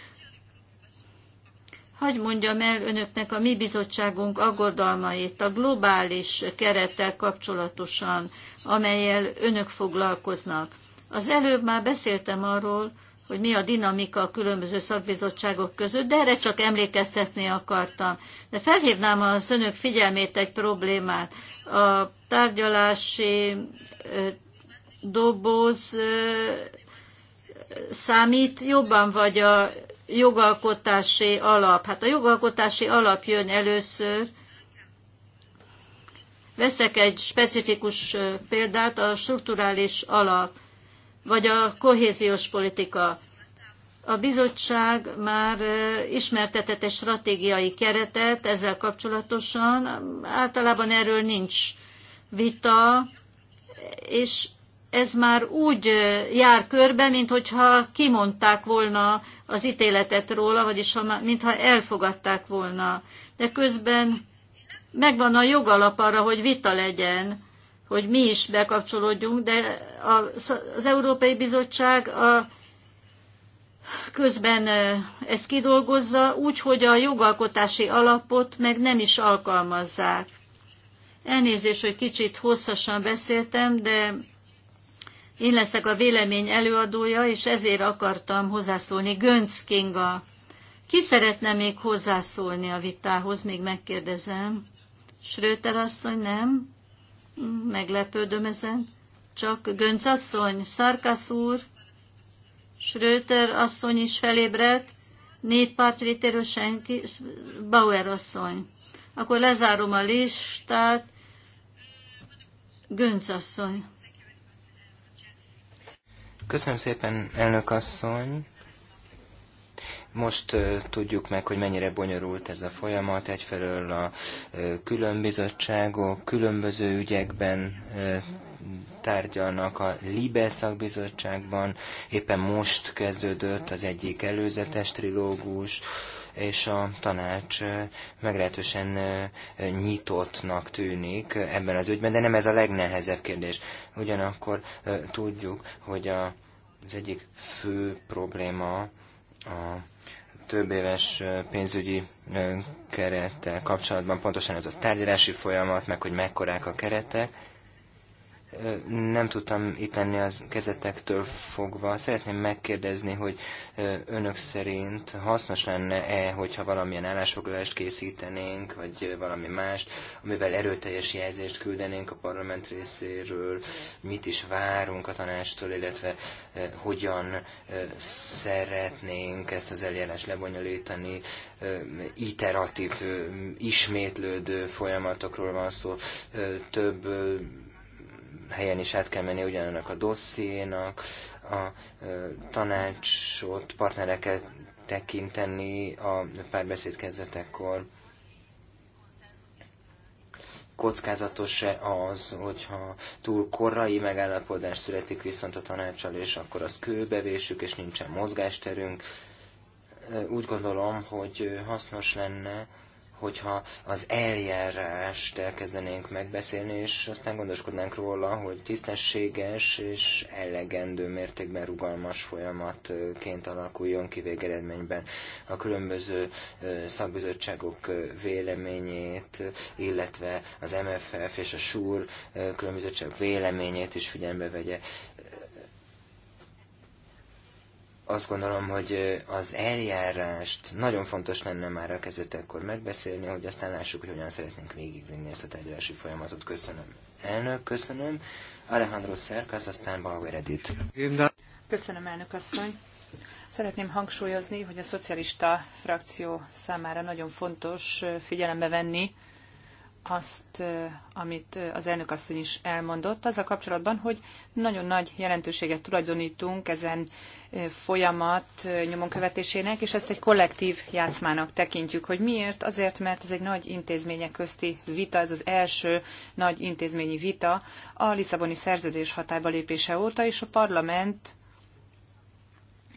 Hagy mondjam el önöknek a mi bizottságunk aggodalmait a globális kerettel kapcsolatosan, amelyel önök foglalkoznak. Az előbb már beszéltem arról, hogy mi a dinamika a különböző szakbizottságok között, de erre csak emlékeztetni akartam. De felhívnám a önök figyelmét egy problémát. A tárgyalási doboz számít jobban, vagy a jogalkotási alap. Hát a jogalkotási alap jön először. Veszek egy specifikus példát, a strukturális alap vagy a kohéziós politika. A bizottság már ismertetett egy stratégiai keretet ezzel kapcsolatosan, általában erről nincs vita, és ez már úgy jár körbe, mint hogyha kimondták volna az ítéletet róla, vagyis ha, mintha elfogadták volna. De közben megvan a jogalap arra, hogy vita legyen hogy mi is bekapcsolódjunk, de az Európai Bizottság a közben ezt kidolgozza úgy, hogy a jogalkotási alapot meg nem is alkalmazzák. Elnézést, hogy kicsit hosszasan beszéltem, de én leszek a vélemény előadója, és ezért akartam hozzászólni. Gönc Kinga. Ki szeretne még hozzászólni a vitához, még megkérdezem. Schröter asszony, nem? meglepődöm ezen. Csak Gönc asszony, Szarkasz úr, Schröter asszony is felébredt, négy párt létéről senki, Bauer asszony. Akkor lezárom a listát. Gönc asszony. Köszönöm szépen, elnök asszony. Most tudjuk meg, hogy mennyire bonyolult ez a folyamat. Egyfelől a különbizottságok különböző ügyekben tárgyalnak a LIBE szakbizottságban. Éppen most kezdődött az egyik előzetes trilógus, és a tanács meglehetősen nyitottnak tűnik ebben az ügyben, de nem ez a legnehezebb kérdés. Ugyanakkor tudjuk, hogy a, az egyik fő probléma a több éves pénzügyi kerettel kapcsolatban pontosan ez a tárgyalási folyamat, meg hogy mekkorák a keretek, nem tudtam itt lenni az kezetektől fogva. Szeretném megkérdezni, hogy önök szerint hasznos lenne-e, hogyha valamilyen állásfoglalást készítenénk, vagy valami mást, amivel erőteljes jelzést küldenénk a parlament részéről, mit is várunk a tanástól, illetve hogyan szeretnénk ezt az eljárást lebonyolítani. Iteratív, ismétlődő folyamatokról van szó, több helyen is át kell menni ugyanannak a dossziénak, a tanácsot, partnereket tekinteni a párbeszéd kezdetekor. Kockázatos e az, hogyha túl korai megállapodás születik viszont a tanácsal, és akkor az kőbevésük, és nincsen mozgásterünk. Úgy gondolom, hogy hasznos lenne, hogyha az eljárást elkezdenénk megbeszélni, és aztán gondoskodnánk róla, hogy tisztességes és elegendő mértékben rugalmas folyamatként alakuljon ki végeredményben a különböző szakbizottságok véleményét, illetve az MFF és a SUR különbözőtság véleményét is figyelembe vegye azt gondolom, hogy az eljárást nagyon fontos lenne már a kezdetekkor megbeszélni, hogy aztán lássuk, hogy hogyan szeretnénk végigvinni ezt a tárgyalási folyamatot. Köszönöm. Elnök, köszönöm. Alejandro Szerkasz, aztán Bauer Edith. Köszönöm, elnök asszony. Szeretném hangsúlyozni, hogy a szocialista frakció számára nagyon fontos figyelembe venni, azt, amit az elnök asszony is elmondott, az a kapcsolatban, hogy nagyon nagy jelentőséget tulajdonítunk ezen folyamat nyomon követésének, és ezt egy kollektív játszmának tekintjük. Hogy miért? Azért, mert ez egy nagy intézmények közti vita, ez az első nagy intézményi vita a Lisszaboni szerződés hatályba lépése óta, és a parlament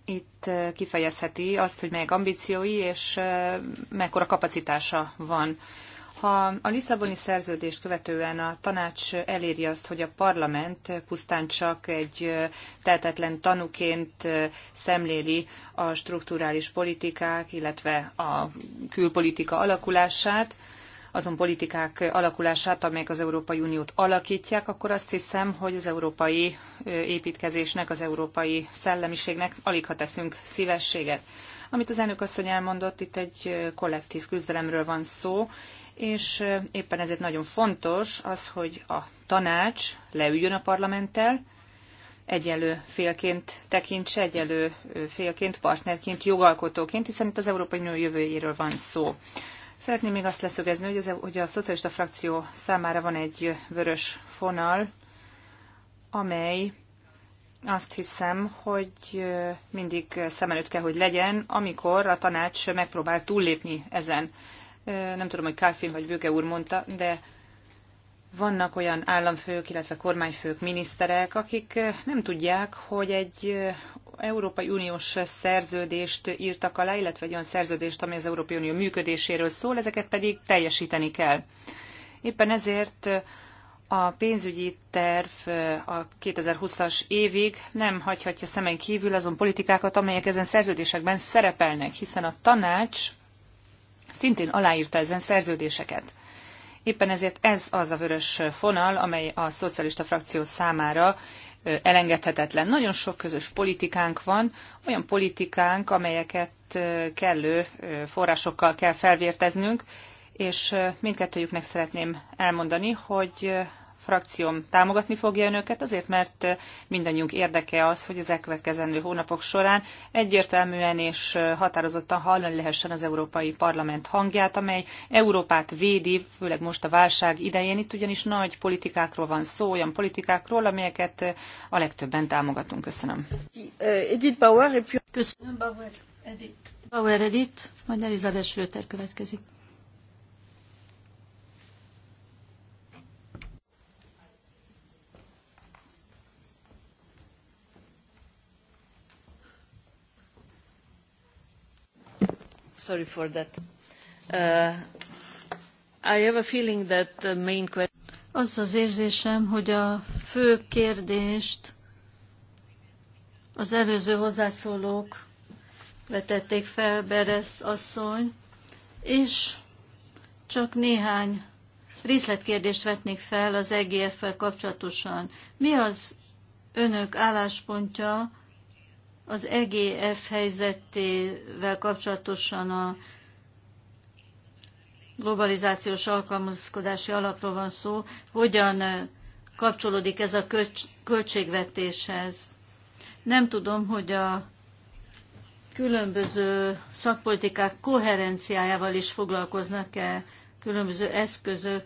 itt kifejezheti azt, hogy melyek ambíciói és mekkora kapacitása van ha a Lisszaboni szerződést követően a tanács eléri azt, hogy a parlament pusztán csak egy tehetetlen tanuként szemléli a strukturális politikák, illetve a külpolitika alakulását, azon politikák alakulását, amelyek az Európai Uniót alakítják, akkor azt hiszem, hogy az európai építkezésnek, az európai szellemiségnek alig ha teszünk szívességet. Amit az elnök asszony elmondott, itt egy kollektív küzdelemről van szó, és éppen ezért nagyon fontos az, hogy a tanács leüljön a parlamenttel, egyelő félként tekintse, egyelő félként, partnerként, jogalkotóként, hiszen itt az Európai Unió jövőjéről van szó. Szeretném még azt leszögezni, hogy, az, hogy a szocialista frakció számára van egy vörös fonal, amely azt hiszem, hogy mindig szem előtt kell, hogy legyen, amikor a tanács megpróbál túllépni ezen nem tudom, hogy Kálfin vagy Bőke úr mondta, de vannak olyan államfők, illetve kormányfők, miniszterek, akik nem tudják, hogy egy Európai Uniós szerződést írtak alá, illetve egy olyan szerződést, ami az Európai Unió működéséről szól, ezeket pedig teljesíteni kell. Éppen ezért a pénzügyi terv a 2020-as évig nem hagyhatja szemen kívül azon politikákat, amelyek ezen szerződésekben szerepelnek, hiszen a tanács szintén aláírta ezen szerződéseket. Éppen ezért ez az a vörös fonal, amely a szocialista frakció számára elengedhetetlen. Nagyon sok közös politikánk van, olyan politikánk, amelyeket kellő forrásokkal kell felvérteznünk, és mindkettőjüknek szeretném elmondani, hogy frakcióm támogatni fogja önöket, azért mert mindannyiunk érdeke az, hogy az elkövetkezendő hónapok során egyértelműen és határozottan hallani lehessen az Európai Parlament hangját, amely Európát védi, főleg most a válság idején. Itt ugyanis nagy politikákról van szó, olyan politikákról, amelyeket a legtöbben támogatunk. Köszönöm. Edith Bauer, Köszönöm, Bauer Edith. Bauer Edith, majd Elizabeth Schröter következik. sorry for that. Uh, I have a feeling that the main question... Az az érzésem, hogy a fő kérdést az előző hozzászólók vetették fel, Beresz asszony, és csak néhány részletkérdést vetnék fel az EGF-fel kapcsolatosan. Mi az önök álláspontja az EGF helyzetével kapcsolatosan a globalizációs alkalmazkodási alapról van szó, hogyan kapcsolódik ez a költségvetéshez. Nem tudom, hogy a különböző szakpolitikák koherenciájával is foglalkoznak-e, különböző eszközök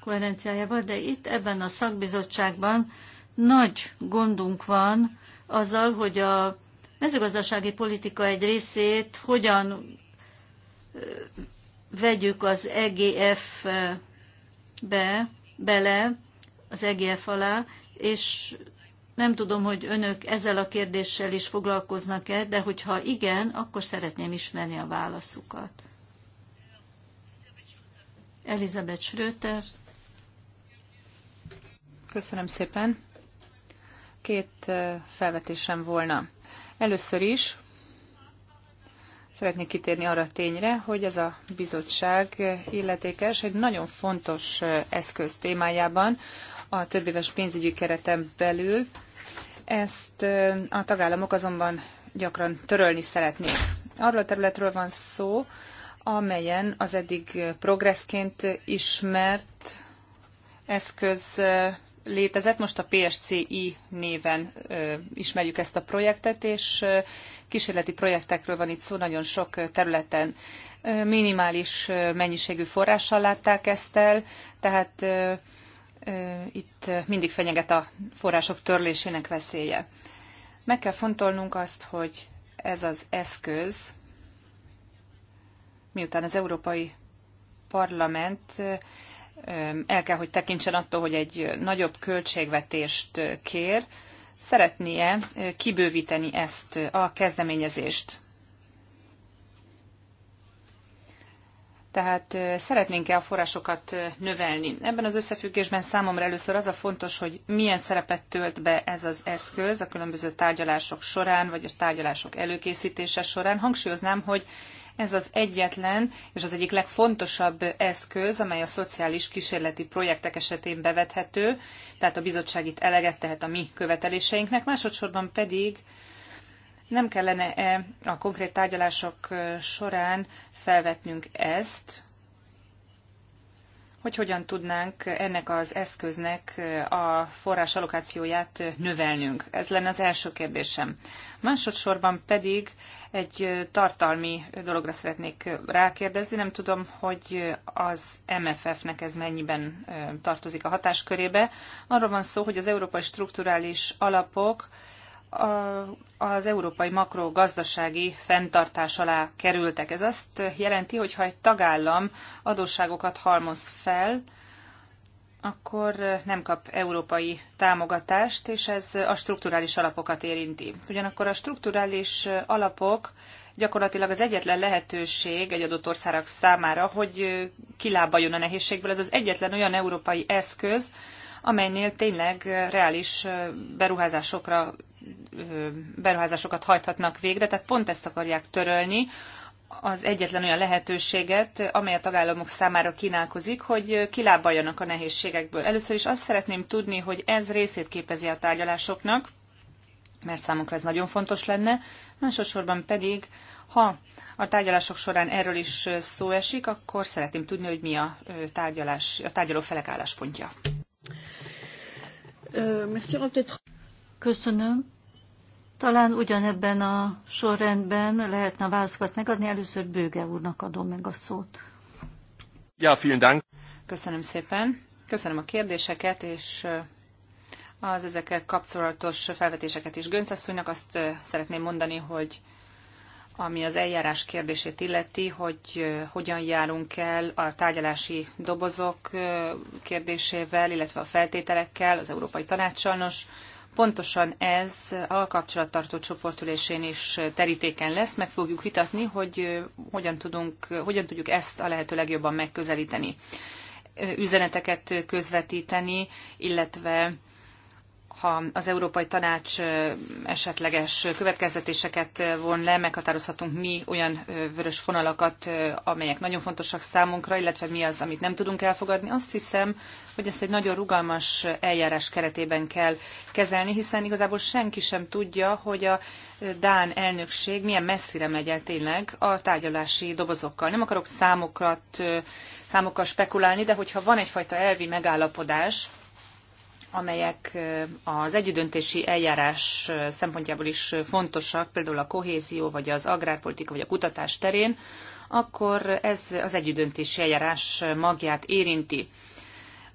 koherenciájával, de itt ebben a szakbizottságban nagy gondunk van azzal, hogy a mezőgazdasági politika egy részét hogyan vegyük az EGF-be, bele, az EGF alá, és nem tudom, hogy önök ezzel a kérdéssel is foglalkoznak-e, de hogyha igen, akkor szeretném ismerni a válaszukat. Elizabeth Schröter. Köszönöm szépen. Két felvetésem volna. Először is szeretnék kitérni arra a tényre, hogy ez a bizottság illetékes egy nagyon fontos eszköz témájában a többéves pénzügyi kereten belül. Ezt a tagállamok azonban gyakran törölni szeretnék. Arról a területről van szó, amelyen az eddig progresszként ismert eszköz létezett, most a PSCI néven ö, ismerjük ezt a projektet, és ö, kísérleti projektekről van itt szó nagyon sok területen. Ö, minimális ö, mennyiségű forrással látták ezt el, tehát ö, ö, itt mindig fenyeget a források törlésének veszélye. Meg kell fontolnunk azt, hogy ez az eszköz, miután az Európai Parlament el kell, hogy tekintsen attól, hogy egy nagyobb költségvetést kér, szeretnie kibővíteni ezt a kezdeményezést. Tehát szeretnénk-e a forrásokat növelni? Ebben az összefüggésben számomra először az a fontos, hogy milyen szerepet tölt be ez az eszköz a különböző tárgyalások során, vagy a tárgyalások előkészítése során. Hangsúlyoznám, hogy ez az egyetlen és az egyik legfontosabb eszköz, amely a szociális kísérleti projektek esetén bevethető, tehát a bizottság itt eleget tehet a mi követeléseinknek, másodszorban pedig nem kellene -e a konkrét tárgyalások során felvetnünk ezt, hogy hogyan tudnánk ennek az eszköznek a forrás allokációját növelnünk. Ez lenne az első kérdésem. Másodszorban pedig egy tartalmi dologra szeretnék rákérdezni. Nem tudom, hogy az MFF-nek ez mennyiben tartozik a hatáskörébe. Arról van szó, hogy az európai strukturális alapok az európai makrogazdasági fenntartás alá kerültek. Ez azt jelenti, hogy ha egy tagállam adósságokat halmoz fel, akkor nem kap európai támogatást, és ez a strukturális alapokat érinti. Ugyanakkor a strukturális alapok gyakorlatilag az egyetlen lehetőség egy adott ország számára, hogy kilábaljon a nehézségből. Ez az egyetlen olyan európai eszköz, amelynél tényleg reális beruházásokra beruházásokat hajthatnak végre, tehát pont ezt akarják törölni, az egyetlen olyan lehetőséget, amely a tagállamok számára kínálkozik, hogy kilábaljanak a nehézségekből. Először is azt szeretném tudni, hogy ez részét képezi a tárgyalásoknak, mert számunkra ez nagyon fontos lenne. Másodszorban pedig, ha a tárgyalások során erről is szó esik, akkor szeretném tudni, hogy mi a, tárgyalás, a tárgyaló felek álláspontja. Euh, Köszönöm. Talán ugyanebben a sorrendben lehetne a válaszokat megadni. Először Bőge úrnak adom meg a szót. Ja, vielen Dank. Köszönöm szépen. Köszönöm a kérdéseket, és az ezekkel kapcsolatos felvetéseket is Gönc asszonynak. Azt szeretném mondani, hogy ami az eljárás kérdését illeti, hogy hogyan járunk el a tárgyalási dobozok kérdésével, illetve a feltételekkel, az Európai Tanácsalnos, Pontosan ez a kapcsolattartó csoportülésén is terítéken lesz, meg fogjuk vitatni, hogy hogyan, tudunk, hogyan tudjuk ezt a lehető legjobban megközelíteni üzeneteket közvetíteni, illetve ha az Európai Tanács esetleges következtetéseket von le, meghatározhatunk mi olyan vörös fonalakat, amelyek nagyon fontosak számunkra, illetve mi az, amit nem tudunk elfogadni. Azt hiszem, hogy ezt egy nagyon rugalmas eljárás keretében kell kezelni, hiszen igazából senki sem tudja, hogy a Dán elnökség milyen messzire megy el tényleg a tárgyalási dobozokkal. Nem akarok számokat, számokkal spekulálni, de hogyha van egyfajta elvi megállapodás, amelyek az együttdöntési eljárás szempontjából is fontosak, például a kohézió, vagy az agrárpolitika, vagy a kutatás terén, akkor ez az együttdöntési eljárás magját érinti.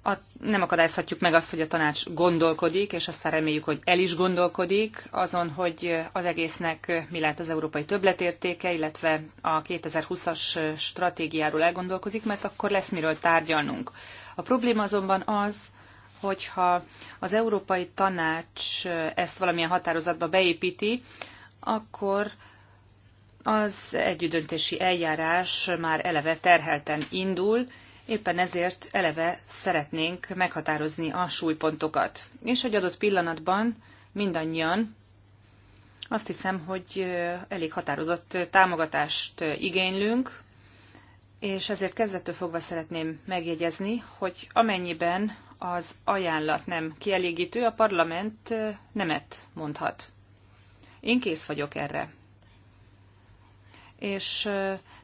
A, nem akadályozhatjuk meg azt, hogy a tanács gondolkodik, és aztán reméljük, hogy el is gondolkodik azon, hogy az egésznek mi lehet az európai többletértéke, illetve a 2020-as stratégiáról elgondolkozik, mert akkor lesz miről tárgyalnunk. A probléma azonban az, hogyha az Európai Tanács ezt valamilyen határozatba beépíti, akkor az együttdöntési eljárás már eleve terhelten indul, éppen ezért eleve szeretnénk meghatározni a súlypontokat. És egy adott pillanatban mindannyian azt hiszem, hogy elég határozott támogatást igénylünk, és ezért kezdettől fogva szeretném megjegyezni, hogy amennyiben az ajánlat nem kielégítő, a parlament nemet mondhat. Én kész vagyok erre. És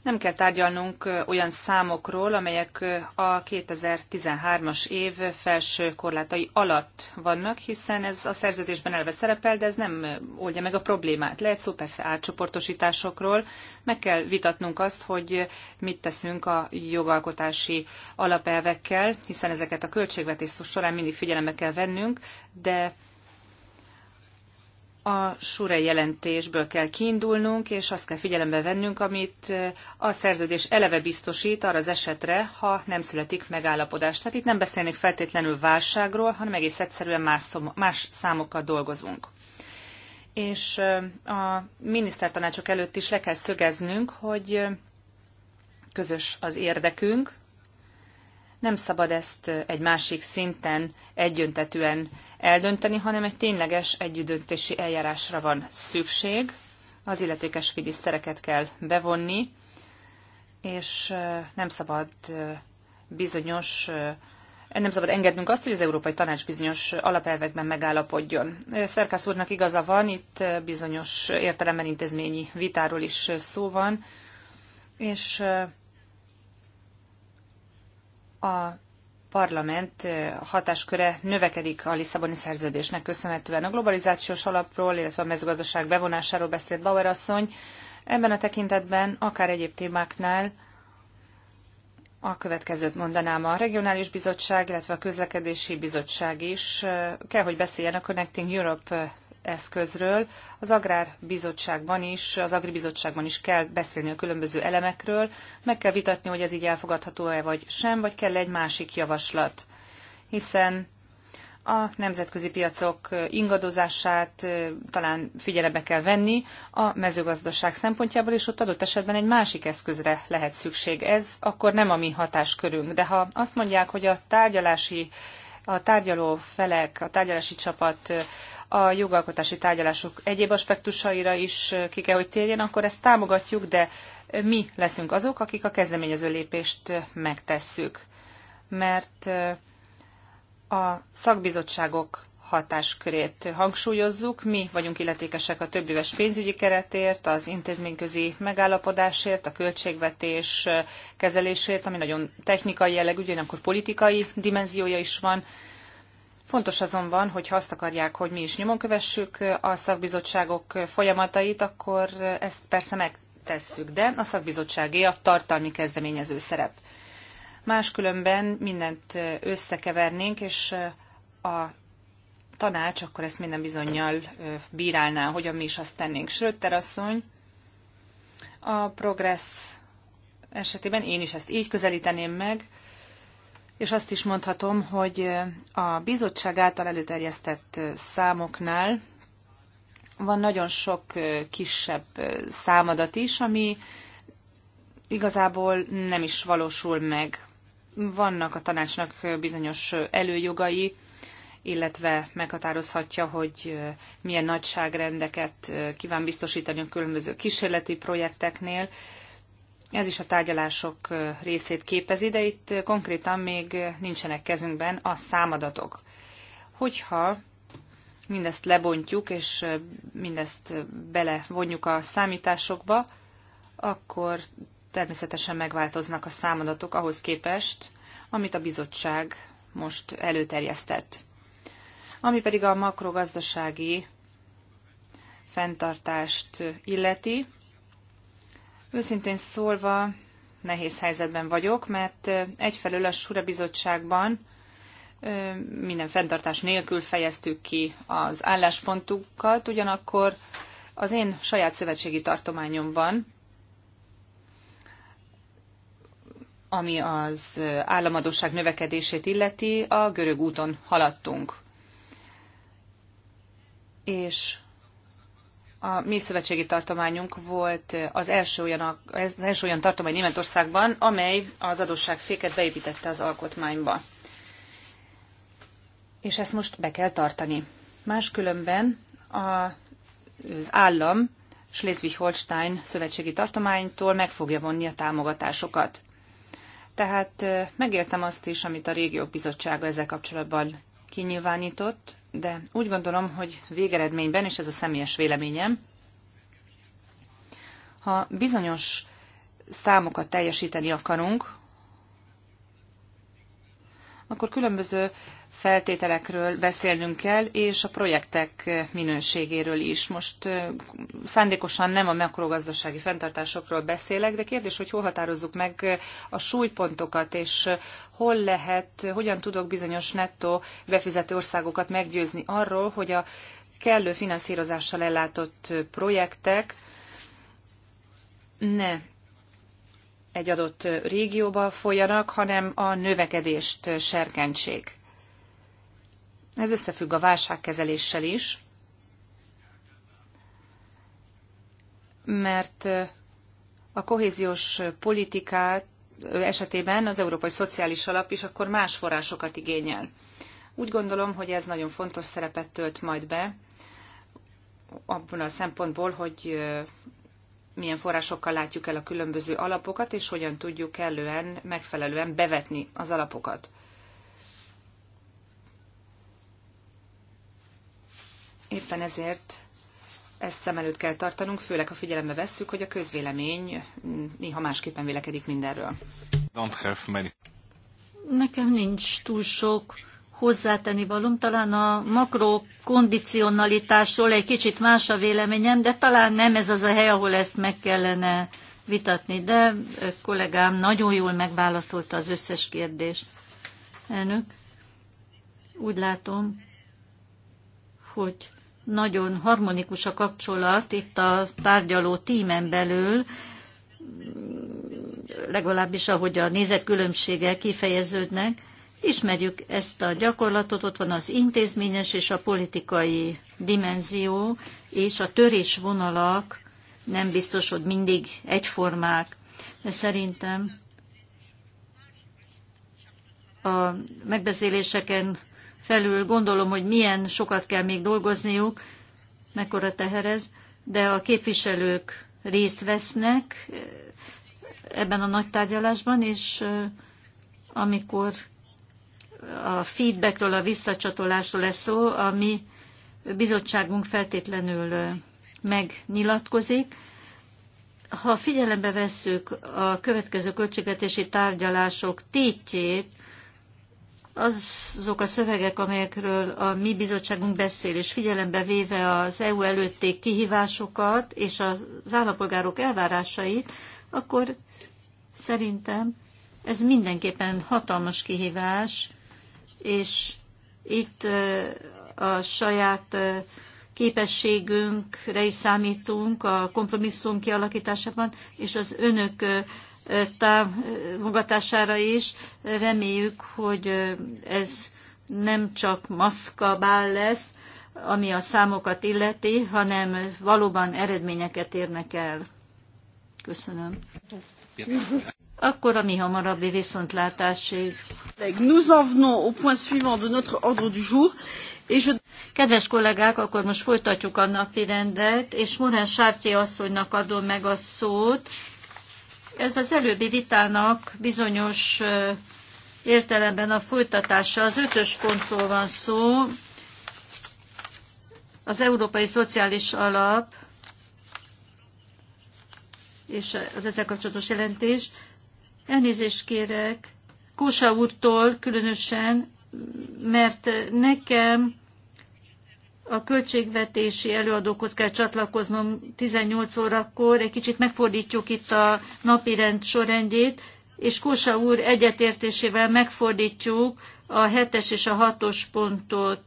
nem kell tárgyalnunk olyan számokról, amelyek a 2013-as év felső korlátai alatt vannak, hiszen ez a szerződésben elve szerepel, de ez nem oldja meg a problémát. Lehet szó persze átcsoportosításokról, meg kell vitatnunk azt, hogy mit teszünk a jogalkotási alapelvekkel, hiszen ezeket a költségvetés során mindig figyelembe kell vennünk, de a SURE jelentésből kell kiindulnunk, és azt kell figyelembe vennünk, amit a szerződés eleve biztosít arra az esetre, ha nem születik megállapodás. Tehát itt nem beszélnék feltétlenül válságról, hanem egész egyszerűen más, szom, más számokkal dolgozunk. És a minisztertanácsok előtt is le kell szögeznünk, hogy közös az érdekünk, nem szabad ezt egy másik szinten egyöntetűen eldönteni, hanem egy tényleges együttdöntési eljárásra van szükség. Az illetékes minisztereket kell bevonni, és nem szabad bizonyos nem szabad engednünk azt, hogy az Európai Tanács bizonyos alapelvekben megállapodjon. Szerkász úrnak igaza van, itt bizonyos értelemben intézményi vitáról is szó van, és a parlament hatásköre növekedik a Lisszaboni szerződésnek köszönhetően. A globalizációs alapról, illetve a mezőgazdaság bevonásáról beszélt Bauer asszony. Ebben a tekintetben, akár egyéb témáknál a következőt mondanám. A Regionális Bizottság, illetve a Közlekedési Bizottság is kell, hogy beszéljen a Connecting Europe eszközről. Az Agrárbizottságban is, az Agribizottságban is kell beszélni a különböző elemekről, meg kell vitatni, hogy ez így elfogadható-e vagy sem, vagy kell egy másik javaslat. Hiszen a nemzetközi piacok ingadozását talán figyelembe kell venni a mezőgazdaság szempontjából, és ott adott esetben egy másik eszközre lehet szükség. Ez akkor nem a mi hatáskörünk, de ha azt mondják, hogy a tárgyalási a tárgyaló felek, a tárgyalási csapat a jogalkotási tárgyalások egyéb aspektusaira is ki kell, hogy térjen, akkor ezt támogatjuk, de mi leszünk azok, akik a kezdeményező lépést megtesszük. Mert a szakbizottságok hatáskörét hangsúlyozzuk, mi vagyunk illetékesek a többéves pénzügyi keretért, az intézményközi megállapodásért, a költségvetés kezelésért, ami nagyon technikai jellegű, ugyanakkor politikai dimenziója is van, Fontos azonban, hogy ha azt akarják, hogy mi is nyomon kövessük a szakbizottságok folyamatait, akkor ezt persze megtesszük, de a szakbizottságé a tartalmi kezdeményező szerep. Máskülönben mindent összekevernénk, és a tanács akkor ezt minden bizonyal bírálná, hogyan mi is azt tennénk. Schröter asszony, a progress esetében én is ezt így közelíteném meg, és azt is mondhatom, hogy a bizottság által előterjesztett számoknál van nagyon sok kisebb számadat is, ami igazából nem is valósul meg. Vannak a tanácsnak bizonyos előjogai, illetve meghatározhatja, hogy milyen nagyságrendeket kíván biztosítani a különböző kísérleti projekteknél, ez is a tárgyalások részét képezi, de itt konkrétan még nincsenek kezünkben a számadatok. Hogyha mindezt lebontjuk, és mindezt belevonjuk a számításokba, akkor természetesen megváltoznak a számadatok ahhoz képest, amit a bizottság most előterjesztett. Ami pedig a makrogazdasági fenntartást illeti, Őszintén szólva nehéz helyzetben vagyok, mert egyfelől a Sura Bizottságban minden fenntartás nélkül fejeztük ki az álláspontunkat, ugyanakkor az én saját szövetségi tartományomban, ami az államadóság növekedését illeti, a görög úton haladtunk. És a mi szövetségi tartományunk volt az első olyan, az első olyan tartomány Németországban, amely az adósságféket beépítette az alkotmányba. És ezt most be kell tartani. Máskülönben a, az állam Schleswig-Holstein szövetségi tartománytól meg fogja vonni a támogatásokat. Tehát megértem azt is, amit a régiók bizottsága ezzel kapcsolatban kinyilvánított, de úgy gondolom, hogy végeredményben, és ez a személyes véleményem, ha bizonyos számokat teljesíteni akarunk, akkor különböző feltételekről beszélnünk kell, és a projektek minőségéről is. Most szándékosan nem a makrogazdasági fenntartásokról beszélek, de kérdés, hogy hol határozzuk meg a súlypontokat, és hol lehet, hogyan tudok bizonyos nettó befizető országokat meggyőzni arról, hogy a kellő finanszírozással ellátott projektek ne egy adott régióba folyanak, hanem a növekedést serkentsék. Ez összefügg a válságkezeléssel is, mert a kohéziós politikát esetében az Európai Szociális Alap is akkor más forrásokat igényel. Úgy gondolom, hogy ez nagyon fontos szerepet tölt majd be, abban a szempontból, hogy milyen forrásokkal látjuk el a különböző alapokat, és hogyan tudjuk kellően, megfelelően bevetni az alapokat. Éppen ezért ezt szem előtt kell tartanunk, főleg ha figyelembe vesszük, hogy a közvélemény néha másképpen vélekedik mindenről. Nekem nincs túl sok hozzátenni valóm. Talán a makrokondicionalitásról egy kicsit más a véleményem, de talán nem ez az a hely, ahol ezt meg kellene vitatni. De kollégám nagyon jól megválaszolta az összes kérdést. Elnök, úgy látom, hogy nagyon harmonikus a kapcsolat itt a tárgyaló tímen belül, legalábbis ahogy a nézetkülönbségek kifejeződnek. Ismerjük ezt a gyakorlatot, ott van az intézményes és a politikai dimenzió, és a törésvonalak nem biztos, hogy mindig egyformák. De szerintem a megbeszéléseken felül gondolom, hogy milyen sokat kell még dolgozniuk, mekkora teherez, de a képviselők részt vesznek eh, ebben a nagy tárgyalásban, és eh, amikor a feedbackről, a visszacsatolásról lesz szó, a mi bizottságunk feltétlenül eh, megnyilatkozik. Ha figyelembe vesszük a következő költségvetési tárgyalások tétjét, azok a szövegek, amelyekről a mi bizottságunk beszél, és figyelembe véve az EU előtti kihívásokat és az állampolgárok elvárásait, akkor szerintem ez mindenképpen hatalmas kihívás, és itt a saját képességünkre is számítunk a kompromisszum kialakításában, és az önök támogatására is. Reméljük, hogy ez nem csak maszkabál lesz, ami a számokat illeti, hanem valóban eredményeket érnek el. Köszönöm. Akkor a mi hamarabbi viszontlátásig. Nous au point suivant de notre ordre du jour. Kedves kollégák, akkor most folytatjuk a napi rendet, és Morán Sártyi asszonynak adom meg a szót, ez az előbbi vitának bizonyos értelemben a folytatása. Az ötös pontról van szó, az Európai Szociális Alap és az ezzel kapcsolatos jelentés. Elnézést kérek Kósa úrtól különösen, mert nekem a költségvetési előadókhoz kell csatlakoznom 18 órakor, egy kicsit megfordítjuk itt a napirend sorrendjét, és Kósa úr egyetértésével megfordítjuk a 7-es és a 6-os pontot.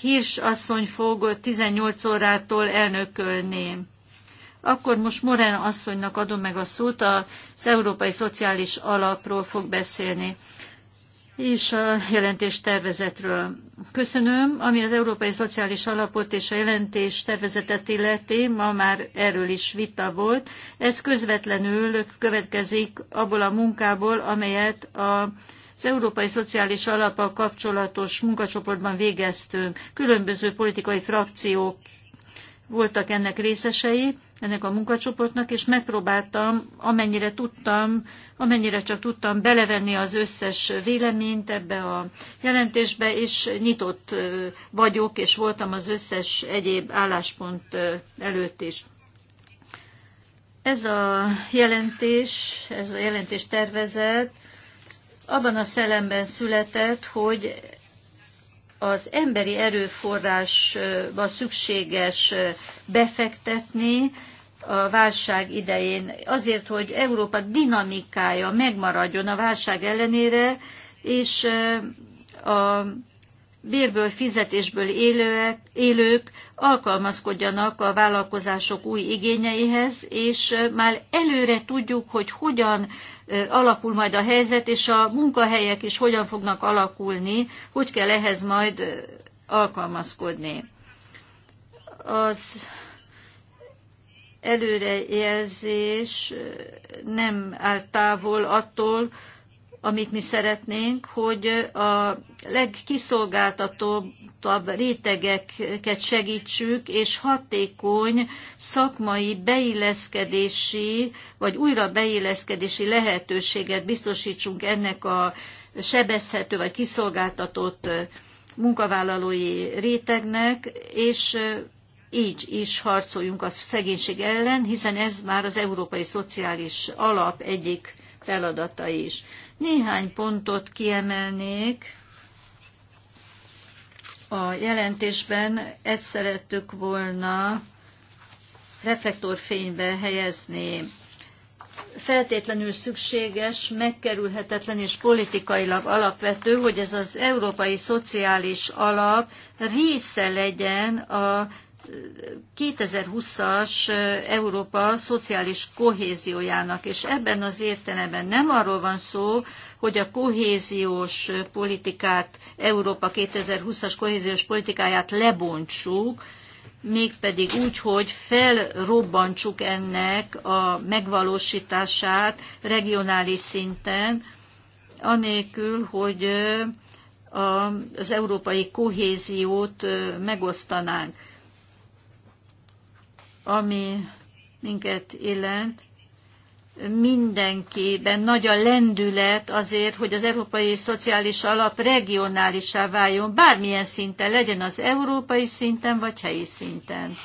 Hirs asszony fog 18 órától elnökölni. Akkor most Morán asszonynak adom meg a szót, az Európai Szociális Alapról fog beszélni és a jelentés tervezetről. Köszönöm, ami az Európai Szociális Alapot és a jelentés tervezetet illeti, ma már erről is vita volt. Ez közvetlenül következik abból a munkából, amelyet a az Európai Szociális Alapa kapcsolatos munkacsoportban végeztünk. Különböző politikai frakciók voltak ennek részesei, ennek a munkacsoportnak, és megpróbáltam, amennyire tudtam, amennyire csak tudtam belevenni az összes véleményt ebbe a jelentésbe, és nyitott vagyok, és voltam az összes egyéb álláspont előtt is. Ez a jelentés, ez a jelentés tervezet abban a szellemben született, hogy az emberi erőforrásba szükséges befektetni, a válság idején, azért, hogy Európa dinamikája megmaradjon a válság ellenére, és a bérből, fizetésből élőek, élők alkalmazkodjanak a vállalkozások új igényeihez, és már előre tudjuk, hogy hogyan alakul majd a helyzet, és a munkahelyek is hogyan fognak alakulni, hogy kell ehhez majd alkalmazkodni. Az előrejelzés nem áll távol attól, amit mi szeretnénk, hogy a legkiszolgáltatóbb rétegeket segítsük, és hatékony szakmai beilleszkedési vagy újra beilleszkedési lehetőséget biztosítsunk ennek a sebezhető vagy kiszolgáltatott munkavállalói rétegnek, és így is harcoljunk a szegénység ellen, hiszen ez már az európai szociális alap egyik feladata is. Néhány pontot kiemelnék. A jelentésben ezt szerettük volna reflektorfénybe helyezni. Feltétlenül szükséges, megkerülhetetlen és politikailag alapvető, hogy ez az európai szociális alap része legyen a 2020-as Európa szociális kohéziójának, és ebben az értelemben nem arról van szó, hogy a kohéziós politikát, Európa 2020-as kohéziós politikáját lebontsuk, mégpedig úgy, hogy felrobbantsuk ennek a megvalósítását regionális szinten, anélkül, hogy az európai kohéziót megosztanánk ami minket illent, mindenkiben nagy a lendület azért, hogy az Európai Szociális Alap regionálisá váljon, bármilyen szinten, legyen az európai szinten vagy helyi szinten.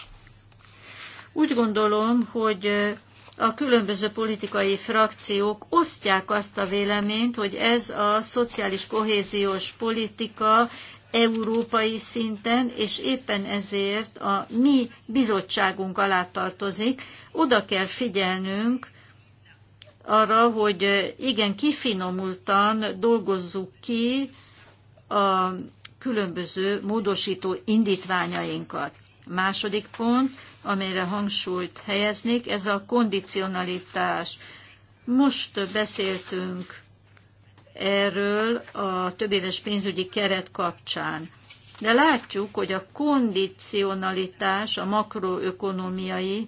Úgy gondolom, hogy a különböző politikai frakciók osztják azt a véleményt, hogy ez a szociális kohéziós politika európai szinten, és éppen ezért a mi bizottságunk alá tartozik. Oda kell figyelnünk arra, hogy igen kifinomultan dolgozzuk ki a különböző módosító indítványainkat. Második pont, amelyre hangsúlyt helyeznék, ez a kondicionalitás. Most beszéltünk erről a többéves pénzügyi keret kapcsán. De látjuk, hogy a kondicionalitás, a makroökonomiai,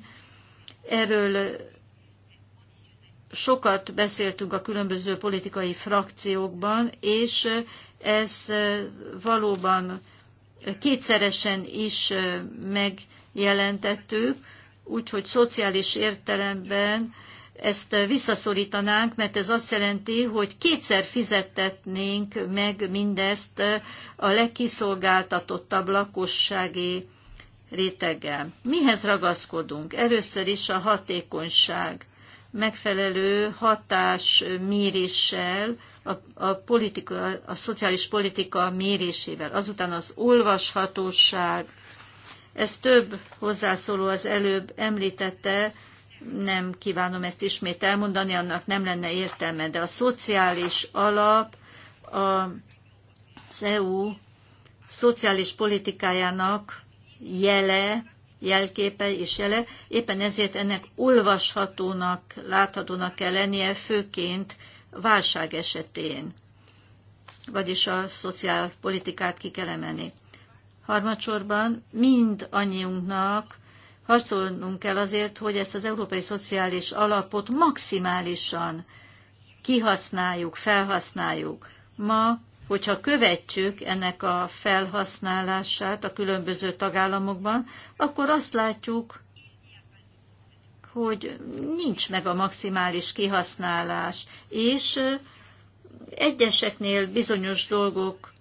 erről sokat beszéltünk a különböző politikai frakciókban, és ez valóban kétszeresen is megjelentettük, úgyhogy szociális értelemben ezt visszaszorítanánk, mert ez azt jelenti, hogy kétszer fizettetnénk meg mindezt a legkiszolgáltatottabb lakossági réteggel. Mihez ragaszkodunk? Először is a hatékonyság megfelelő hatás méréssel, a, a, politika, a szociális politika mérésével. Azután az olvashatóság, ez több hozzászóló az előbb említette, nem kívánom ezt ismét elmondani, annak nem lenne értelme, de a szociális alap az EU szociális politikájának jele, jelképe és jele, éppen ezért ennek olvashatónak, láthatónak kell lennie, főként válság esetén, vagyis a szociálpolitikát ki kell emelni. Harmadsorban mind annyiunknak harcolnunk kell azért, hogy ezt az európai szociális alapot maximálisan kihasználjuk, felhasználjuk. Ma, hogyha követjük ennek a felhasználását a különböző tagállamokban, akkor azt látjuk, hogy nincs meg a maximális kihasználás, és egyeseknél bizonyos dolgok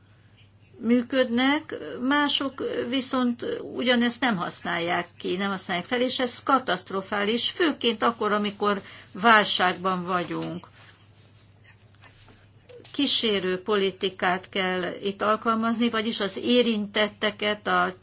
működnek, mások viszont ugyanezt nem használják ki, nem használják fel, és ez katasztrofális, főként akkor, amikor válságban vagyunk. Kísérő politikát kell itt alkalmazni, vagyis az érintetteket, a,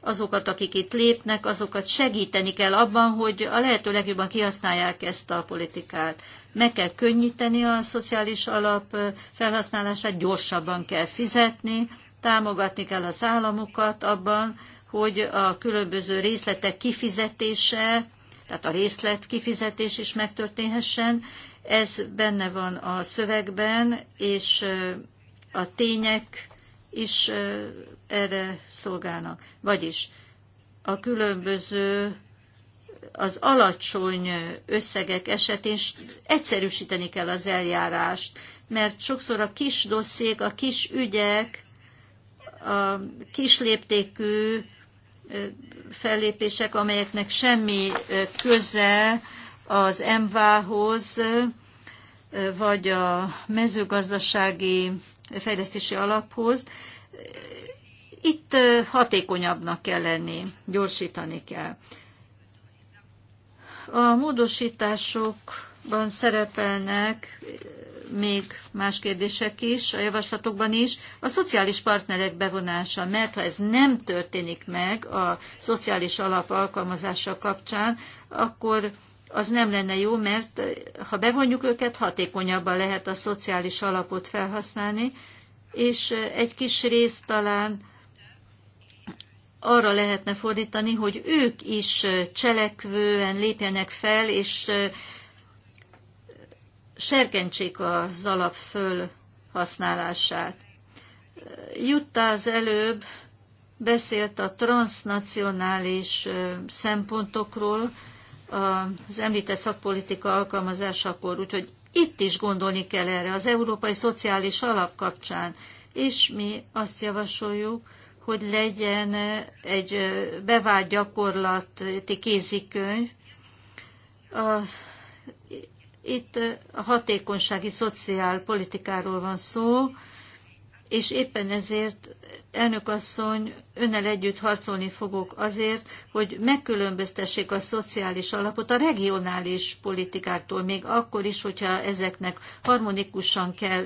azokat, akik itt lépnek, azokat segíteni kell abban, hogy a lehető legjobban kihasználják ezt a politikát. Meg kell könnyíteni a szociális alap felhasználását, gyorsabban kell fizetni, támogatni kell az államokat abban, hogy a különböző részletek kifizetése, tehát a részlet kifizetés is megtörténhessen. Ez benne van a szövegben, és a tények is erre szolgálnak. Vagyis a különböző az alacsony összegek esetén egyszerűsíteni kell az eljárást, mert sokszor a kis dosszék, a kis ügyek a kisléptékű fellépések, amelyeknek semmi köze az MVA-hoz, vagy a mezőgazdasági fejlesztési alaphoz. Itt hatékonyabbnak kell lenni, gyorsítani kell. A módosításokban szerepelnek még más kérdések is, a javaslatokban is, a szociális partnerek bevonása, mert ha ez nem történik meg a szociális alap alkalmazása kapcsán, akkor az nem lenne jó, mert ha bevonjuk őket, hatékonyabban lehet a szociális alapot felhasználni, és egy kis részt talán arra lehetne fordítani, hogy ők is cselekvően lépjenek fel, és serkentsék az alap fölhasználását. Jutta az előbb beszélt a transnacionális szempontokról az említett szakpolitika alkalmazásakor, úgyhogy itt is gondolni kell erre az Európai Szociális Alap kapcsán, és mi azt javasoljuk, hogy legyen egy bevált gyakorlati kézikönyv az itt eh, a hatékonysági szociálpolitikáról van szó, és éppen ezért, elnök asszony, önnel együtt harcolni fogok azért, hogy megkülönböztessék a szociális alapot a regionális politikáktól, még akkor is, hogyha ezeknek harmonikusan kell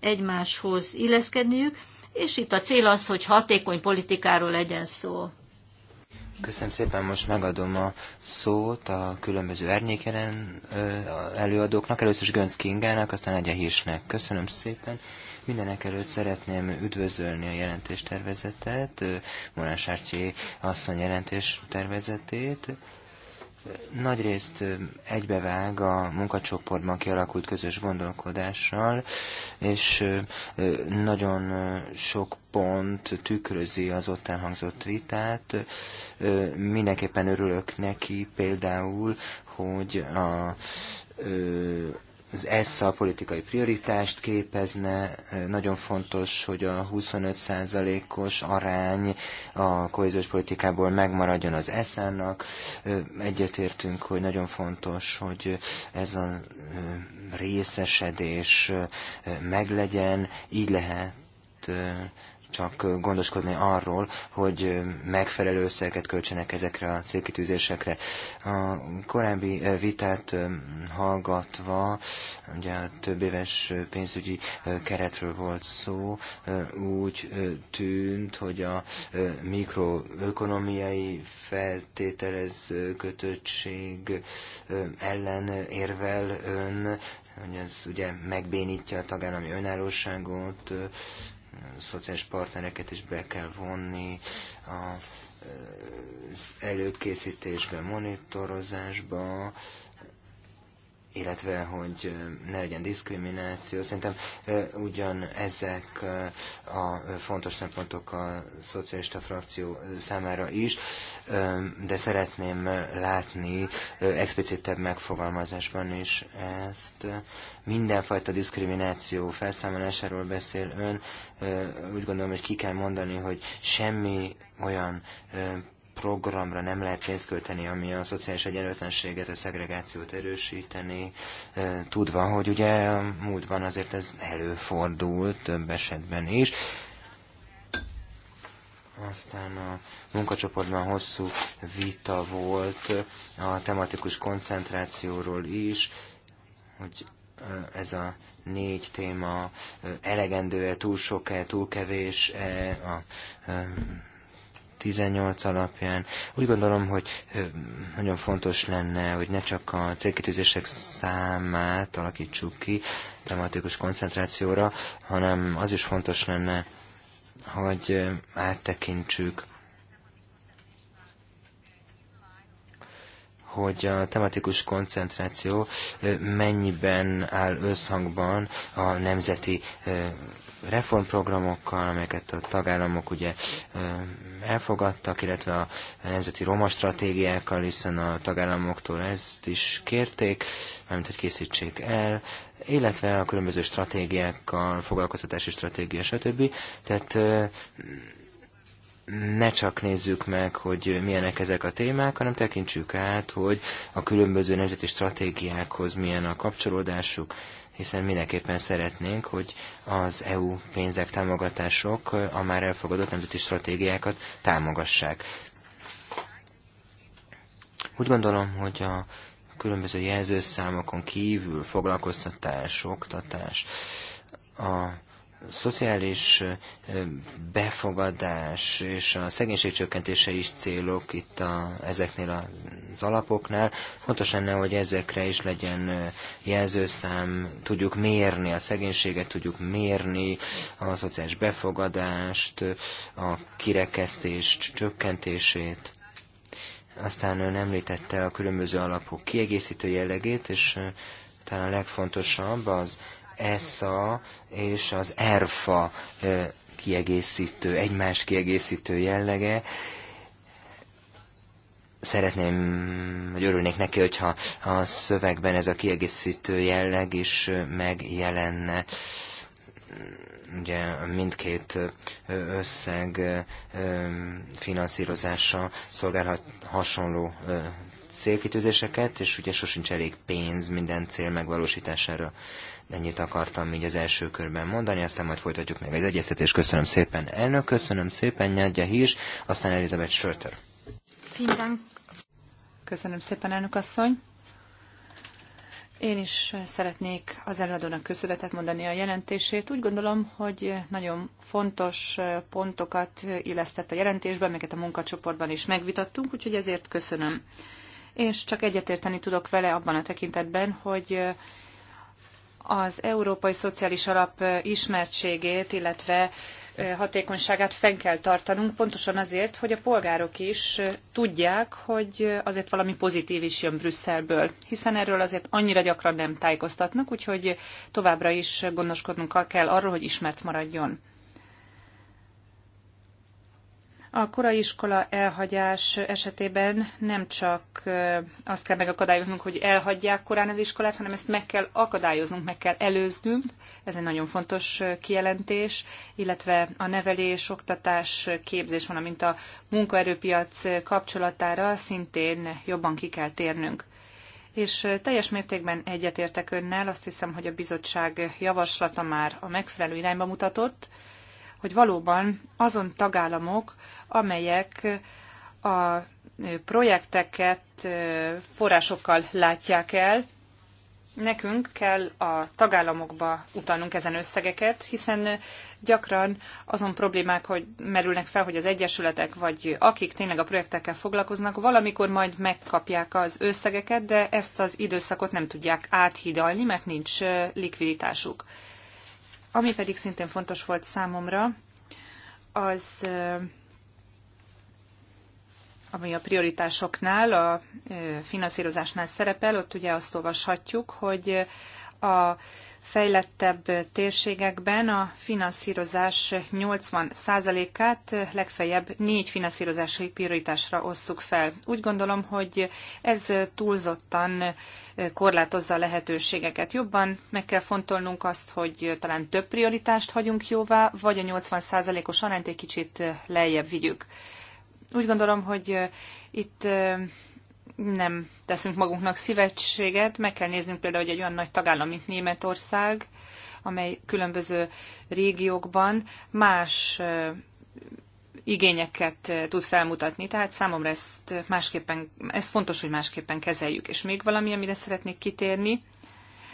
egymáshoz illeszkedniük, és itt a cél az, hogy hatékony politikáról legyen szó. Köszönöm szépen, most megadom a szót a különböző árnyékelen előadóknak, először is Gönc Kingának, aztán Egye Hírsnek. Köszönöm szépen. Mindenek előtt szeretném üdvözölni a jelentéstervezetet, Morán Sártyé asszony jelentéstervezetét. tervezetét nagyrészt egybevág a munkacsoportban kialakult közös gondolkodással, és nagyon sok pont tükrözi az ott elhangzott vitát. Mindenképpen örülök neki például, hogy a az a politikai prioritást képezne, nagyon fontos, hogy a 25%-os arány a kohéziós politikából megmaradjon az esza nak Egyetértünk, hogy nagyon fontos, hogy ez a részesedés meglegyen, így lehet csak gondoskodni arról, hogy megfelelő összeget költsenek ezekre a célkitűzésekre. A korábbi vitát hallgatva, ugye a több éves pénzügyi keretről volt szó, úgy tűnt, hogy a mikroökonomiai feltételez kötöttség ellen érvel ön, hogy ez ugye megbénítja a tagállami önállóságot, szociális partnereket is be kell vonni a előkészítésbe, monitorozásba, illetve hogy ne legyen diszkrimináció. Szerintem ugyan ezek a fontos szempontok a szocialista frakció számára is, de szeretném látni explicitebb megfogalmazásban is ezt. Mindenfajta diszkrimináció felszámolásáról beszél ön. Úgy gondolom, hogy ki kell mondani, hogy semmi olyan programra nem lehet pénzt költeni, ami a szociális egyenlőtlenséget, a szegregációt erősíteni, e, tudva, hogy ugye a múltban azért ez előfordul több esetben is. Aztán a munkacsoportban hosszú vita volt a tematikus koncentrációról is, hogy e, ez a négy téma e, elegendő-e, túl sok-e, túl kevés-e a 18 alapján. Úgy gondolom, hogy nagyon fontos lenne, hogy ne csak a célkitűzések számát alakítsuk ki tematikus koncentrációra, hanem az is fontos lenne, hogy áttekintsük hogy a tematikus koncentráció mennyiben áll összhangban a nemzeti reformprogramokkal, amelyeket a tagállamok ugye elfogadtak, illetve a nemzeti roma stratégiákkal, hiszen a tagállamoktól ezt is kérték, mármint hogy készítsék el, illetve a különböző stratégiákkal, foglalkoztatási stratégia, stb. Tehát ne csak nézzük meg, hogy milyenek ezek a témák, hanem tekintsük át, hogy a különböző nemzeti stratégiákhoz milyen a kapcsolódásuk, hiszen mindenképpen szeretnénk, hogy az EU pénzek, támogatások a már elfogadott nemzeti stratégiákat támogassák. Úgy gondolom, hogy a különböző jelzőszámokon kívül foglalkoztatás, oktatás, a szociális befogadás és a szegénység csökkentése is célok itt a, ezeknél az alapoknál. Fontos lenne, hogy ezekre is legyen jelzőszám, tudjuk mérni a szegénységet, tudjuk mérni a szociális befogadást, a kirekesztés csökkentését. Aztán ön említette a különböző alapok kiegészítő jellegét, és talán a legfontosabb az ESA és az ERFA kiegészítő, egymás kiegészítő jellege. Szeretném, vagy örülnék neki, hogyha a szövegben ez a kiegészítő jelleg is megjelenne ugye mindkét összeg finanszírozása szolgálhat hasonló célkitűzéseket, és ugye sosincs elég pénz minden cél megvalósítására. Ennyit akartam így az első körben mondani, aztán majd folytatjuk meg az egyeztetést. Köszönöm szépen, elnök, köszönöm szépen, Nyadja Hírs, aztán Elizabeth Schröter. Köszönöm szépen, elnök asszony. Én is szeretnék az előadónak köszönetet mondani a jelentését. Úgy gondolom, hogy nagyon fontos pontokat illesztett a jelentésben, amiket a munkacsoportban is megvitattunk, úgyhogy ezért köszönöm. És csak egyetérteni tudok vele abban a tekintetben, hogy az Európai Szociális Alap ismertségét, illetve hatékonyságát fenn kell tartanunk, pontosan azért, hogy a polgárok is tudják, hogy azért valami pozitív is jön Brüsszelből, hiszen erről azért annyira gyakran nem tájékoztatnak, úgyhogy továbbra is gondoskodnunk kell arról, hogy ismert maradjon. A korai iskola elhagyás esetében nem csak azt kell megakadályoznunk, hogy elhagyják korán az iskolát, hanem ezt meg kell akadályoznunk, meg kell előznünk. Ez egy nagyon fontos kijelentés, illetve a nevelés, oktatás, képzés, valamint a munkaerőpiac kapcsolatára szintén jobban ki kell térnünk. És teljes mértékben egyetértek önnel, azt hiszem, hogy a bizottság javaslata már a megfelelő irányba mutatott, hogy valóban azon tagállamok, amelyek a projekteket forrásokkal látják el, nekünk kell a tagállamokba utalnunk ezen összegeket, hiszen gyakran azon problémák, hogy merülnek fel, hogy az egyesületek, vagy akik tényleg a projektekkel foglalkoznak, valamikor majd megkapják az összegeket, de ezt az időszakot nem tudják áthidalni, mert nincs likviditásuk. Ami pedig szintén fontos volt számomra, az ami a prioritásoknál, a finanszírozásnál szerepel, ott ugye azt olvashatjuk, hogy a fejlettebb térségekben a finanszírozás 80%-át legfeljebb négy finanszírozási prioritásra osszuk fel. Úgy gondolom, hogy ez túlzottan korlátozza a lehetőségeket. Jobban meg kell fontolnunk azt, hogy talán több prioritást hagyunk jóvá, vagy a 80%-os arányt egy kicsit lejjebb vigyük. Úgy gondolom, hogy itt nem teszünk magunknak szívetséget. Meg kell néznünk például, hogy egy olyan nagy tagállam, mint Németország, amely különböző régiókban más igényeket tud felmutatni, tehát számomra ezt másképpen, ez fontos, hogy másképpen kezeljük. És még valami, amire szeretnék kitérni,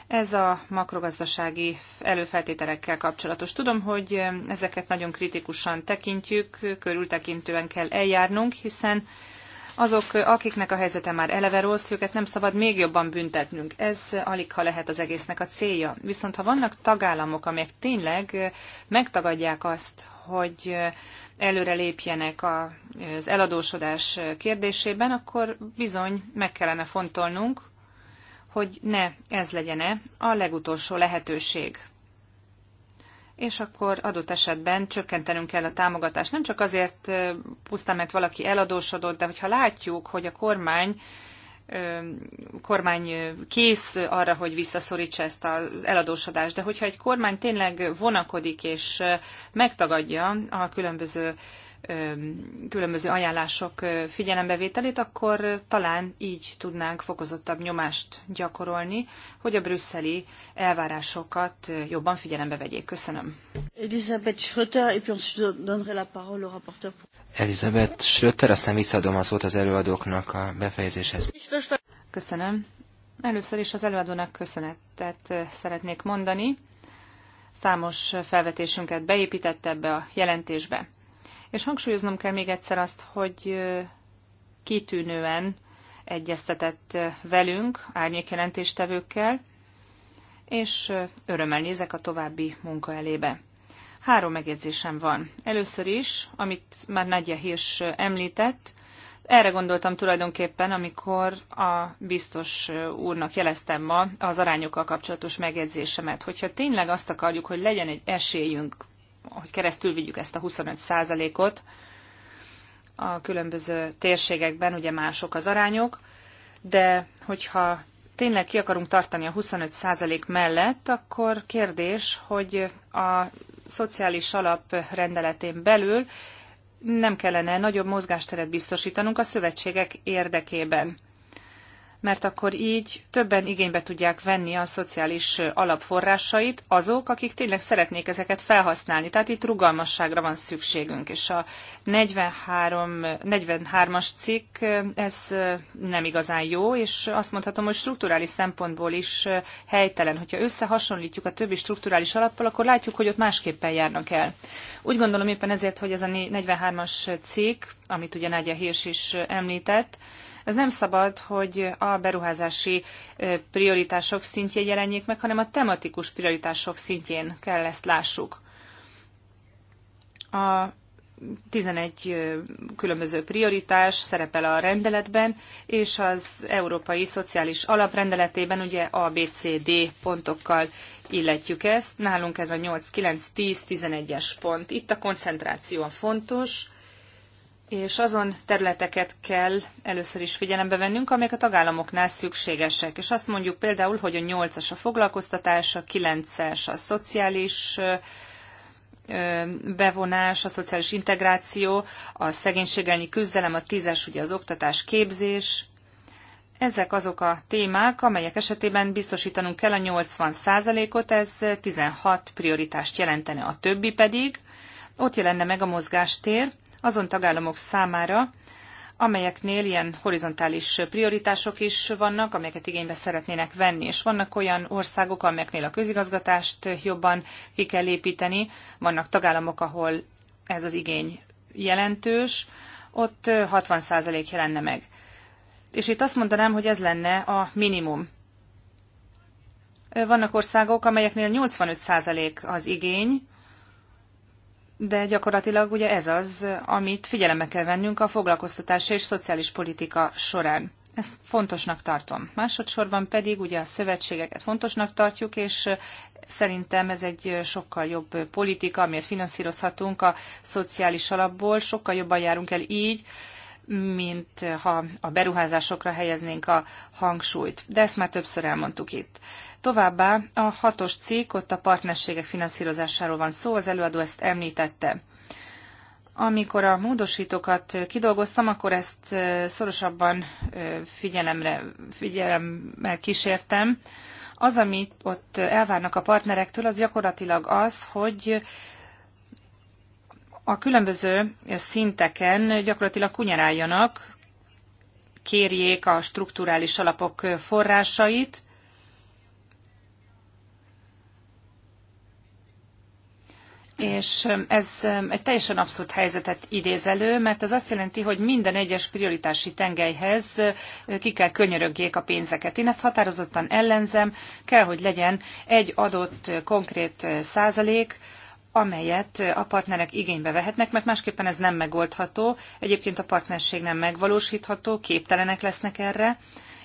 ez a makrogazdasági előfeltételekkel kapcsolatos. Tudom, hogy ezeket nagyon kritikusan tekintjük, körültekintően kell eljárnunk, hiszen azok, akiknek a helyzete már eleve rossz, őket nem szabad még jobban büntetnünk. Ez alig, ha lehet az egésznek a célja. Viszont ha vannak tagállamok, amelyek tényleg megtagadják azt, hogy előre lépjenek az eladósodás kérdésében, akkor bizony meg kellene fontolnunk, hogy ne ez legyene a legutolsó lehetőség és akkor adott esetben csökkentenünk kell a támogatást. Nem csak azért pusztán, mert valaki eladósodott, de hogyha látjuk, hogy a kormány kormány kész arra, hogy visszaszorítsa ezt az eladósodást, de hogyha egy kormány tényleg vonakodik és megtagadja a különböző különböző ajánlások figyelembevételét, akkor talán így tudnánk fokozottabb nyomást gyakorolni, hogy a brüsszeli elvárásokat jobban figyelembe vegyék. Köszönöm. Elizabeth Schröter, et puis ensuite donnerai la parole au rapporteur. Elizabeth Schröter, aztán visszaadom a szót az előadóknak a befejezéshez. Köszönöm. Először is az előadónak köszönetet szeretnék mondani. Számos felvetésünket beépítette ebbe a jelentésbe. És hangsúlyoznom kell még egyszer azt, hogy kitűnően egyeztetett velünk, árnyékjelentéstevőkkel, és örömmel nézek a további munka elébe. Három megjegyzésem van. Először is, amit már Nagyja Hirsch említett, erre gondoltam tulajdonképpen, amikor a biztos úrnak jeleztem ma az arányokkal kapcsolatos megjegyzésemet, hogyha tényleg azt akarjuk, hogy legyen egy esélyünk hogy keresztül vigyük ezt a 25 százalékot a különböző térségekben, ugye mások az arányok, de hogyha tényleg ki akarunk tartani a 25% mellett, akkor kérdés, hogy a szociális alap rendeletén belül nem kellene nagyobb mozgásteret biztosítanunk a szövetségek érdekében mert akkor így többen igénybe tudják venni a szociális alapforrásait azok, akik tényleg szeretnék ezeket felhasználni. Tehát itt rugalmasságra van szükségünk, és a 43, 43-as cikk ez nem igazán jó, és azt mondhatom, hogy strukturális szempontból is helytelen. Hogyha összehasonlítjuk a többi strukturális alappal, akkor látjuk, hogy ott másképpen járnak el. Úgy gondolom éppen ezért, hogy ez a 43-as cikk, amit ugye Nágya Hirsch is említett, ez nem szabad, hogy a beruházási prioritások szintjén jelenjék meg, hanem a tematikus prioritások szintjén kell ezt lássuk. A 11 különböző prioritás szerepel a rendeletben, és az Európai Szociális Alaprendeletében ugye ABCD pontokkal illetjük ezt. Nálunk ez a 8, 9, 10, 11-es pont. Itt a koncentráció a fontos, és azon területeket kell először is figyelembe vennünk, amelyek a tagállamoknál szükségesek. És azt mondjuk például, hogy a 8-as a foglalkoztatás, a 9-es a szociális bevonás, a szociális integráció, a szegénység elleni küzdelem, a 10-es ugye az oktatás képzés. Ezek azok a témák, amelyek esetében biztosítanunk kell a 80%-ot, ez 16 prioritást jelentene, a többi pedig ott jelenne meg a mozgástér, azon tagállamok számára, amelyeknél ilyen horizontális prioritások is vannak, amelyeket igénybe szeretnének venni, és vannak olyan országok, amelyeknél a közigazgatást jobban ki kell építeni, vannak tagállamok, ahol ez az igény jelentős, ott 60% jelenne meg. És itt azt mondanám, hogy ez lenne a minimum. Vannak országok, amelyeknél 85% az igény, de gyakorlatilag ugye ez az, amit figyelembe kell vennünk a foglalkoztatási és szociális politika során. Ezt fontosnak tartom. Másodszorban pedig ugye a szövetségeket fontosnak tartjuk, és szerintem ez egy sokkal jobb politika, amit finanszírozhatunk a szociális alapból, sokkal jobban járunk el így, mint ha a beruházásokra helyeznénk a hangsúlyt. De ezt már többször elmondtuk itt. Továbbá a hatos cikk, ott a partnerségek finanszírozásáról van szó, az előadó ezt említette. Amikor a módosítókat kidolgoztam, akkor ezt szorosabban figyelemre, figyelemmel kísértem. Az, amit ott elvárnak a partnerektől, az gyakorlatilag az, hogy a különböző szinteken gyakorlatilag kunyaráljanak, kérjék a strukturális alapok forrásait, és um, ez um, egy teljesen abszurd helyzetet idéz elő, mert ez azt jelenti, hogy minden egyes prioritási tengelyhez uh, ki kell könyörögjék a pénzeket. Én ezt határozottan ellenzem, kell, hogy legyen egy adott uh, konkrét uh, százalék, amelyet a partnerek igénybe vehetnek, mert másképpen ez nem megoldható, egyébként a partnerség nem megvalósítható, képtelenek lesznek erre,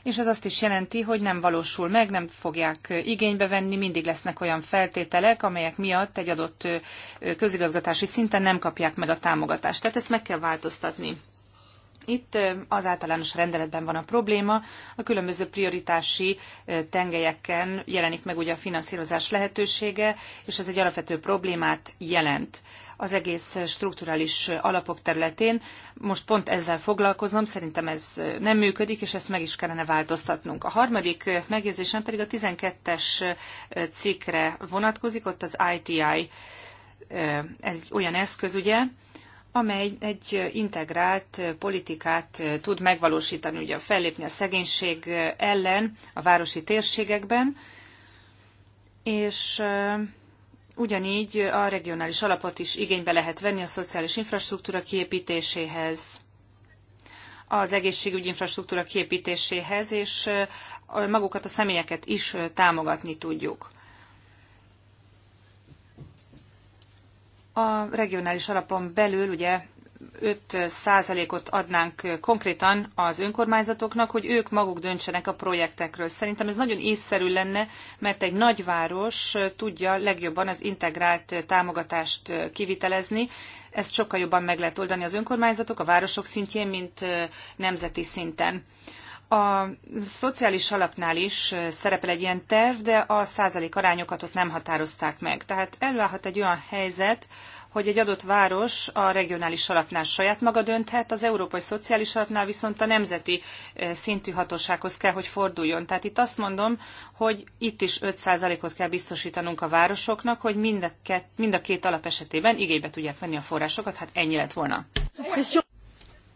és ez azt is jelenti, hogy nem valósul meg, nem fogják igénybe venni, mindig lesznek olyan feltételek, amelyek miatt egy adott közigazgatási szinten nem kapják meg a támogatást. Tehát ezt meg kell változtatni. Itt az általános rendeletben van a probléma, a különböző prioritási tengelyeken jelenik meg ugye a finanszírozás lehetősége, és ez egy alapvető problémát jelent az egész strukturális alapok területén. Most pont ezzel foglalkozom, szerintem ez nem működik, és ezt meg is kellene változtatnunk. A harmadik megjegyzésem pedig a 12-es cikkre vonatkozik, ott az ITI, ez egy olyan eszköz, ugye, amely egy integrált politikát tud megvalósítani, ugye fellépni a szegénység ellen a városi térségekben, és ugyanígy a regionális alapot is igénybe lehet venni a szociális infrastruktúra kiépítéséhez, az egészségügyi infrastruktúra kiépítéséhez, és magukat a személyeket is támogatni tudjuk. A regionális alapon belül ugye 5 százalékot adnánk konkrétan az önkormányzatoknak, hogy ők maguk döntsenek a projektekről. Szerintem ez nagyon észszerű lenne, mert egy nagyváros tudja legjobban az integrált támogatást kivitelezni. Ezt sokkal jobban meg lehet oldani az önkormányzatok a városok szintjén, mint nemzeti szinten. A szociális alapnál is szerepel egy ilyen terv, de a százalék arányokat ott nem határozták meg. Tehát előállhat egy olyan helyzet, hogy egy adott város a regionális alapnál saját maga dönthet, az európai szociális alapnál viszont a nemzeti szintű hatósághoz kell, hogy forduljon. Tehát itt azt mondom, hogy itt is 5%-ot kell biztosítanunk a városoknak, hogy mind a, két, mind a két alap esetében igénybe tudják venni a forrásokat, hát ennyi lett volna.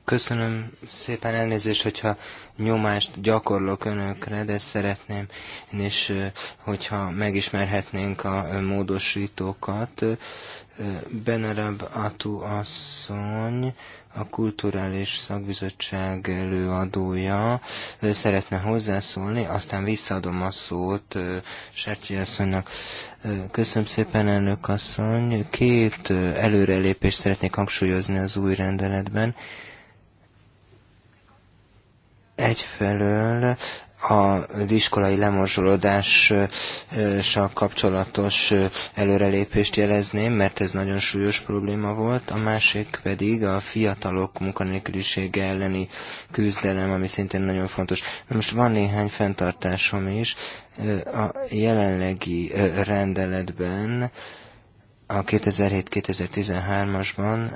Köszönöm szépen elnézést, hogyha nyomást gyakorlok önökre, de szeretném és hogyha megismerhetnénk a módosítókat. Benarab Atu asszony, a Kulturális Szakbizottság előadója szeretne hozzászólni, aztán visszaadom a szót Sertyi asszonynak. Köszönöm szépen, elnök asszony. Két előrelépést szeretnék hangsúlyozni az új rendeletben. Egyfelől az iskolai lemorzsolódással kapcsolatos előrelépést jelezném, mert ez nagyon súlyos probléma volt, a másik pedig a fiatalok munkanélkülisége elleni küzdelem, ami szintén nagyon fontos. Most van néhány fenntartásom is, a jelenlegi rendeletben a 2007-2013-asban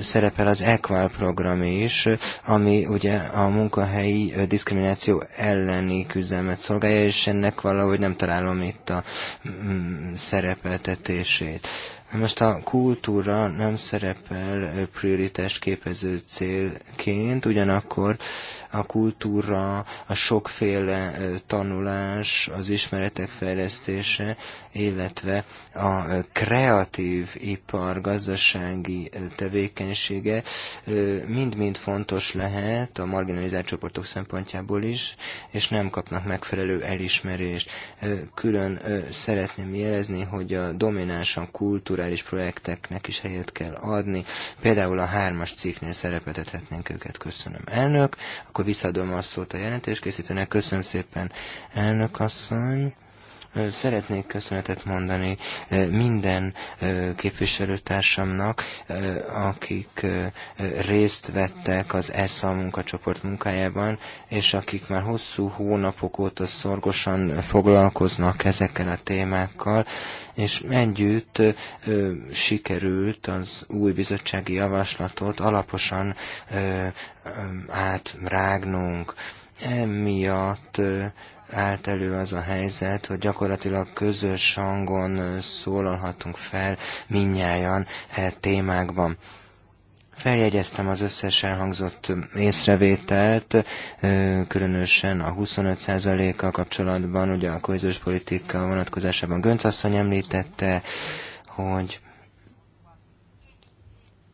szerepel az EQUAL program is, ami ugye a munkahelyi diszkrimináció elleni küzdelmet szolgálja, és ennek valahogy nem találom itt a mm, mm, szerepeltetését. Most a kultúra nem szerepel prioritást képező célként, ugyanakkor a kultúra, a sokféle tanulás, az ismeretek fejlesztése, illetve a kreatív ipar gazdasági tevékenysége mind-mind fontos lehet a marginalizált csoportok szempontjából is, és nem kapnak megfelelő elismerést. Külön szeretném jelezni, hogy a dominánsan kultúra kulturális projekteknek is helyet kell adni. Például a hármas cikknél szerepetethetnénk őket. Köszönöm, elnök. Akkor visszadom a szót a jelentéskészítőnek. Köszönöm szépen, elnök asszony. Szeretnék köszönetet mondani minden képviselőtársamnak, akik részt vettek az ESZA munkacsoport munkájában, és akik már hosszú hónapok óta szorgosan foglalkoznak ezekkel a témákkal, és együtt sikerült az új bizottsági javaslatot alaposan átrágnunk. Emiatt állt elő az a helyzet, hogy gyakorlatilag közös hangon szólalhatunk fel minnyáján e témákban. Feljegyeztem az összes elhangzott észrevételt, különösen a 25%-kal kapcsolatban, ugye a közös politika vonatkozásában Göncasszony említette, hogy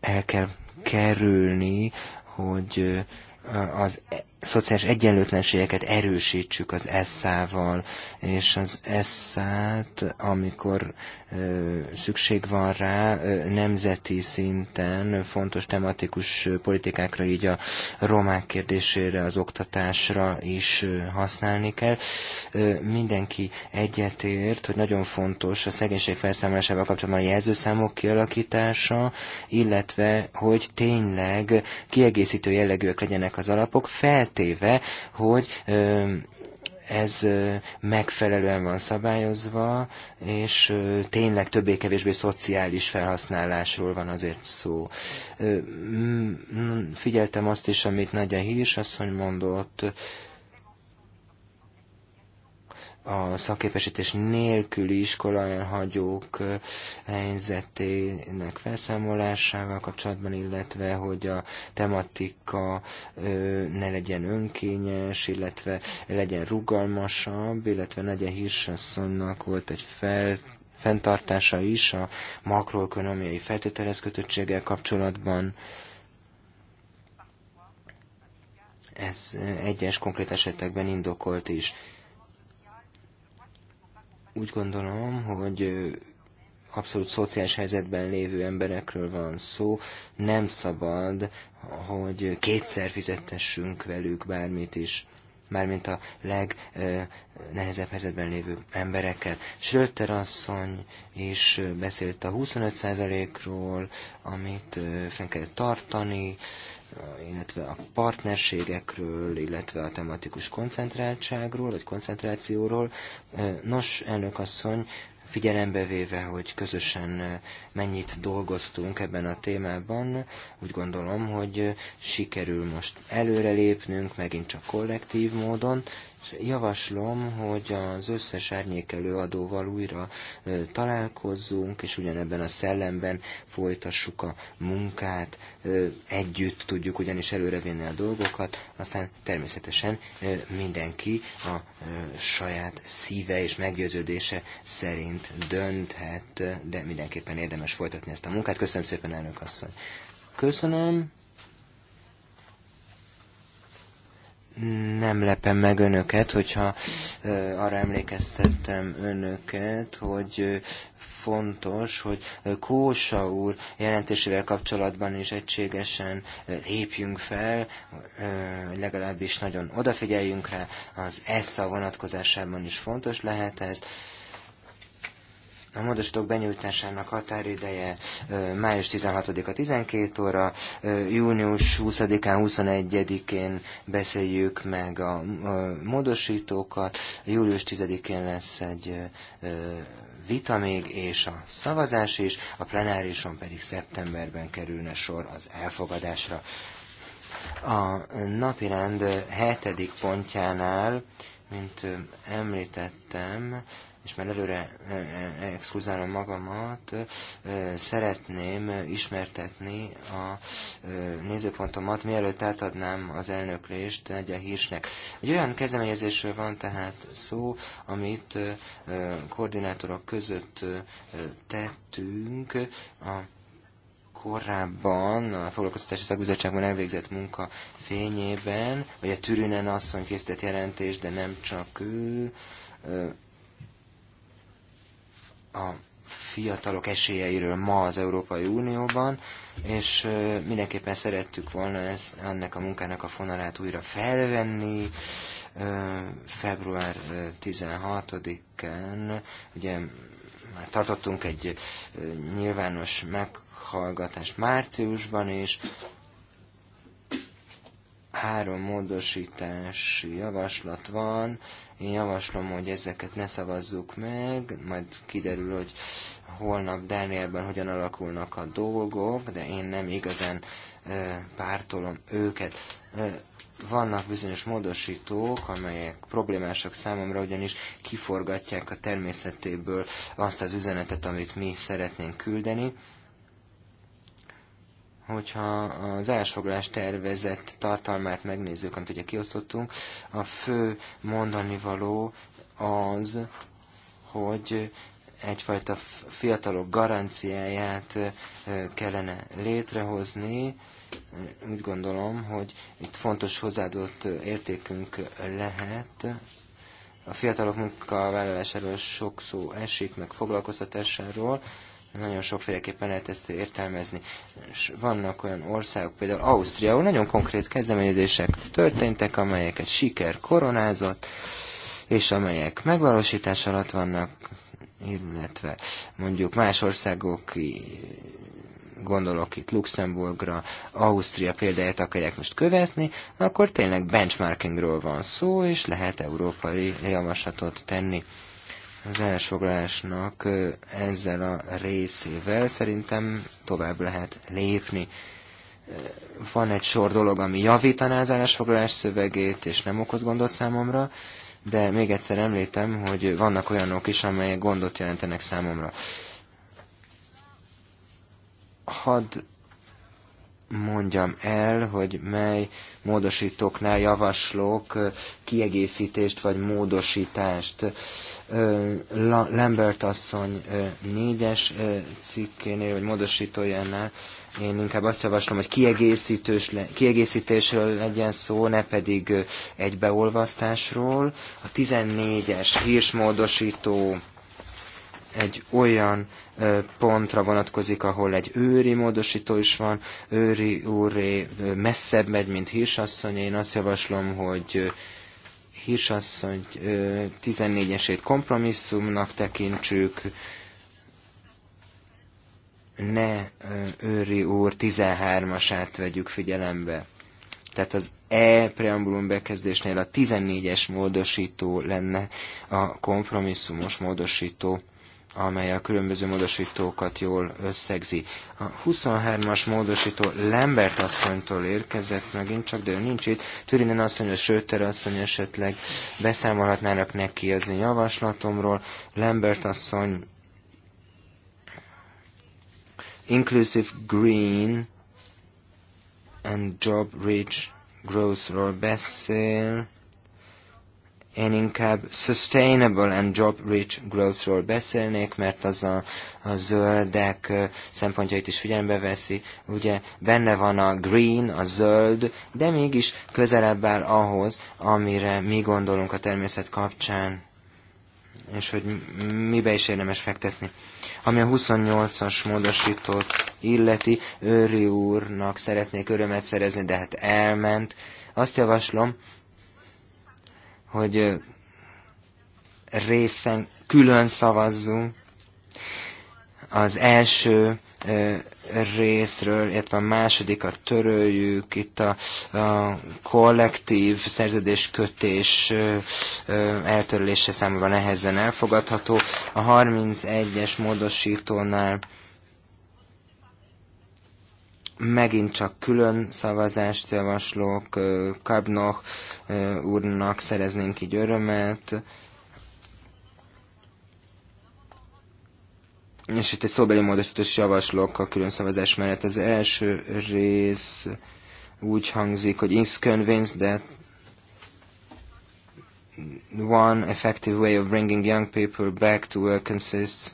el kell kerülni, hogy az szociális egyenlőtlenségeket erősítsük az ESZÁ-val, és az ESZÁ-t, amikor szükség van rá nemzeti szinten fontos tematikus politikákra, így a romák kérdésére, az oktatásra is használni kell. Mindenki egyetért, hogy nagyon fontos a szegénység felszámolásával kapcsolatban a jelzőszámok kialakítása, illetve hogy tényleg kiegészítő jellegűek legyenek az alapok, feltéve, hogy ez megfelelően van szabályozva, és tényleg többé-kevésbé szociális felhasználásról van azért szó. Figyeltem azt is, amit Nagy a Hírs hogy mondott, a szakképesítés nélküli iskola elhagyók helyzetének felszámolásával kapcsolatban, illetve hogy a tematika ne legyen önkényes, illetve legyen rugalmasabb, illetve Negye hírsasszonynak volt egy fel fenntartása is a makroökonomiai feltételez kötöttséggel kapcsolatban. Ez egyes konkrét esetekben indokolt is. Úgy gondolom, hogy abszolút szociális helyzetben lévő emberekről van szó, nem szabad, hogy kétszer fizettessünk velük bármit is mármint a legnehezebb helyzetben lévő emberekkel. Schröter asszony is beszélt a 25%-ról, amit fenn kell tartani, illetve a partnerségekről, illetve a tematikus koncentráltságról, vagy koncentrációról. Nos, elnök asszony, figyelembe véve, hogy közösen mennyit dolgoztunk ebben a témában, úgy gondolom, hogy sikerül most előrelépnünk, megint csak kollektív módon, Javaslom, hogy az összes árnyékelő adóval újra találkozzunk, és ugyanebben a szellemben folytassuk a munkát, együtt tudjuk ugyanis előrevinni a dolgokat, aztán természetesen mindenki a saját szíve és meggyőződése szerint dönthet, de mindenképpen érdemes folytatni ezt a munkát. Köszönöm szépen, elnök asszony! Köszönöm! nem lepem meg önöket, hogyha arra emlékeztettem önöket, hogy fontos, hogy Kósa úr jelentésével kapcsolatban is egységesen lépjünk fel, legalábbis nagyon odafigyeljünk rá, az ESSA vonatkozásában is fontos lehet ez, a módosítók benyújtásának határideje május 16-a 12 óra, június 20-án, 21-én beszéljük meg a módosítókat, július 10-én lesz egy vita még, és a szavazás is, a plenárison pedig szeptemberben kerülne sor az elfogadásra. A napirend hetedik pontjánál, mint említettem, és már előre e, e, e, exkluzálom magamat, szeretném ismertetni a nézőpontomat, mielőtt átadnám az elnöklést egy a hírsnek. Egy olyan kezdeményezésről van tehát szó, amit koordinátorok között tettünk a korábban a foglalkoztatási szakbizottságban elvégzett munka fényében, vagy a Türünen asszony készített jelentés, de nem csak ő, a fiatalok esélyeiről ma az Európai Unióban, és mindenképpen szerettük volna ez, ennek a munkának a fonalát újra felvenni. Február 16-án ugye már tartottunk egy nyilvános meghallgatást márciusban, és három módosítási javaslat van. Én javaslom, hogy ezeket ne szavazzuk meg, majd kiderül, hogy holnap Danielben hogyan alakulnak a dolgok, de én nem igazán ö, pártolom őket. Ö, vannak bizonyos módosítók, amelyek problémásak számomra, ugyanis kiforgatják a természetéből azt az üzenetet, amit mi szeretnénk küldeni hogyha az elsfoglalás tervezett tartalmát megnézzük, amit ugye kiosztottunk, a fő mondani való az, hogy egyfajta fiatalok garanciáját kellene létrehozni. Úgy gondolom, hogy itt fontos hozzáadott értékünk lehet. A fiatalok munkavállalásáról sok szó esik, meg foglalkoztatásáról, nagyon sokféleképpen lehet ezt értelmezni. És vannak olyan országok, például Ausztria, ahol nagyon konkrét kezdeményezések történtek, amelyeket siker koronázott, és amelyek megvalósítás alatt vannak, illetve mondjuk más országok, gondolok itt Luxemburgra, Ausztria példáját akarják most követni, akkor tényleg benchmarkingról van szó, és lehet európai javaslatot tenni az elsoglásnak ezzel a részével szerintem tovább lehet lépni. Van egy sor dolog, ami javítaná az állásfoglalás szövegét, és nem okoz gondot számomra, de még egyszer említem, hogy vannak olyanok is, amelyek gondot jelentenek számomra. Hadd mondjam el, hogy mely módosítóknál javaslok kiegészítést vagy módosítást Lambert asszony négyes cikkénél, vagy módosítójánál én inkább azt javaslom, hogy kiegészítős, kiegészítésről legyen szó, ne pedig egybeolvasztásról. A 14-es hírsmódosító egy olyan pontra vonatkozik, ahol egy őri módosító is van, őri úré messzebb megy, mint hírsasszony. Én azt javaslom, hogy Hírsasszony 14-esét kompromisszumnak tekintsük, ne őri úr 13-asát vegyük figyelembe. Tehát az E preambulum bekezdésnél a 14-es módosító lenne a kompromisszumos módosító amely a különböző módosítókat jól összegzi. A 23-as módosító Lambert asszonytól érkezett megint csak, de ő nincs itt. Türinen asszony, a Söter asszony esetleg beszámolhatnának neki az én javaslatomról. Lambert asszony Inclusive Green and Job Rich Growth-ról beszél én inkább sustainable and job-rich growthról beszélnék, mert az a, a zöldek szempontjait is figyelembe veszi. Ugye benne van a green, a zöld, de mégis közelebb áll ahhoz, amire mi gondolunk a természet kapcsán, és hogy mibe is érdemes fektetni ami a 28-as módosítót illeti, Őri úrnak szeretnék örömet szerezni, de hát elment. Azt javaslom, hogy részen külön szavazzunk. Az első részről, illetve a másodikat töröljük, itt a, a kollektív szerződéskötés eltörlése számomra nehezen elfogadható. A 31-es módosítónál megint csak külön szavazást javaslok, Kabnoch úrnak szereznénk így örömet, és itt egy szóbeli módosítót is javaslok a külön szavazás mellett. Az első rész úgy hangzik, hogy is convinced that one effective way of bringing young people back to work consists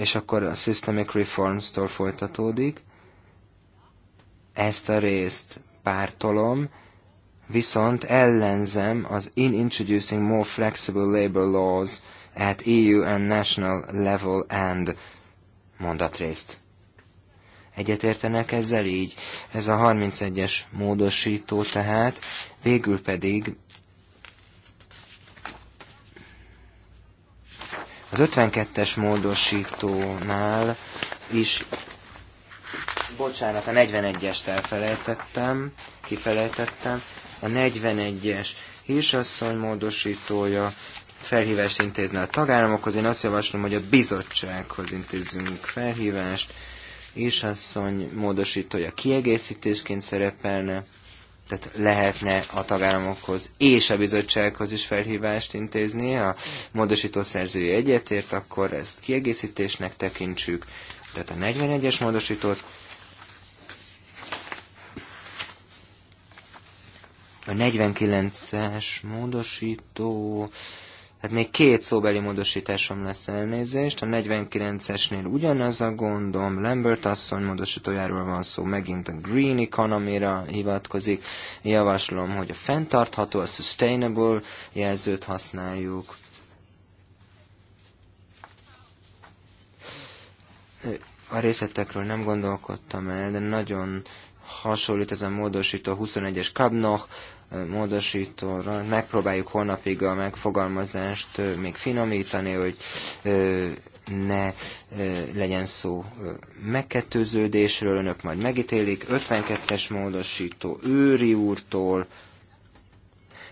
és akkor a Systemic Reforms-tól folytatódik. Ezt a részt pártolom, viszont ellenzem az In Introducing More Flexible Labor Laws at EU and National Level and mondatrészt. Egyetértenek ezzel így? Ez a 31-es módosító tehát, végül pedig Az 52-es módosítónál is, bocsánat, a 41-est elfelejtettem, kifelejtettem, a 41-es hírsasszony módosítója felhívást intézne a tagállamokhoz, én azt javaslom, hogy a bizottsághoz intézzünk felhívást, hírsasszony módosítója kiegészítésként szerepelne, tehát lehetne a tagállamokhoz és a bizottsághoz is felhívást intézni, a módosító szerzői egyetért, akkor ezt kiegészítésnek tekintsük, tehát a 41-es módosítót, a 49-es módosító Hát még két szóbeli módosításom lesz elnézést. A 49-esnél ugyanaz a gondom, Lambert asszony módosítójáról van szó, megint a Green Economy-ra hivatkozik. Javaslom, hogy a fenntartható, a sustainable jelzőt használjuk. A részletekről nem gondolkodtam el, de nagyon hasonlít ez a módosító 21-es Kabnoch módosítóra. Megpróbáljuk holnapig a megfogalmazást még finomítani, hogy ne legyen szó megkettőződésről, önök majd megítélik. 52-es módosító őri úrtól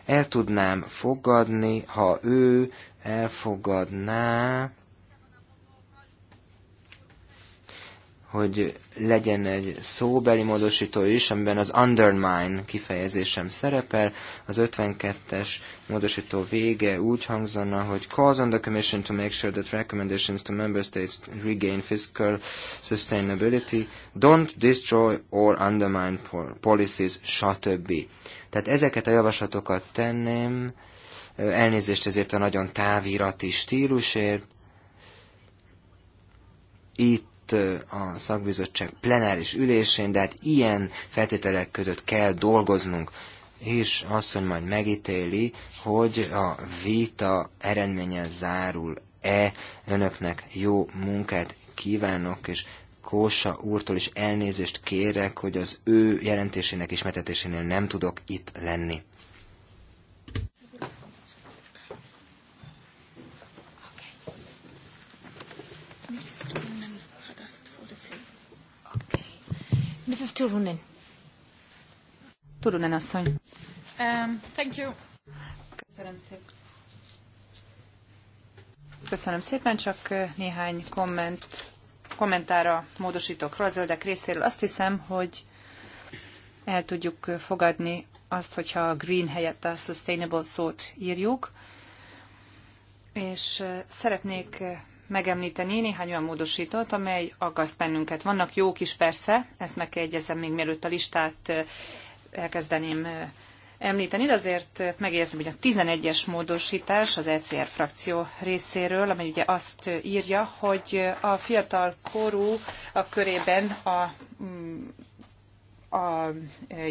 el tudnám fogadni, ha ő elfogadná, hogy legyen egy szóbeli módosító is, amiben az undermine kifejezésem szerepel. Az 52-es módosító vége úgy hangzana, hogy calls on the Commission to make sure that recommendations to member states regain fiscal sustainability, don't destroy or undermine policies, stb. Tehát ezeket a javaslatokat tenném, elnézést ezért a nagyon távirati stílusért. Itt itt a szakbizottság plenáris ülésén, de hát ilyen feltételek között kell dolgoznunk. És azt, hogy majd megítéli, hogy a vita eredménye zárul-e. Önöknek jó munkát kívánok, és Kósa úrtól is elnézést kérek, hogy az ő jelentésének ismertetésénél nem tudok itt lenni. Mrs. Turunen. Turunen asszony. Um, thank you. Köszönöm szépen. Köszönöm szépen, csak néhány komment, kommentára módosítókról a zöldek részéről. Azt hiszem, hogy el tudjuk fogadni azt, hogyha a green helyett a sustainable szót írjuk, és szeretnék megemlíteni néhány olyan módosítót, amely aggaszt bennünket. Vannak jók is persze, ezt meg kell egyezem még mielőtt a listát elkezdeném említeni, de azért megjegyzem, hogy a 11-es módosítás az ECR frakció részéről, amely ugye azt írja, hogy a fiatal korú a körében a mm, a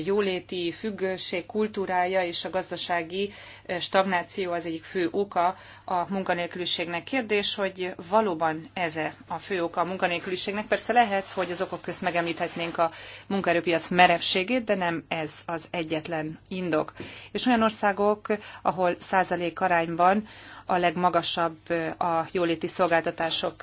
jóléti függőség kultúrája és a gazdasági e, stagnáció az egyik fő oka a munkanélküliségnek. Kérdés, hogy valóban ez -e a fő oka a munkanélküliségnek? Persze lehet, hogy az okok közt megemlíthetnénk a munkaerőpiac merevségét, de nem ez az egyetlen indok. És olyan országok, ahol százalék arányban a legmagasabb a jóléti szolgáltatások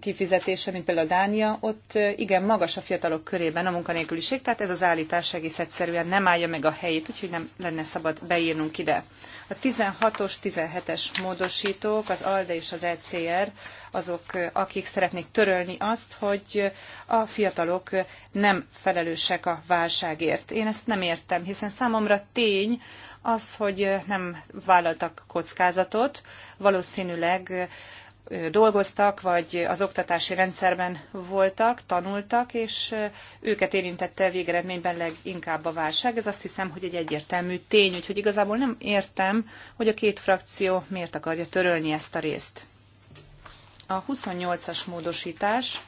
kifizetése, mint például a Dánia, ott igen magas a fiatalok körében a munkanélküliség, tehát ez az állítás egész egyszerűen nem állja meg a helyét, úgyhogy nem lenne szabad beírnunk ide. A 16-os, 17-es módosítók, az ALDE és az ECR, azok, akik szeretnék törölni azt, hogy a fiatalok nem felelősek a válságért. Én ezt nem értem, hiszen számomra tény, az, hogy nem vállaltak kockázatot, valószínűleg dolgoztak, vagy az oktatási rendszerben voltak, tanultak, és őket érintette végeredményben leginkább a válság. Ez azt hiszem, hogy egy egyértelmű tény, úgyhogy igazából nem értem, hogy a két frakció miért akarja törölni ezt a részt. A 28-as módosítás,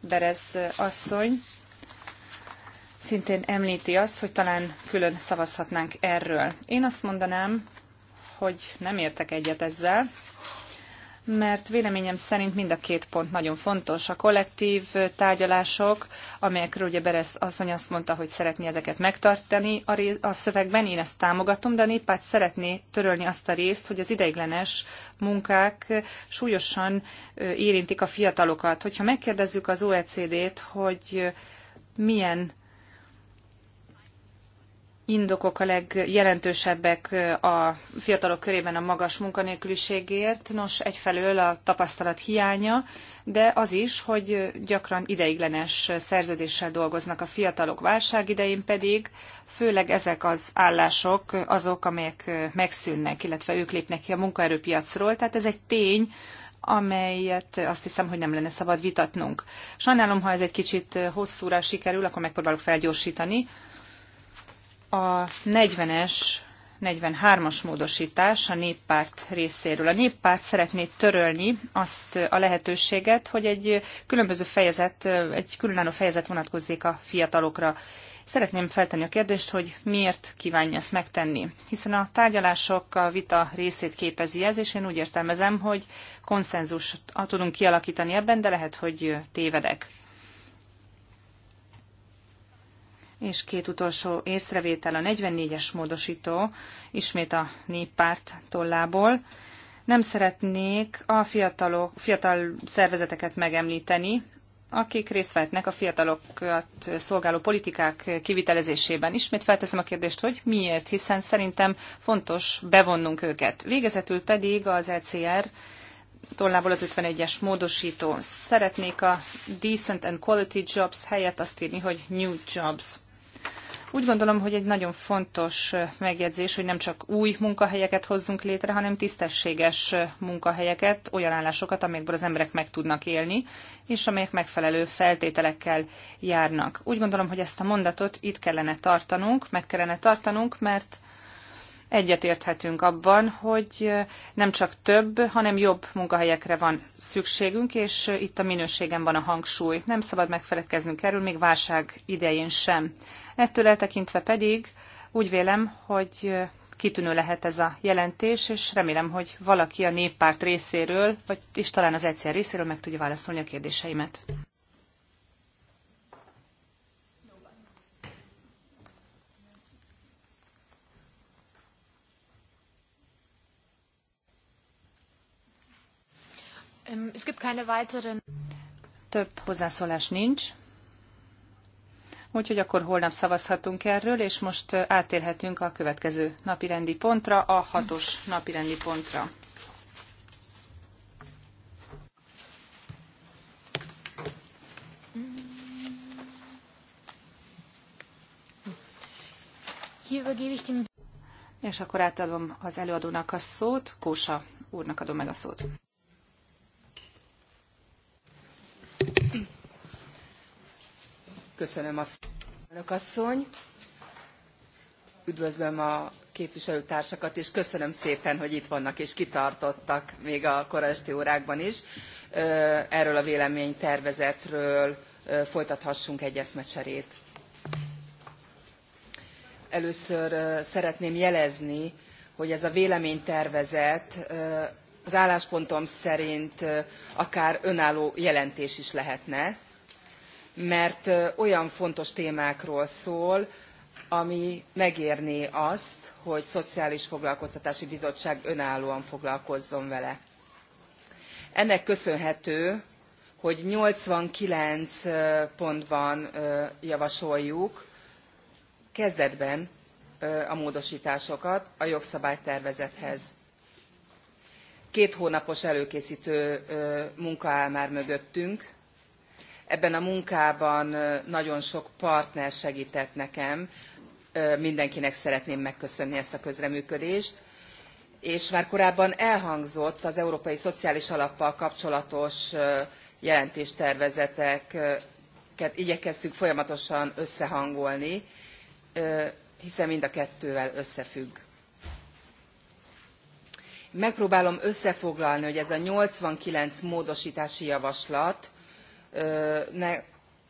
Berez asszony, szintén említi azt, hogy talán külön szavazhatnánk erről. Én azt mondanám, hogy nem értek egyet ezzel, mert véleményem szerint mind a két pont nagyon fontos. A kollektív tárgyalások, amelyekről ugye Beresz asszony azt mondta, hogy szeretné ezeket megtartani a, a szövegben, én ezt támogatom, de a néppárt szeretné törölni azt a részt, hogy az ideiglenes munkák súlyosan érintik a fiatalokat. Hogyha megkérdezzük az OECD-t, hogy milyen indokok a legjelentősebbek a fiatalok körében a magas munkanélküliségért. Nos, egyfelől a tapasztalat hiánya, de az is, hogy gyakran ideiglenes szerződéssel dolgoznak a fiatalok válság idején pedig, főleg ezek az állások azok, amelyek megszűnnek, illetve ők lépnek ki a munkaerőpiacról. Tehát ez egy tény, amelyet azt hiszem, hogy nem lenne szabad vitatnunk. Sajnálom, ha ez egy kicsit hosszúra sikerül, akkor megpróbálok felgyorsítani a 40-es, 43-as módosítás a néppárt részéről. A néppárt szeretné törölni azt a lehetőséget, hogy egy különböző fejezet, egy különálló fejezet vonatkozzék a fiatalokra. Szeretném feltenni a kérdést, hogy miért kívánja ezt megtenni, hiszen a tárgyalások a vita részét képezi ez, és én úgy értelmezem, hogy konszenzust tudunk kialakítani ebben, de lehet, hogy tévedek. és két utolsó észrevétel a 44-es módosító, ismét a néppárt tollából. Nem szeretnék a fiatalok, fiatal szervezeteket megemlíteni, akik részt vehetnek a fiatalokat szolgáló politikák kivitelezésében. Ismét felteszem a kérdést, hogy miért, hiszen szerintem fontos bevonnunk őket. Végezetül pedig az ECR tollából az 51-es módosító. Szeretnék a decent and quality jobs helyett azt írni, hogy new jobs. Úgy gondolom, hogy egy nagyon fontos megjegyzés, hogy nem csak új munkahelyeket hozzunk létre, hanem tisztességes munkahelyeket, olyan állásokat, amelyekből az emberek meg tudnak élni, és amelyek megfelelő feltételekkel járnak. Úgy gondolom, hogy ezt a mondatot itt kellene tartanunk, meg kellene tartanunk, mert egyetérthetünk abban, hogy nem csak több, hanem jobb munkahelyekre van szükségünk, és itt a minőségen van a hangsúly. Nem szabad megfeledkeznünk erről, még válság idején sem. Ettől eltekintve pedig úgy vélem, hogy kitűnő lehet ez a jelentés, és remélem, hogy valaki a néppárt részéről, vagy is talán az egyszer részéről meg tudja válaszolni a kérdéseimet. Ähm, es gibt keine weiteren... Több hozzászólás nincs. Úgyhogy akkor holnap szavazhatunk erről, és most átérhetünk a következő napirendi pontra, a hatos napirendi pontra. És akkor átadom az előadónak a szót, Kósa úrnak adom meg a szót. Köszönöm a elnök asszony. Üdvözlöm a képviselőtársakat, és köszönöm szépen, hogy itt vannak és kitartottak még a kora esti órákban is. Erről a véleménytervezetről folytathassunk egy eszmecserét. Először szeretném jelezni, hogy ez a véleménytervezet az álláspontom szerint akár önálló jelentés is lehetne, mert olyan fontos témákról szól, ami megérné azt, hogy Szociális Foglalkoztatási Bizottság önállóan foglalkozzon vele. Ennek köszönhető, hogy 89 pontban javasoljuk kezdetben a módosításokat a jogszabálytervezethez. Két hónapos előkészítő munka áll már mögöttünk, Ebben a munkában nagyon sok partner segített nekem, mindenkinek szeretném megköszönni ezt a közreműködést. És már korábban elhangzott az Európai Szociális Alappal kapcsolatos jelentéstervezeteket igyekeztünk folyamatosan összehangolni, hiszen mind a kettővel összefügg. Megpróbálom összefoglalni, hogy ez a 89 módosítási javaslat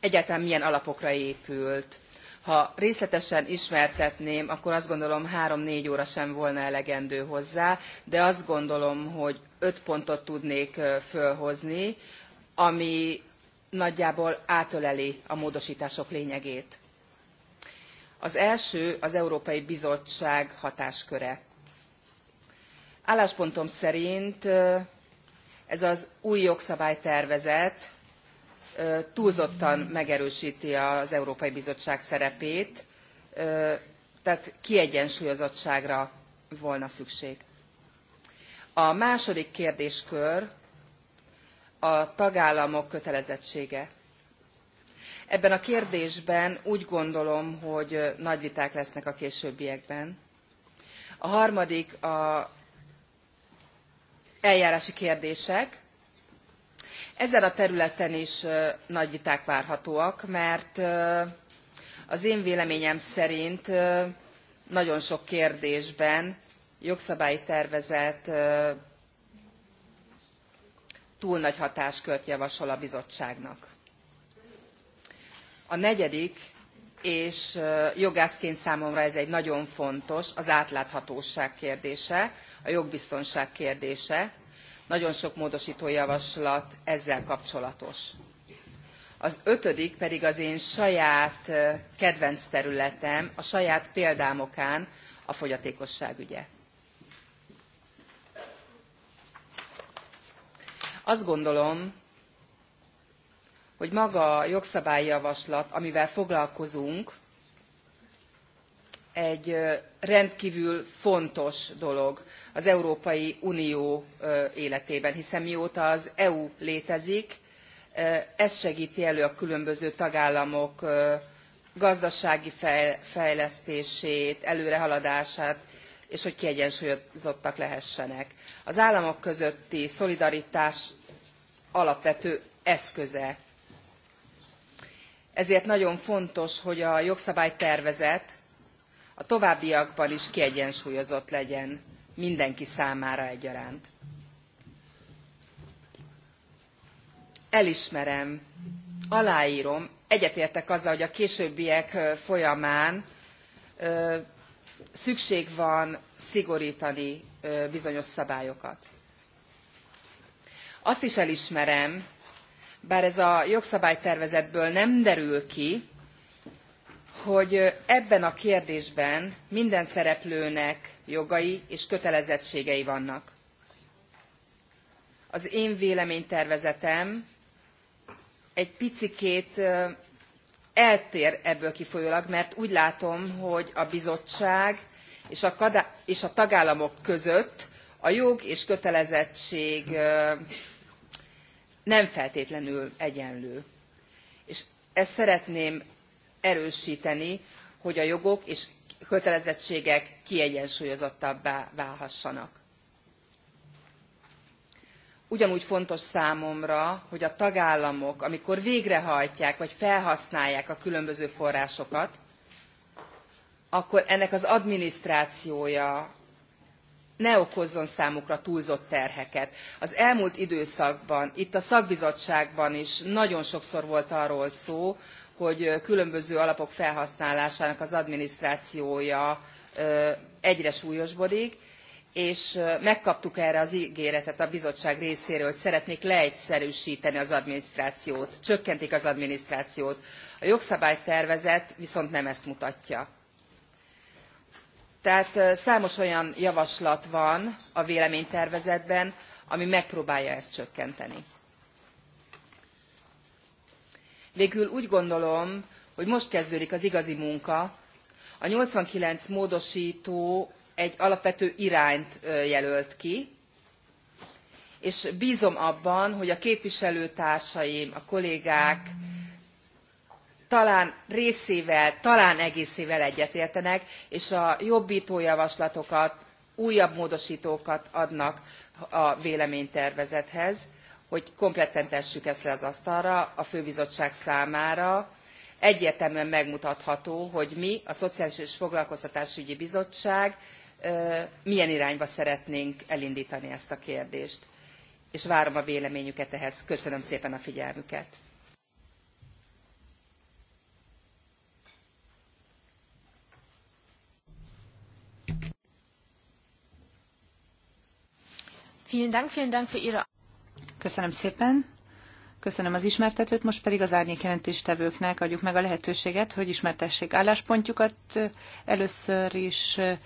egyáltalán milyen alapokra épült. Ha részletesen ismertetném, akkor azt gondolom három-négy óra sem volna elegendő hozzá, de azt gondolom, hogy öt pontot tudnék fölhozni, ami nagyjából átöleli a módosítások lényegét. Az első az Európai Bizottság hatásköre. Álláspontom szerint ez az új jogszabálytervezet túlzottan megerősíti az Európai Bizottság szerepét, tehát kiegyensúlyozottságra volna szükség. A második kérdéskör a tagállamok kötelezettsége. Ebben a kérdésben úgy gondolom, hogy nagy viták lesznek a későbbiekben. A harmadik a eljárási kérdések, ezen a területen is nagy viták várhatóak, mert az én véleményem szerint nagyon sok kérdésben jogszabályi tervezet túl nagy hatáskört javasol a bizottságnak. A negyedik, és jogászként számomra ez egy nagyon fontos, az átláthatóság kérdése, a jogbiztonság kérdése, nagyon sok javaslat ezzel kapcsolatos. Az ötödik pedig az én saját kedvenc területem, a saját példámokán a fogyatékosság ügye. Azt gondolom, hogy maga a jogszabályjavaslat, amivel foglalkozunk, egy rendkívül fontos dolog az Európai Unió életében, hiszen mióta az EU létezik, ez segíti elő a különböző tagállamok gazdasági fejlesztését, előrehaladását, és hogy kiegyensúlyozottak lehessenek. Az államok közötti szolidaritás alapvető eszköze. Ezért nagyon fontos, hogy a jogszabálytervezet a továbbiakban is kiegyensúlyozott legyen mindenki számára egyaránt. Elismerem, aláírom, egyetértek azzal, hogy a későbbiek folyamán szükség van szigorítani bizonyos szabályokat. Azt is elismerem, bár ez a jogszabálytervezetből nem derül ki, hogy ebben a kérdésben minden szereplőnek jogai és kötelezettségei vannak. Az én véleménytervezetem egy picikét eltér ebből kifolyólag, mert úgy látom, hogy a bizottság és a, és a tagállamok között a jog és kötelezettség nem feltétlenül egyenlő. És ezt szeretném erősíteni, hogy a jogok és kötelezettségek kiegyensúlyozottabbá válhassanak. Ugyanúgy fontos számomra, hogy a tagállamok, amikor végrehajtják vagy felhasználják a különböző forrásokat, akkor ennek az adminisztrációja ne okozzon számukra túlzott terheket. Az elmúlt időszakban, itt a szakbizottságban is nagyon sokszor volt arról szó, hogy különböző alapok felhasználásának az adminisztrációja egyre súlyosbodik, és megkaptuk erre az ígéretet a bizottság részéről, hogy szeretnék leegyszerűsíteni az adminisztrációt, csökkentik az adminisztrációt. A jogszabálytervezet viszont nem ezt mutatja. Tehát számos olyan javaslat van a véleménytervezetben, ami megpróbálja ezt csökkenteni. Végül úgy gondolom, hogy most kezdődik az igazi munka. A 89 módosító egy alapvető irányt jelölt ki, és bízom abban, hogy a képviselőtársaim, a kollégák talán részével, talán egészével egyetértenek, és a jobbító javaslatokat, újabb módosítókat adnak a véleménytervezethez hogy kompletten tessük ezt le az asztalra a főbizottság számára. Egyértelműen megmutatható, hogy mi, a Szociális és Foglalkoztatásügyi Bizottság milyen irányba szeretnénk elindítani ezt a kérdést. És várom a véleményüket ehhez. Köszönöm szépen a figyelmüket. Vielen Dank, vielen Dank für Ihre Köszönöm szépen. Köszönöm az ismertetőt, most pedig az árnyék jelentéstevőknek adjuk meg a lehetőséget, hogy ismertessék álláspontjukat. Először is eh,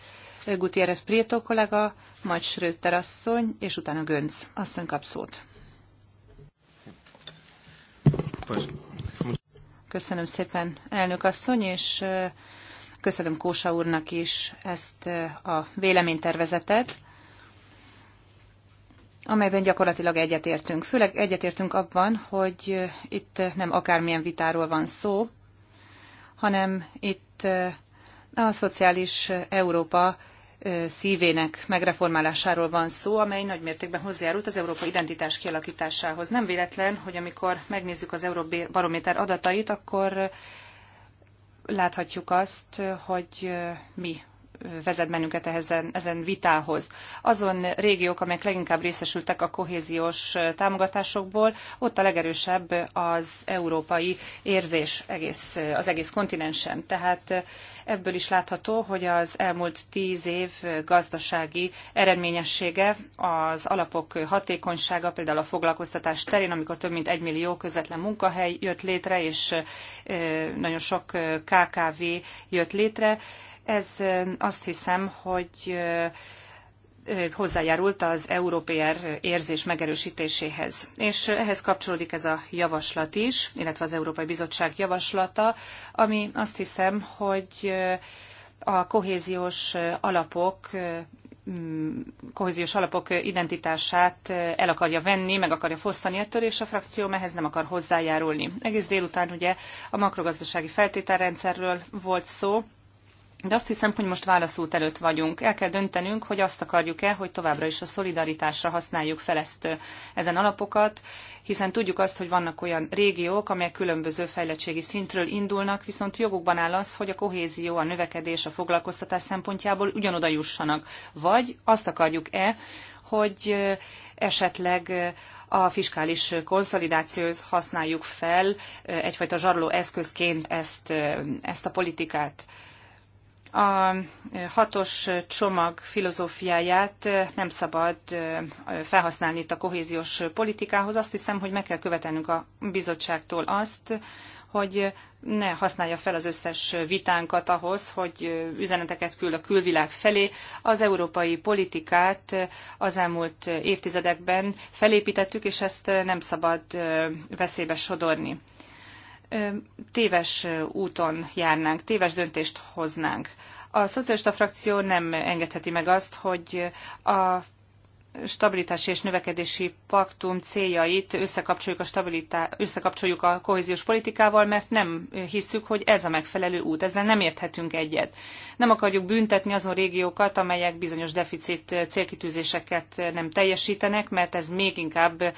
Gutierrez Prieto kollega, majd Schröter asszony, és utána Gönc asszony kap szót. Köszönöm szépen, elnök asszony, és eh, köszönöm Kósa úrnak is ezt eh, a véleménytervezetet amelyben gyakorlatilag egyetértünk. Főleg egyetértünk abban, hogy itt nem akármilyen vitáról van szó, hanem itt eh, a szociális Európa eh, szívének megreformálásáról van szó, amely nagymértékben hozzájárult az Európa identitás kialakításához. Nem véletlen, hogy amikor megnézzük az Euróbarométer adatait, akkor eh, láthatjuk azt, hogy mi vezet bennünket ezen, ezen vitához. Azon régiók, amelyek leginkább részesültek a kohéziós támogatásokból, ott a legerősebb az európai érzés egész, az egész kontinensen. Tehát ebből is látható, hogy az elmúlt tíz év gazdasági eredményessége, az alapok hatékonysága, például a foglalkoztatás terén, amikor több mint egy millió közvetlen munkahely jött létre, és nagyon sok KKV jött létre, ez azt hiszem, hogy hozzájárult az európér érzés megerősítéséhez. És ehhez kapcsolódik ez a javaslat is, illetve az Európai Bizottság javaslata, ami azt hiszem, hogy a kohéziós alapok kohéziós alapok identitását el akarja venni, meg akarja fosztani ettől, és a frakció ehhez nem akar hozzájárulni. Egész délután ugye a makrogazdasági feltételrendszerről volt szó, de azt hiszem, hogy most válaszút előtt vagyunk. El kell döntenünk, hogy azt akarjuk-e, hogy továbbra is a szolidaritásra használjuk fel ezt ezen alapokat, hiszen tudjuk azt, hogy vannak olyan régiók, amelyek különböző fejlettségi szintről indulnak, viszont jogukban áll az, hogy a kohézió, a növekedés, a foglalkoztatás szempontjából ugyanoda jussanak. Vagy azt akarjuk-e, hogy esetleg a fiskális konszolidációhoz használjuk fel egyfajta zsarló eszközként ezt, ezt a politikát a hatos csomag filozófiáját nem szabad felhasználni itt a kohéziós politikához. Azt hiszem, hogy meg kell követelnünk a bizottságtól azt, hogy ne használja fel az összes vitánkat ahhoz, hogy üzeneteket küld a külvilág felé. Az európai politikát az elmúlt évtizedekben felépítettük, és ezt nem szabad veszélybe sodorni téves úton járnánk, téves döntést hoznánk. A szocialista frakció nem engedheti meg azt, hogy a stabilitási és növekedési paktum céljait összekapcsoljuk a, stabilitá- összekapcsoljuk a kohéziós politikával, mert nem hisszük, hogy ez a megfelelő út, ezzel nem érthetünk egyet. Nem akarjuk büntetni azon régiókat, amelyek bizonyos deficit célkitűzéseket nem teljesítenek, mert ez még inkább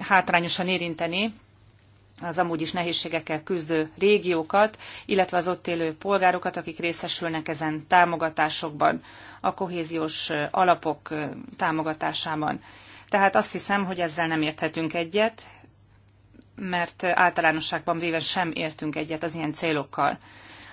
hátrányosan érinteni az amúgy is nehézségekkel küzdő régiókat, illetve az ott élő polgárokat, akik részesülnek ezen támogatásokban, a kohéziós alapok támogatásában. Tehát azt hiszem, hogy ezzel nem érthetünk egyet, mert általánosságban véve sem értünk egyet az ilyen célokkal.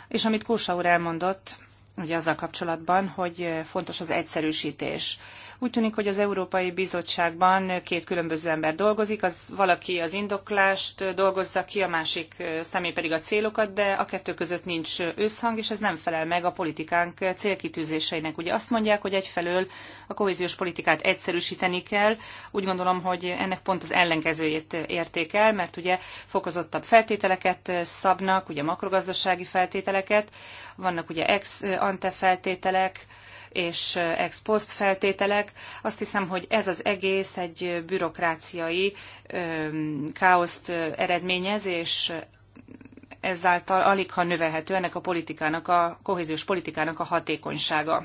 És amit Kósa úr elmondott, ugye azzal kapcsolatban, hogy fontos az egyszerűsítés. Úgy tűnik, hogy az Európai Bizottságban két különböző ember dolgozik, az valaki az indoklást dolgozza ki, a másik személy pedig a célokat, de a kettő között nincs összhang, és ez nem felel meg a politikánk célkitűzéseinek. Ugye azt mondják, hogy egyfelől a kohéziós politikát egyszerűsíteni kell, úgy gondolom, hogy ennek pont az ellenkezőjét érték el, mert ugye fokozottabb feltételeket szabnak, ugye makrogazdasági feltételeket, vannak ugye ex-ante feltételek, és ex post feltételek. Azt hiszem, hogy ez az egész egy bürokráciai káoszt eredményez, és ezáltal alig ha növelhető ennek a politikának, a kohéziós politikának a hatékonysága.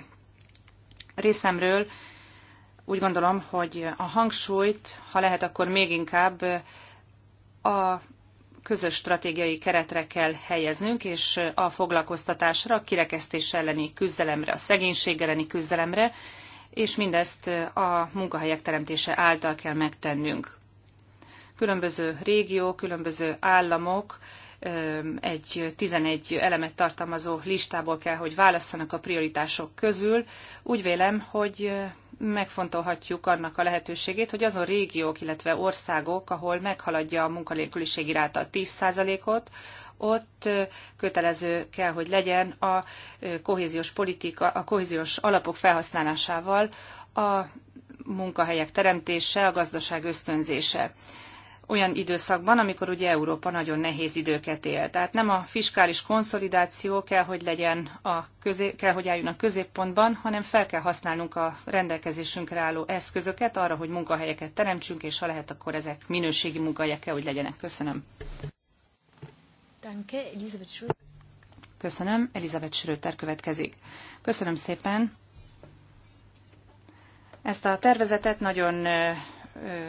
Részemről úgy gondolom, hogy a hangsúlyt, ha lehet, akkor még inkább a közös stratégiai keretre kell helyeznünk, és a foglalkoztatásra, a kirekesztés elleni küzdelemre, a szegénység elleni küzdelemre, és mindezt a munkahelyek teremtése által kell megtennünk. Különböző régiók, különböző államok egy 11 elemet tartalmazó listából kell, hogy válasszanak a prioritások közül. Úgy vélem, hogy megfontolhatjuk annak a lehetőségét, hogy azon régiók, illetve országok, ahol meghaladja a munkanélküliség iráta 10%-ot, ott kötelező kell, hogy legyen a kohéziós politika, a kohéziós alapok felhasználásával a munkahelyek teremtése, a gazdaság ösztönzése olyan időszakban, amikor ugye Európa nagyon nehéz időket él. Tehát nem a fiskális konszolidáció kell, hogy legyen a közé, kell, hogy álljon a középpontban, hanem fel kell használnunk a rendelkezésünkre álló eszközöket arra, hogy munkahelyeket teremtsünk, és ha lehet, akkor ezek minőségi munkahelyek kell, hogy legyenek. Köszönöm. Köszönöm. Elizabeth Schröter következik. Köszönöm szépen. Ezt a tervezetet nagyon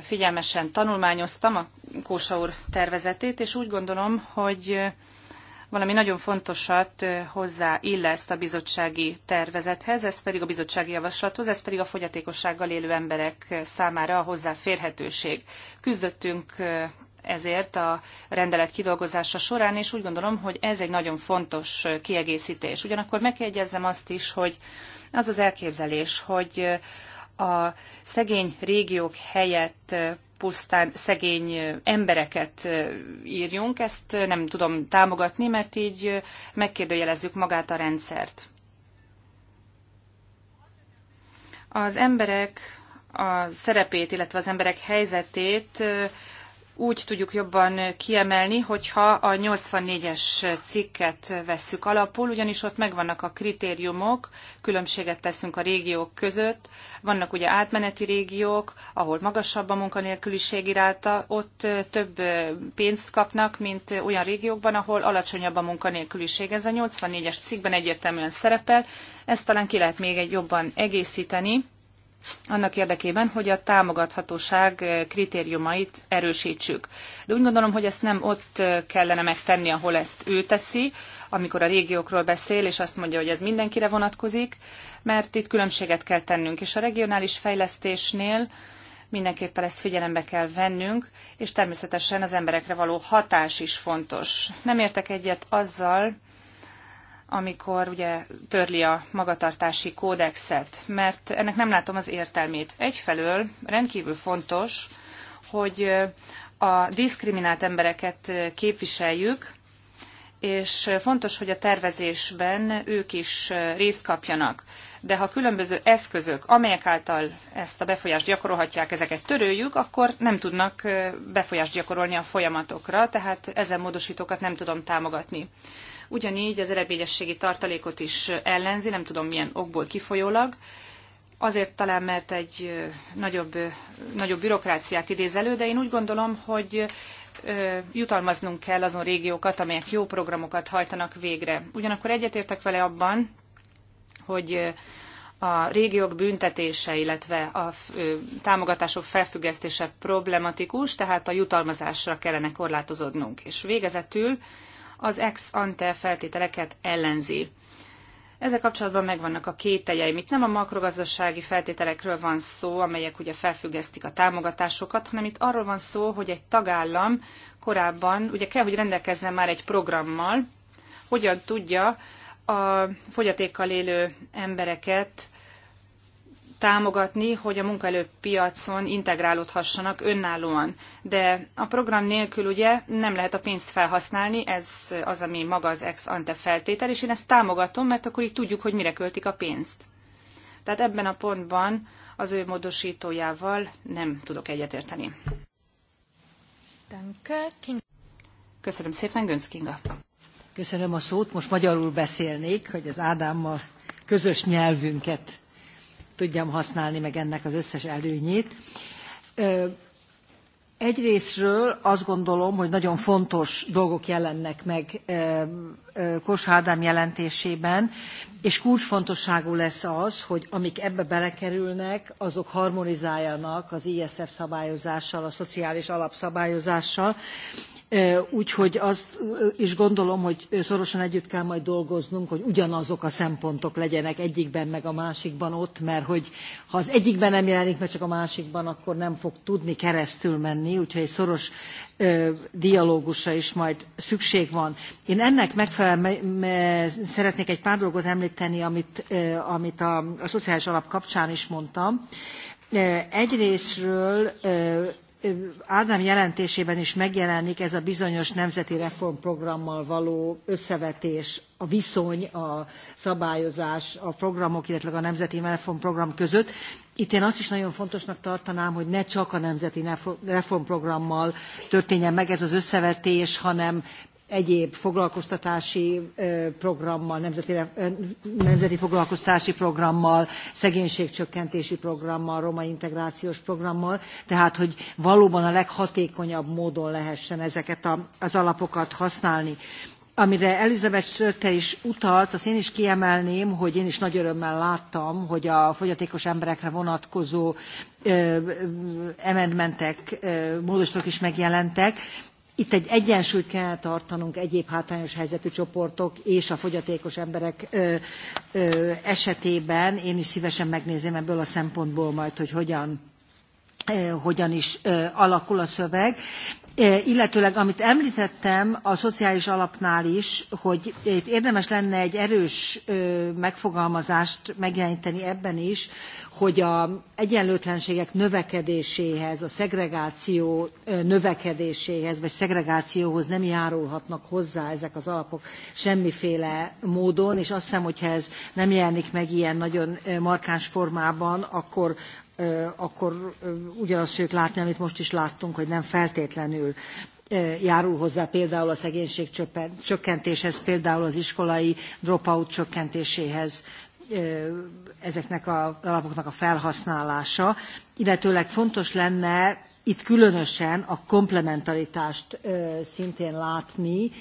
figyelmesen tanulmányoztam a Kósa úr tervezetét, és úgy gondolom, hogy valami nagyon fontosat hozzáilleszt a bizottsági tervezethez, ez pedig a bizottsági javaslathoz, ez pedig a fogyatékossággal élő emberek számára a hozzáférhetőség. Küzdöttünk ezért a rendelet kidolgozása során, és úgy gondolom, hogy ez egy nagyon fontos kiegészítés. Ugyanakkor megjegyezzem azt is, hogy az az elképzelés, hogy a szegény régiók helyett pusztán szegény embereket írjunk, ezt nem tudom támogatni, mert így megkérdőjelezzük magát a rendszert. Az emberek a szerepét, illetve az emberek helyzetét úgy tudjuk jobban kiemelni, hogyha a 84-es cikket vesszük alapul, ugyanis ott megvannak a kritériumok, különbséget teszünk a régiók között. Vannak ugye átmeneti régiók, ahol magasabb a munkanélküliség iráta, ott több pénzt kapnak, mint olyan régiókban, ahol alacsonyabb a munkanélküliség. Ez a 84-es cikkben egyértelműen szerepel, ezt talán ki lehet még egy jobban egészíteni annak érdekében, hogy a támogathatóság kritériumait erősítsük. De úgy gondolom, hogy ezt nem ott kellene megtenni, ahol ezt ő teszi, amikor a régiókról beszél, és azt mondja, hogy ez mindenkire vonatkozik, mert itt különbséget kell tennünk. És a regionális fejlesztésnél mindenképpen ezt figyelembe kell vennünk, és természetesen az emberekre való hatás is fontos. Nem értek egyet azzal, amikor ugye törli a magatartási kódexet, mert ennek nem látom az értelmét. Egyfelől rendkívül fontos, hogy a diszkriminált embereket képviseljük, és fontos, hogy a tervezésben ők is részt kapjanak. De ha különböző eszközök, amelyek által ezt a befolyást gyakorolhatják, ezeket töröljük, akkor nem tudnak befolyást gyakorolni a folyamatokra, tehát ezen módosítókat nem tudom támogatni ugyanígy az eredményességi tartalékot is ellenzi, nem tudom milyen okból kifolyólag, azért talán, mert egy nagyobb, nagyobb bürokráciát idéz elő, de én úgy gondolom, hogy jutalmaznunk kell azon régiókat, amelyek jó programokat hajtanak végre. Ugyanakkor egyetértek vele abban, hogy a régiók büntetése, illetve a támogatások felfüggesztése problematikus, tehát a jutalmazásra kellene korlátozódnunk. És végezetül az ex ante feltételeket ellenzi. Ezzel kapcsolatban megvannak a kételjeim. Itt nem a makrogazdasági feltételekről van szó, amelyek ugye felfüggesztik a támogatásokat, hanem itt arról van szó, hogy egy tagállam korábban, ugye kell, hogy rendelkezzen már egy programmal, hogyan tudja a fogyatékkal élő embereket támogatni, hogy a munkaerőpiacon integrálódhassanak önállóan. De a program nélkül ugye nem lehet a pénzt felhasználni, ez az, ami maga az ex ante feltétel, és én ezt támogatom, mert akkor így tudjuk, hogy mire költik a pénzt. Tehát ebben a pontban az ő módosítójával nem tudok egyetérteni. Köszönöm szépen, Gönc Kinga. Köszönöm a szót, most magyarul beszélnék, hogy az Ádámmal közös nyelvünket tudjam használni meg ennek az összes előnyét. Egyrésztről azt gondolom, hogy nagyon fontos dolgok jelennek meg Kossuth Ádám jelentésében, és kulcsfontosságú lesz az, hogy amik ebbe belekerülnek, azok harmonizáljanak az ISF szabályozással, a szociális alapszabályozással, Úgyhogy azt is gondolom, hogy szorosan együtt kell majd dolgoznunk, hogy ugyanazok a szempontok legyenek egyikben meg a másikban ott, mert hogy ha az egyikben nem jelenik meg csak a másikban, akkor nem fog tudni keresztül menni, úgyhogy egy szoros dialógusra is majd szükség van. Én ennek megfelelően szeretnék egy pár dolgot említeni, amit, amit a, a szociális alap kapcsán is mondtam. Egyrésztről Ádám jelentésében is megjelenik ez a bizonyos nemzeti reformprogrammal való összevetés, a viszony, a szabályozás, a programok, illetve a nemzeti reformprogram között. Itt én azt is nagyon fontosnak tartanám, hogy ne csak a nemzeti reformprogrammal történjen meg ez az összevetés, hanem egyéb foglalkoztatási programmal, nemzeti, nemzeti foglalkoztási programmal, szegénységcsökkentési programmal, roma integrációs programmal, tehát hogy valóban a leghatékonyabb módon lehessen ezeket a, az alapokat használni. Amire Elizabeth Sörte is utalt, azt én is kiemelném, hogy én is nagy örömmel láttam, hogy a fogyatékos emberekre vonatkozó emendmentek, módosok is megjelentek, itt egy egyensúlyt kell tartanunk egyéb hátrányos helyzetű csoportok és a fogyatékos emberek ö, ö, esetében. Én is szívesen megnézem ebből a szempontból majd, hogy hogyan hogyan is alakul a szöveg, Illetőleg, amit említettem a szociális alapnál is, hogy itt érdemes lenne egy erős megfogalmazást megjeleníteni ebben is, hogy a egyenlőtlenségek növekedéséhez, a szegregáció növekedéséhez, vagy szegregációhoz nem járulhatnak hozzá ezek az alapok semmiféle módon, és azt hiszem, hogyha ez nem jelenik meg ilyen nagyon markáns formában, akkor akkor ugyanazt fogjuk látni, amit most is láttunk, hogy nem feltétlenül járul hozzá például a szegénység csökkentéshez, például az iskolai dropout csökkentéséhez ezeknek a alapoknak a felhasználása, illetőleg fontos lenne itt különösen a komplementaritást szintén látni.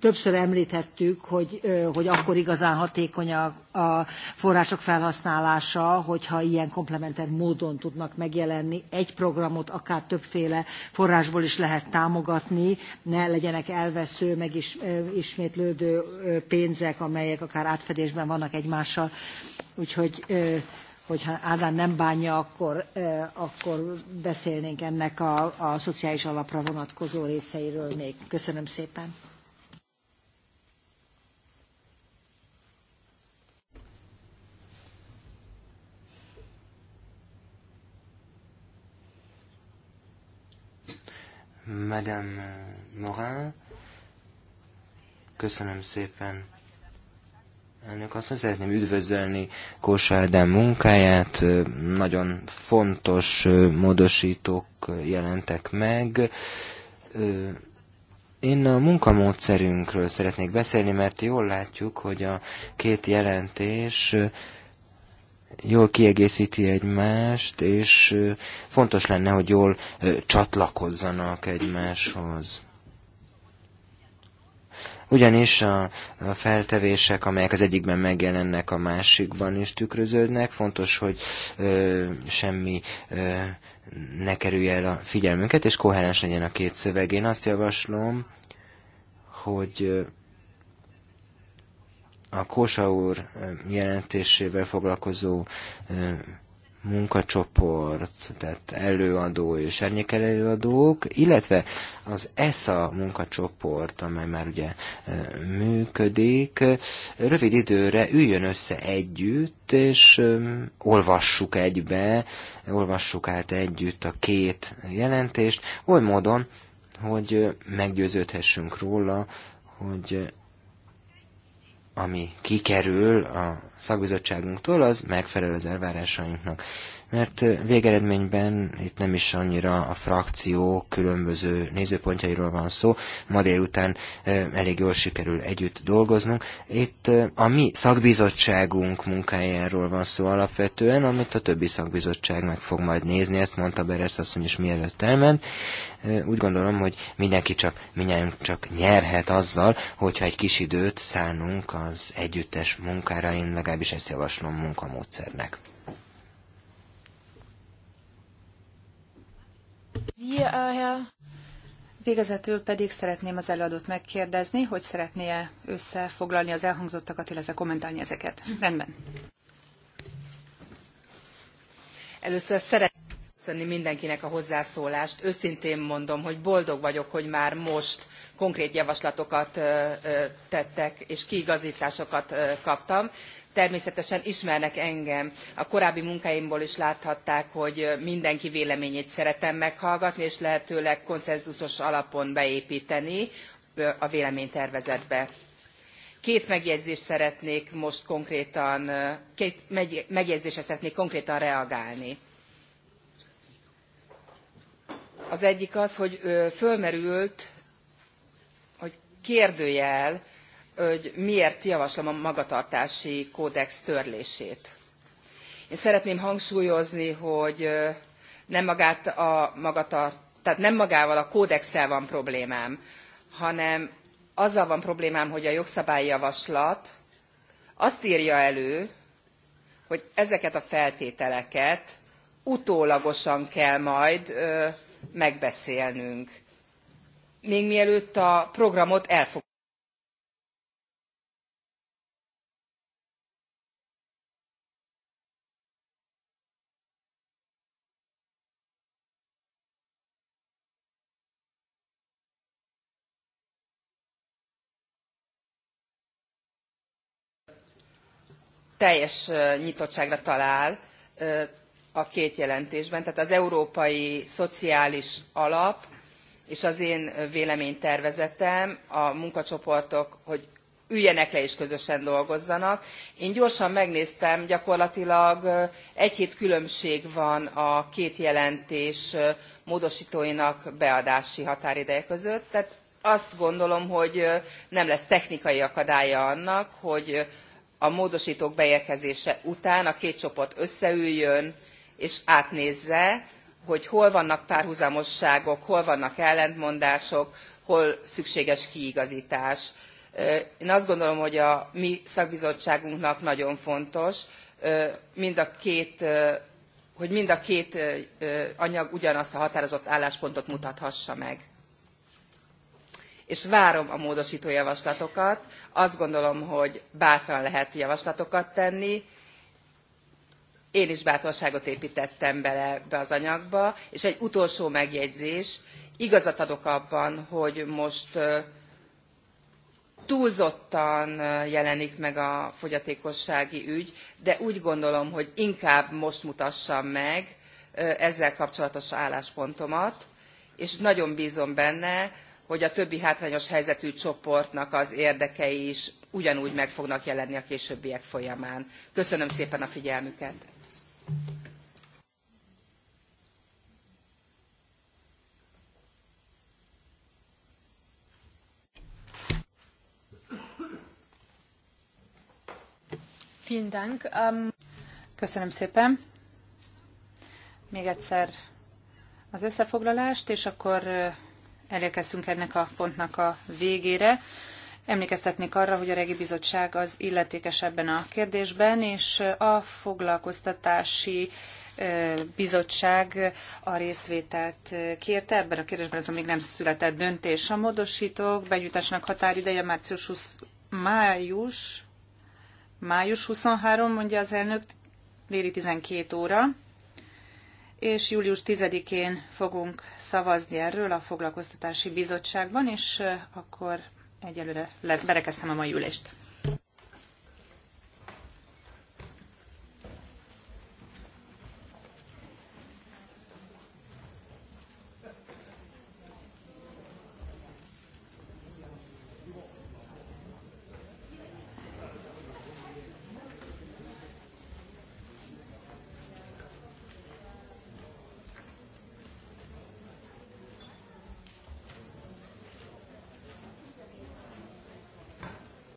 Többször említettük, hogy, hogy akkor igazán hatékony a, a források felhasználása, hogyha ilyen komplementer módon tudnak megjelenni. Egy programot akár többféle forrásból is lehet támogatni, ne legyenek elvesző, meg is, ismétlődő pénzek, amelyek akár átfedésben vannak egymással. Úgyhogy hogyha Ádám nem bánja, akkor, akkor beszélnénk ennek a, a szociális alapra vonatkozó részeiről még. Köszönöm szépen. Madame Morin, köszönöm szépen Elnök azt szeretném üdvözölni Kósárdán munkáját. Nagyon fontos módosítók jelentek meg. Én a munkamódszerünkről szeretnék beszélni, mert jól látjuk, hogy a két jelentés jól kiegészíti egymást, és fontos lenne, hogy jól csatlakozzanak egymáshoz. Ugyanis a, a feltevések, amelyek az egyikben megjelennek, a másikban is tükröződnek. Fontos, hogy ö, semmi ö, ne kerülje el a figyelmünket, és koherens legyen a két szöveg. Én azt javaslom, hogy a Kósa úr jelentésével foglalkozó munkacsoport, tehát előadó és előadók, illetve az ESA munkacsoport, amely már ugye e, működik, rövid időre üljön össze együtt, és e, olvassuk egybe, olvassuk át együtt a két jelentést, oly módon, hogy meggyőződhessünk róla, hogy ami kikerül a szakbizottságunktól, az megfelel az elvárásainknak mert végeredményben itt nem is annyira a frakció különböző nézőpontjairól van szó. Ma délután elég jól sikerül együtt dolgoznunk. Itt a mi szakbizottságunk munkájáról van szó alapvetően, amit a többi szakbizottság meg fog majd nézni, ezt mondta Beres asszony is mielőtt elment. Úgy gondolom, hogy mindenki csak, mindjárt csak nyerhet azzal, hogyha egy kis időt szánunk az együttes munkára, én legalábbis ezt javaslom munkamódszernek. Äh, Végezetül pedig szeretném az előadót megkérdezni, hogy szeretné-e összefoglalni az elhangzottakat, illetve kommentálni ezeket. Rendben. Először szeretném köszönni mindenkinek a hozzászólást. Őszintén mondom, hogy boldog vagyok, hogy már most konkrét javaslatokat tettek, és kiigazításokat kaptam természetesen ismernek engem. A korábbi munkáimból is láthatták, hogy mindenki véleményét szeretem meghallgatni, és lehetőleg konszenzusos alapon beépíteni a véleménytervezetbe. Két megjegyzést szeretnék most konkrétan, két megjegyzésre szeretnék konkrétan reagálni. Az egyik az, hogy fölmerült, hogy kérdőjel, hogy miért javaslom a magatartási kódex törlését. Én szeretném hangsúlyozni, hogy nem magát a magatart, tehát nem magával a kódexsel van problémám, hanem azzal van problémám, hogy a jogszabályjavaslat azt írja elő, hogy ezeket a feltételeket utólagosan kell majd ö, megbeszélnünk. Még mielőtt a programot elfogadjuk. teljes nyitottságra talál a két jelentésben, tehát az Európai Szociális Alap és az én véleménytervezetem, a munkacsoportok, hogy üljenek le és közösen dolgozzanak. Én gyorsan megnéztem, gyakorlatilag egy hét különbség van a két jelentés módosítóinak beadási határideje között, tehát azt gondolom, hogy nem lesz technikai akadálya annak, hogy a módosítók beérkezése után a két csoport összeüljön, és átnézze, hogy hol vannak párhuzamosságok, hol vannak ellentmondások, hol szükséges kiigazítás. Én azt gondolom, hogy a mi szakbizottságunknak nagyon fontos, mind a két, hogy mind a két anyag ugyanazt a határozott álláspontot mutathassa meg és várom a módosító javaslatokat. Azt gondolom, hogy bátran lehet javaslatokat tenni, én is bátorságot építettem bele be az anyagba, és egy utolsó megjegyzés, igazat adok abban, hogy most túlzottan jelenik meg a fogyatékossági ügy, de úgy gondolom, hogy inkább most mutassam meg ezzel kapcsolatos álláspontomat, és nagyon bízom benne, hogy a többi hátrányos helyzetű csoportnak az érdekei is ugyanúgy meg fognak jelenni a későbbiek folyamán. Köszönöm szépen a figyelmüket! Ähm, Köszönöm szépen. Még egyszer az összefoglalást, és akkor elérkeztünk ennek a pontnak a végére. Emlékeztetnék arra, hogy a Regi Bizottság az illetékes ebben a kérdésben, és a foglalkoztatási bizottság a részvételt kérte. Ebben a kérdésben azon még nem született döntés. A módosítók benyújtásnak határideje március 20, május, május 23, mondja az elnök, déli 12 óra és július 10-én fogunk szavazni erről a Foglalkoztatási Bizottságban, és akkor egyelőre berekeztem a mai ülést.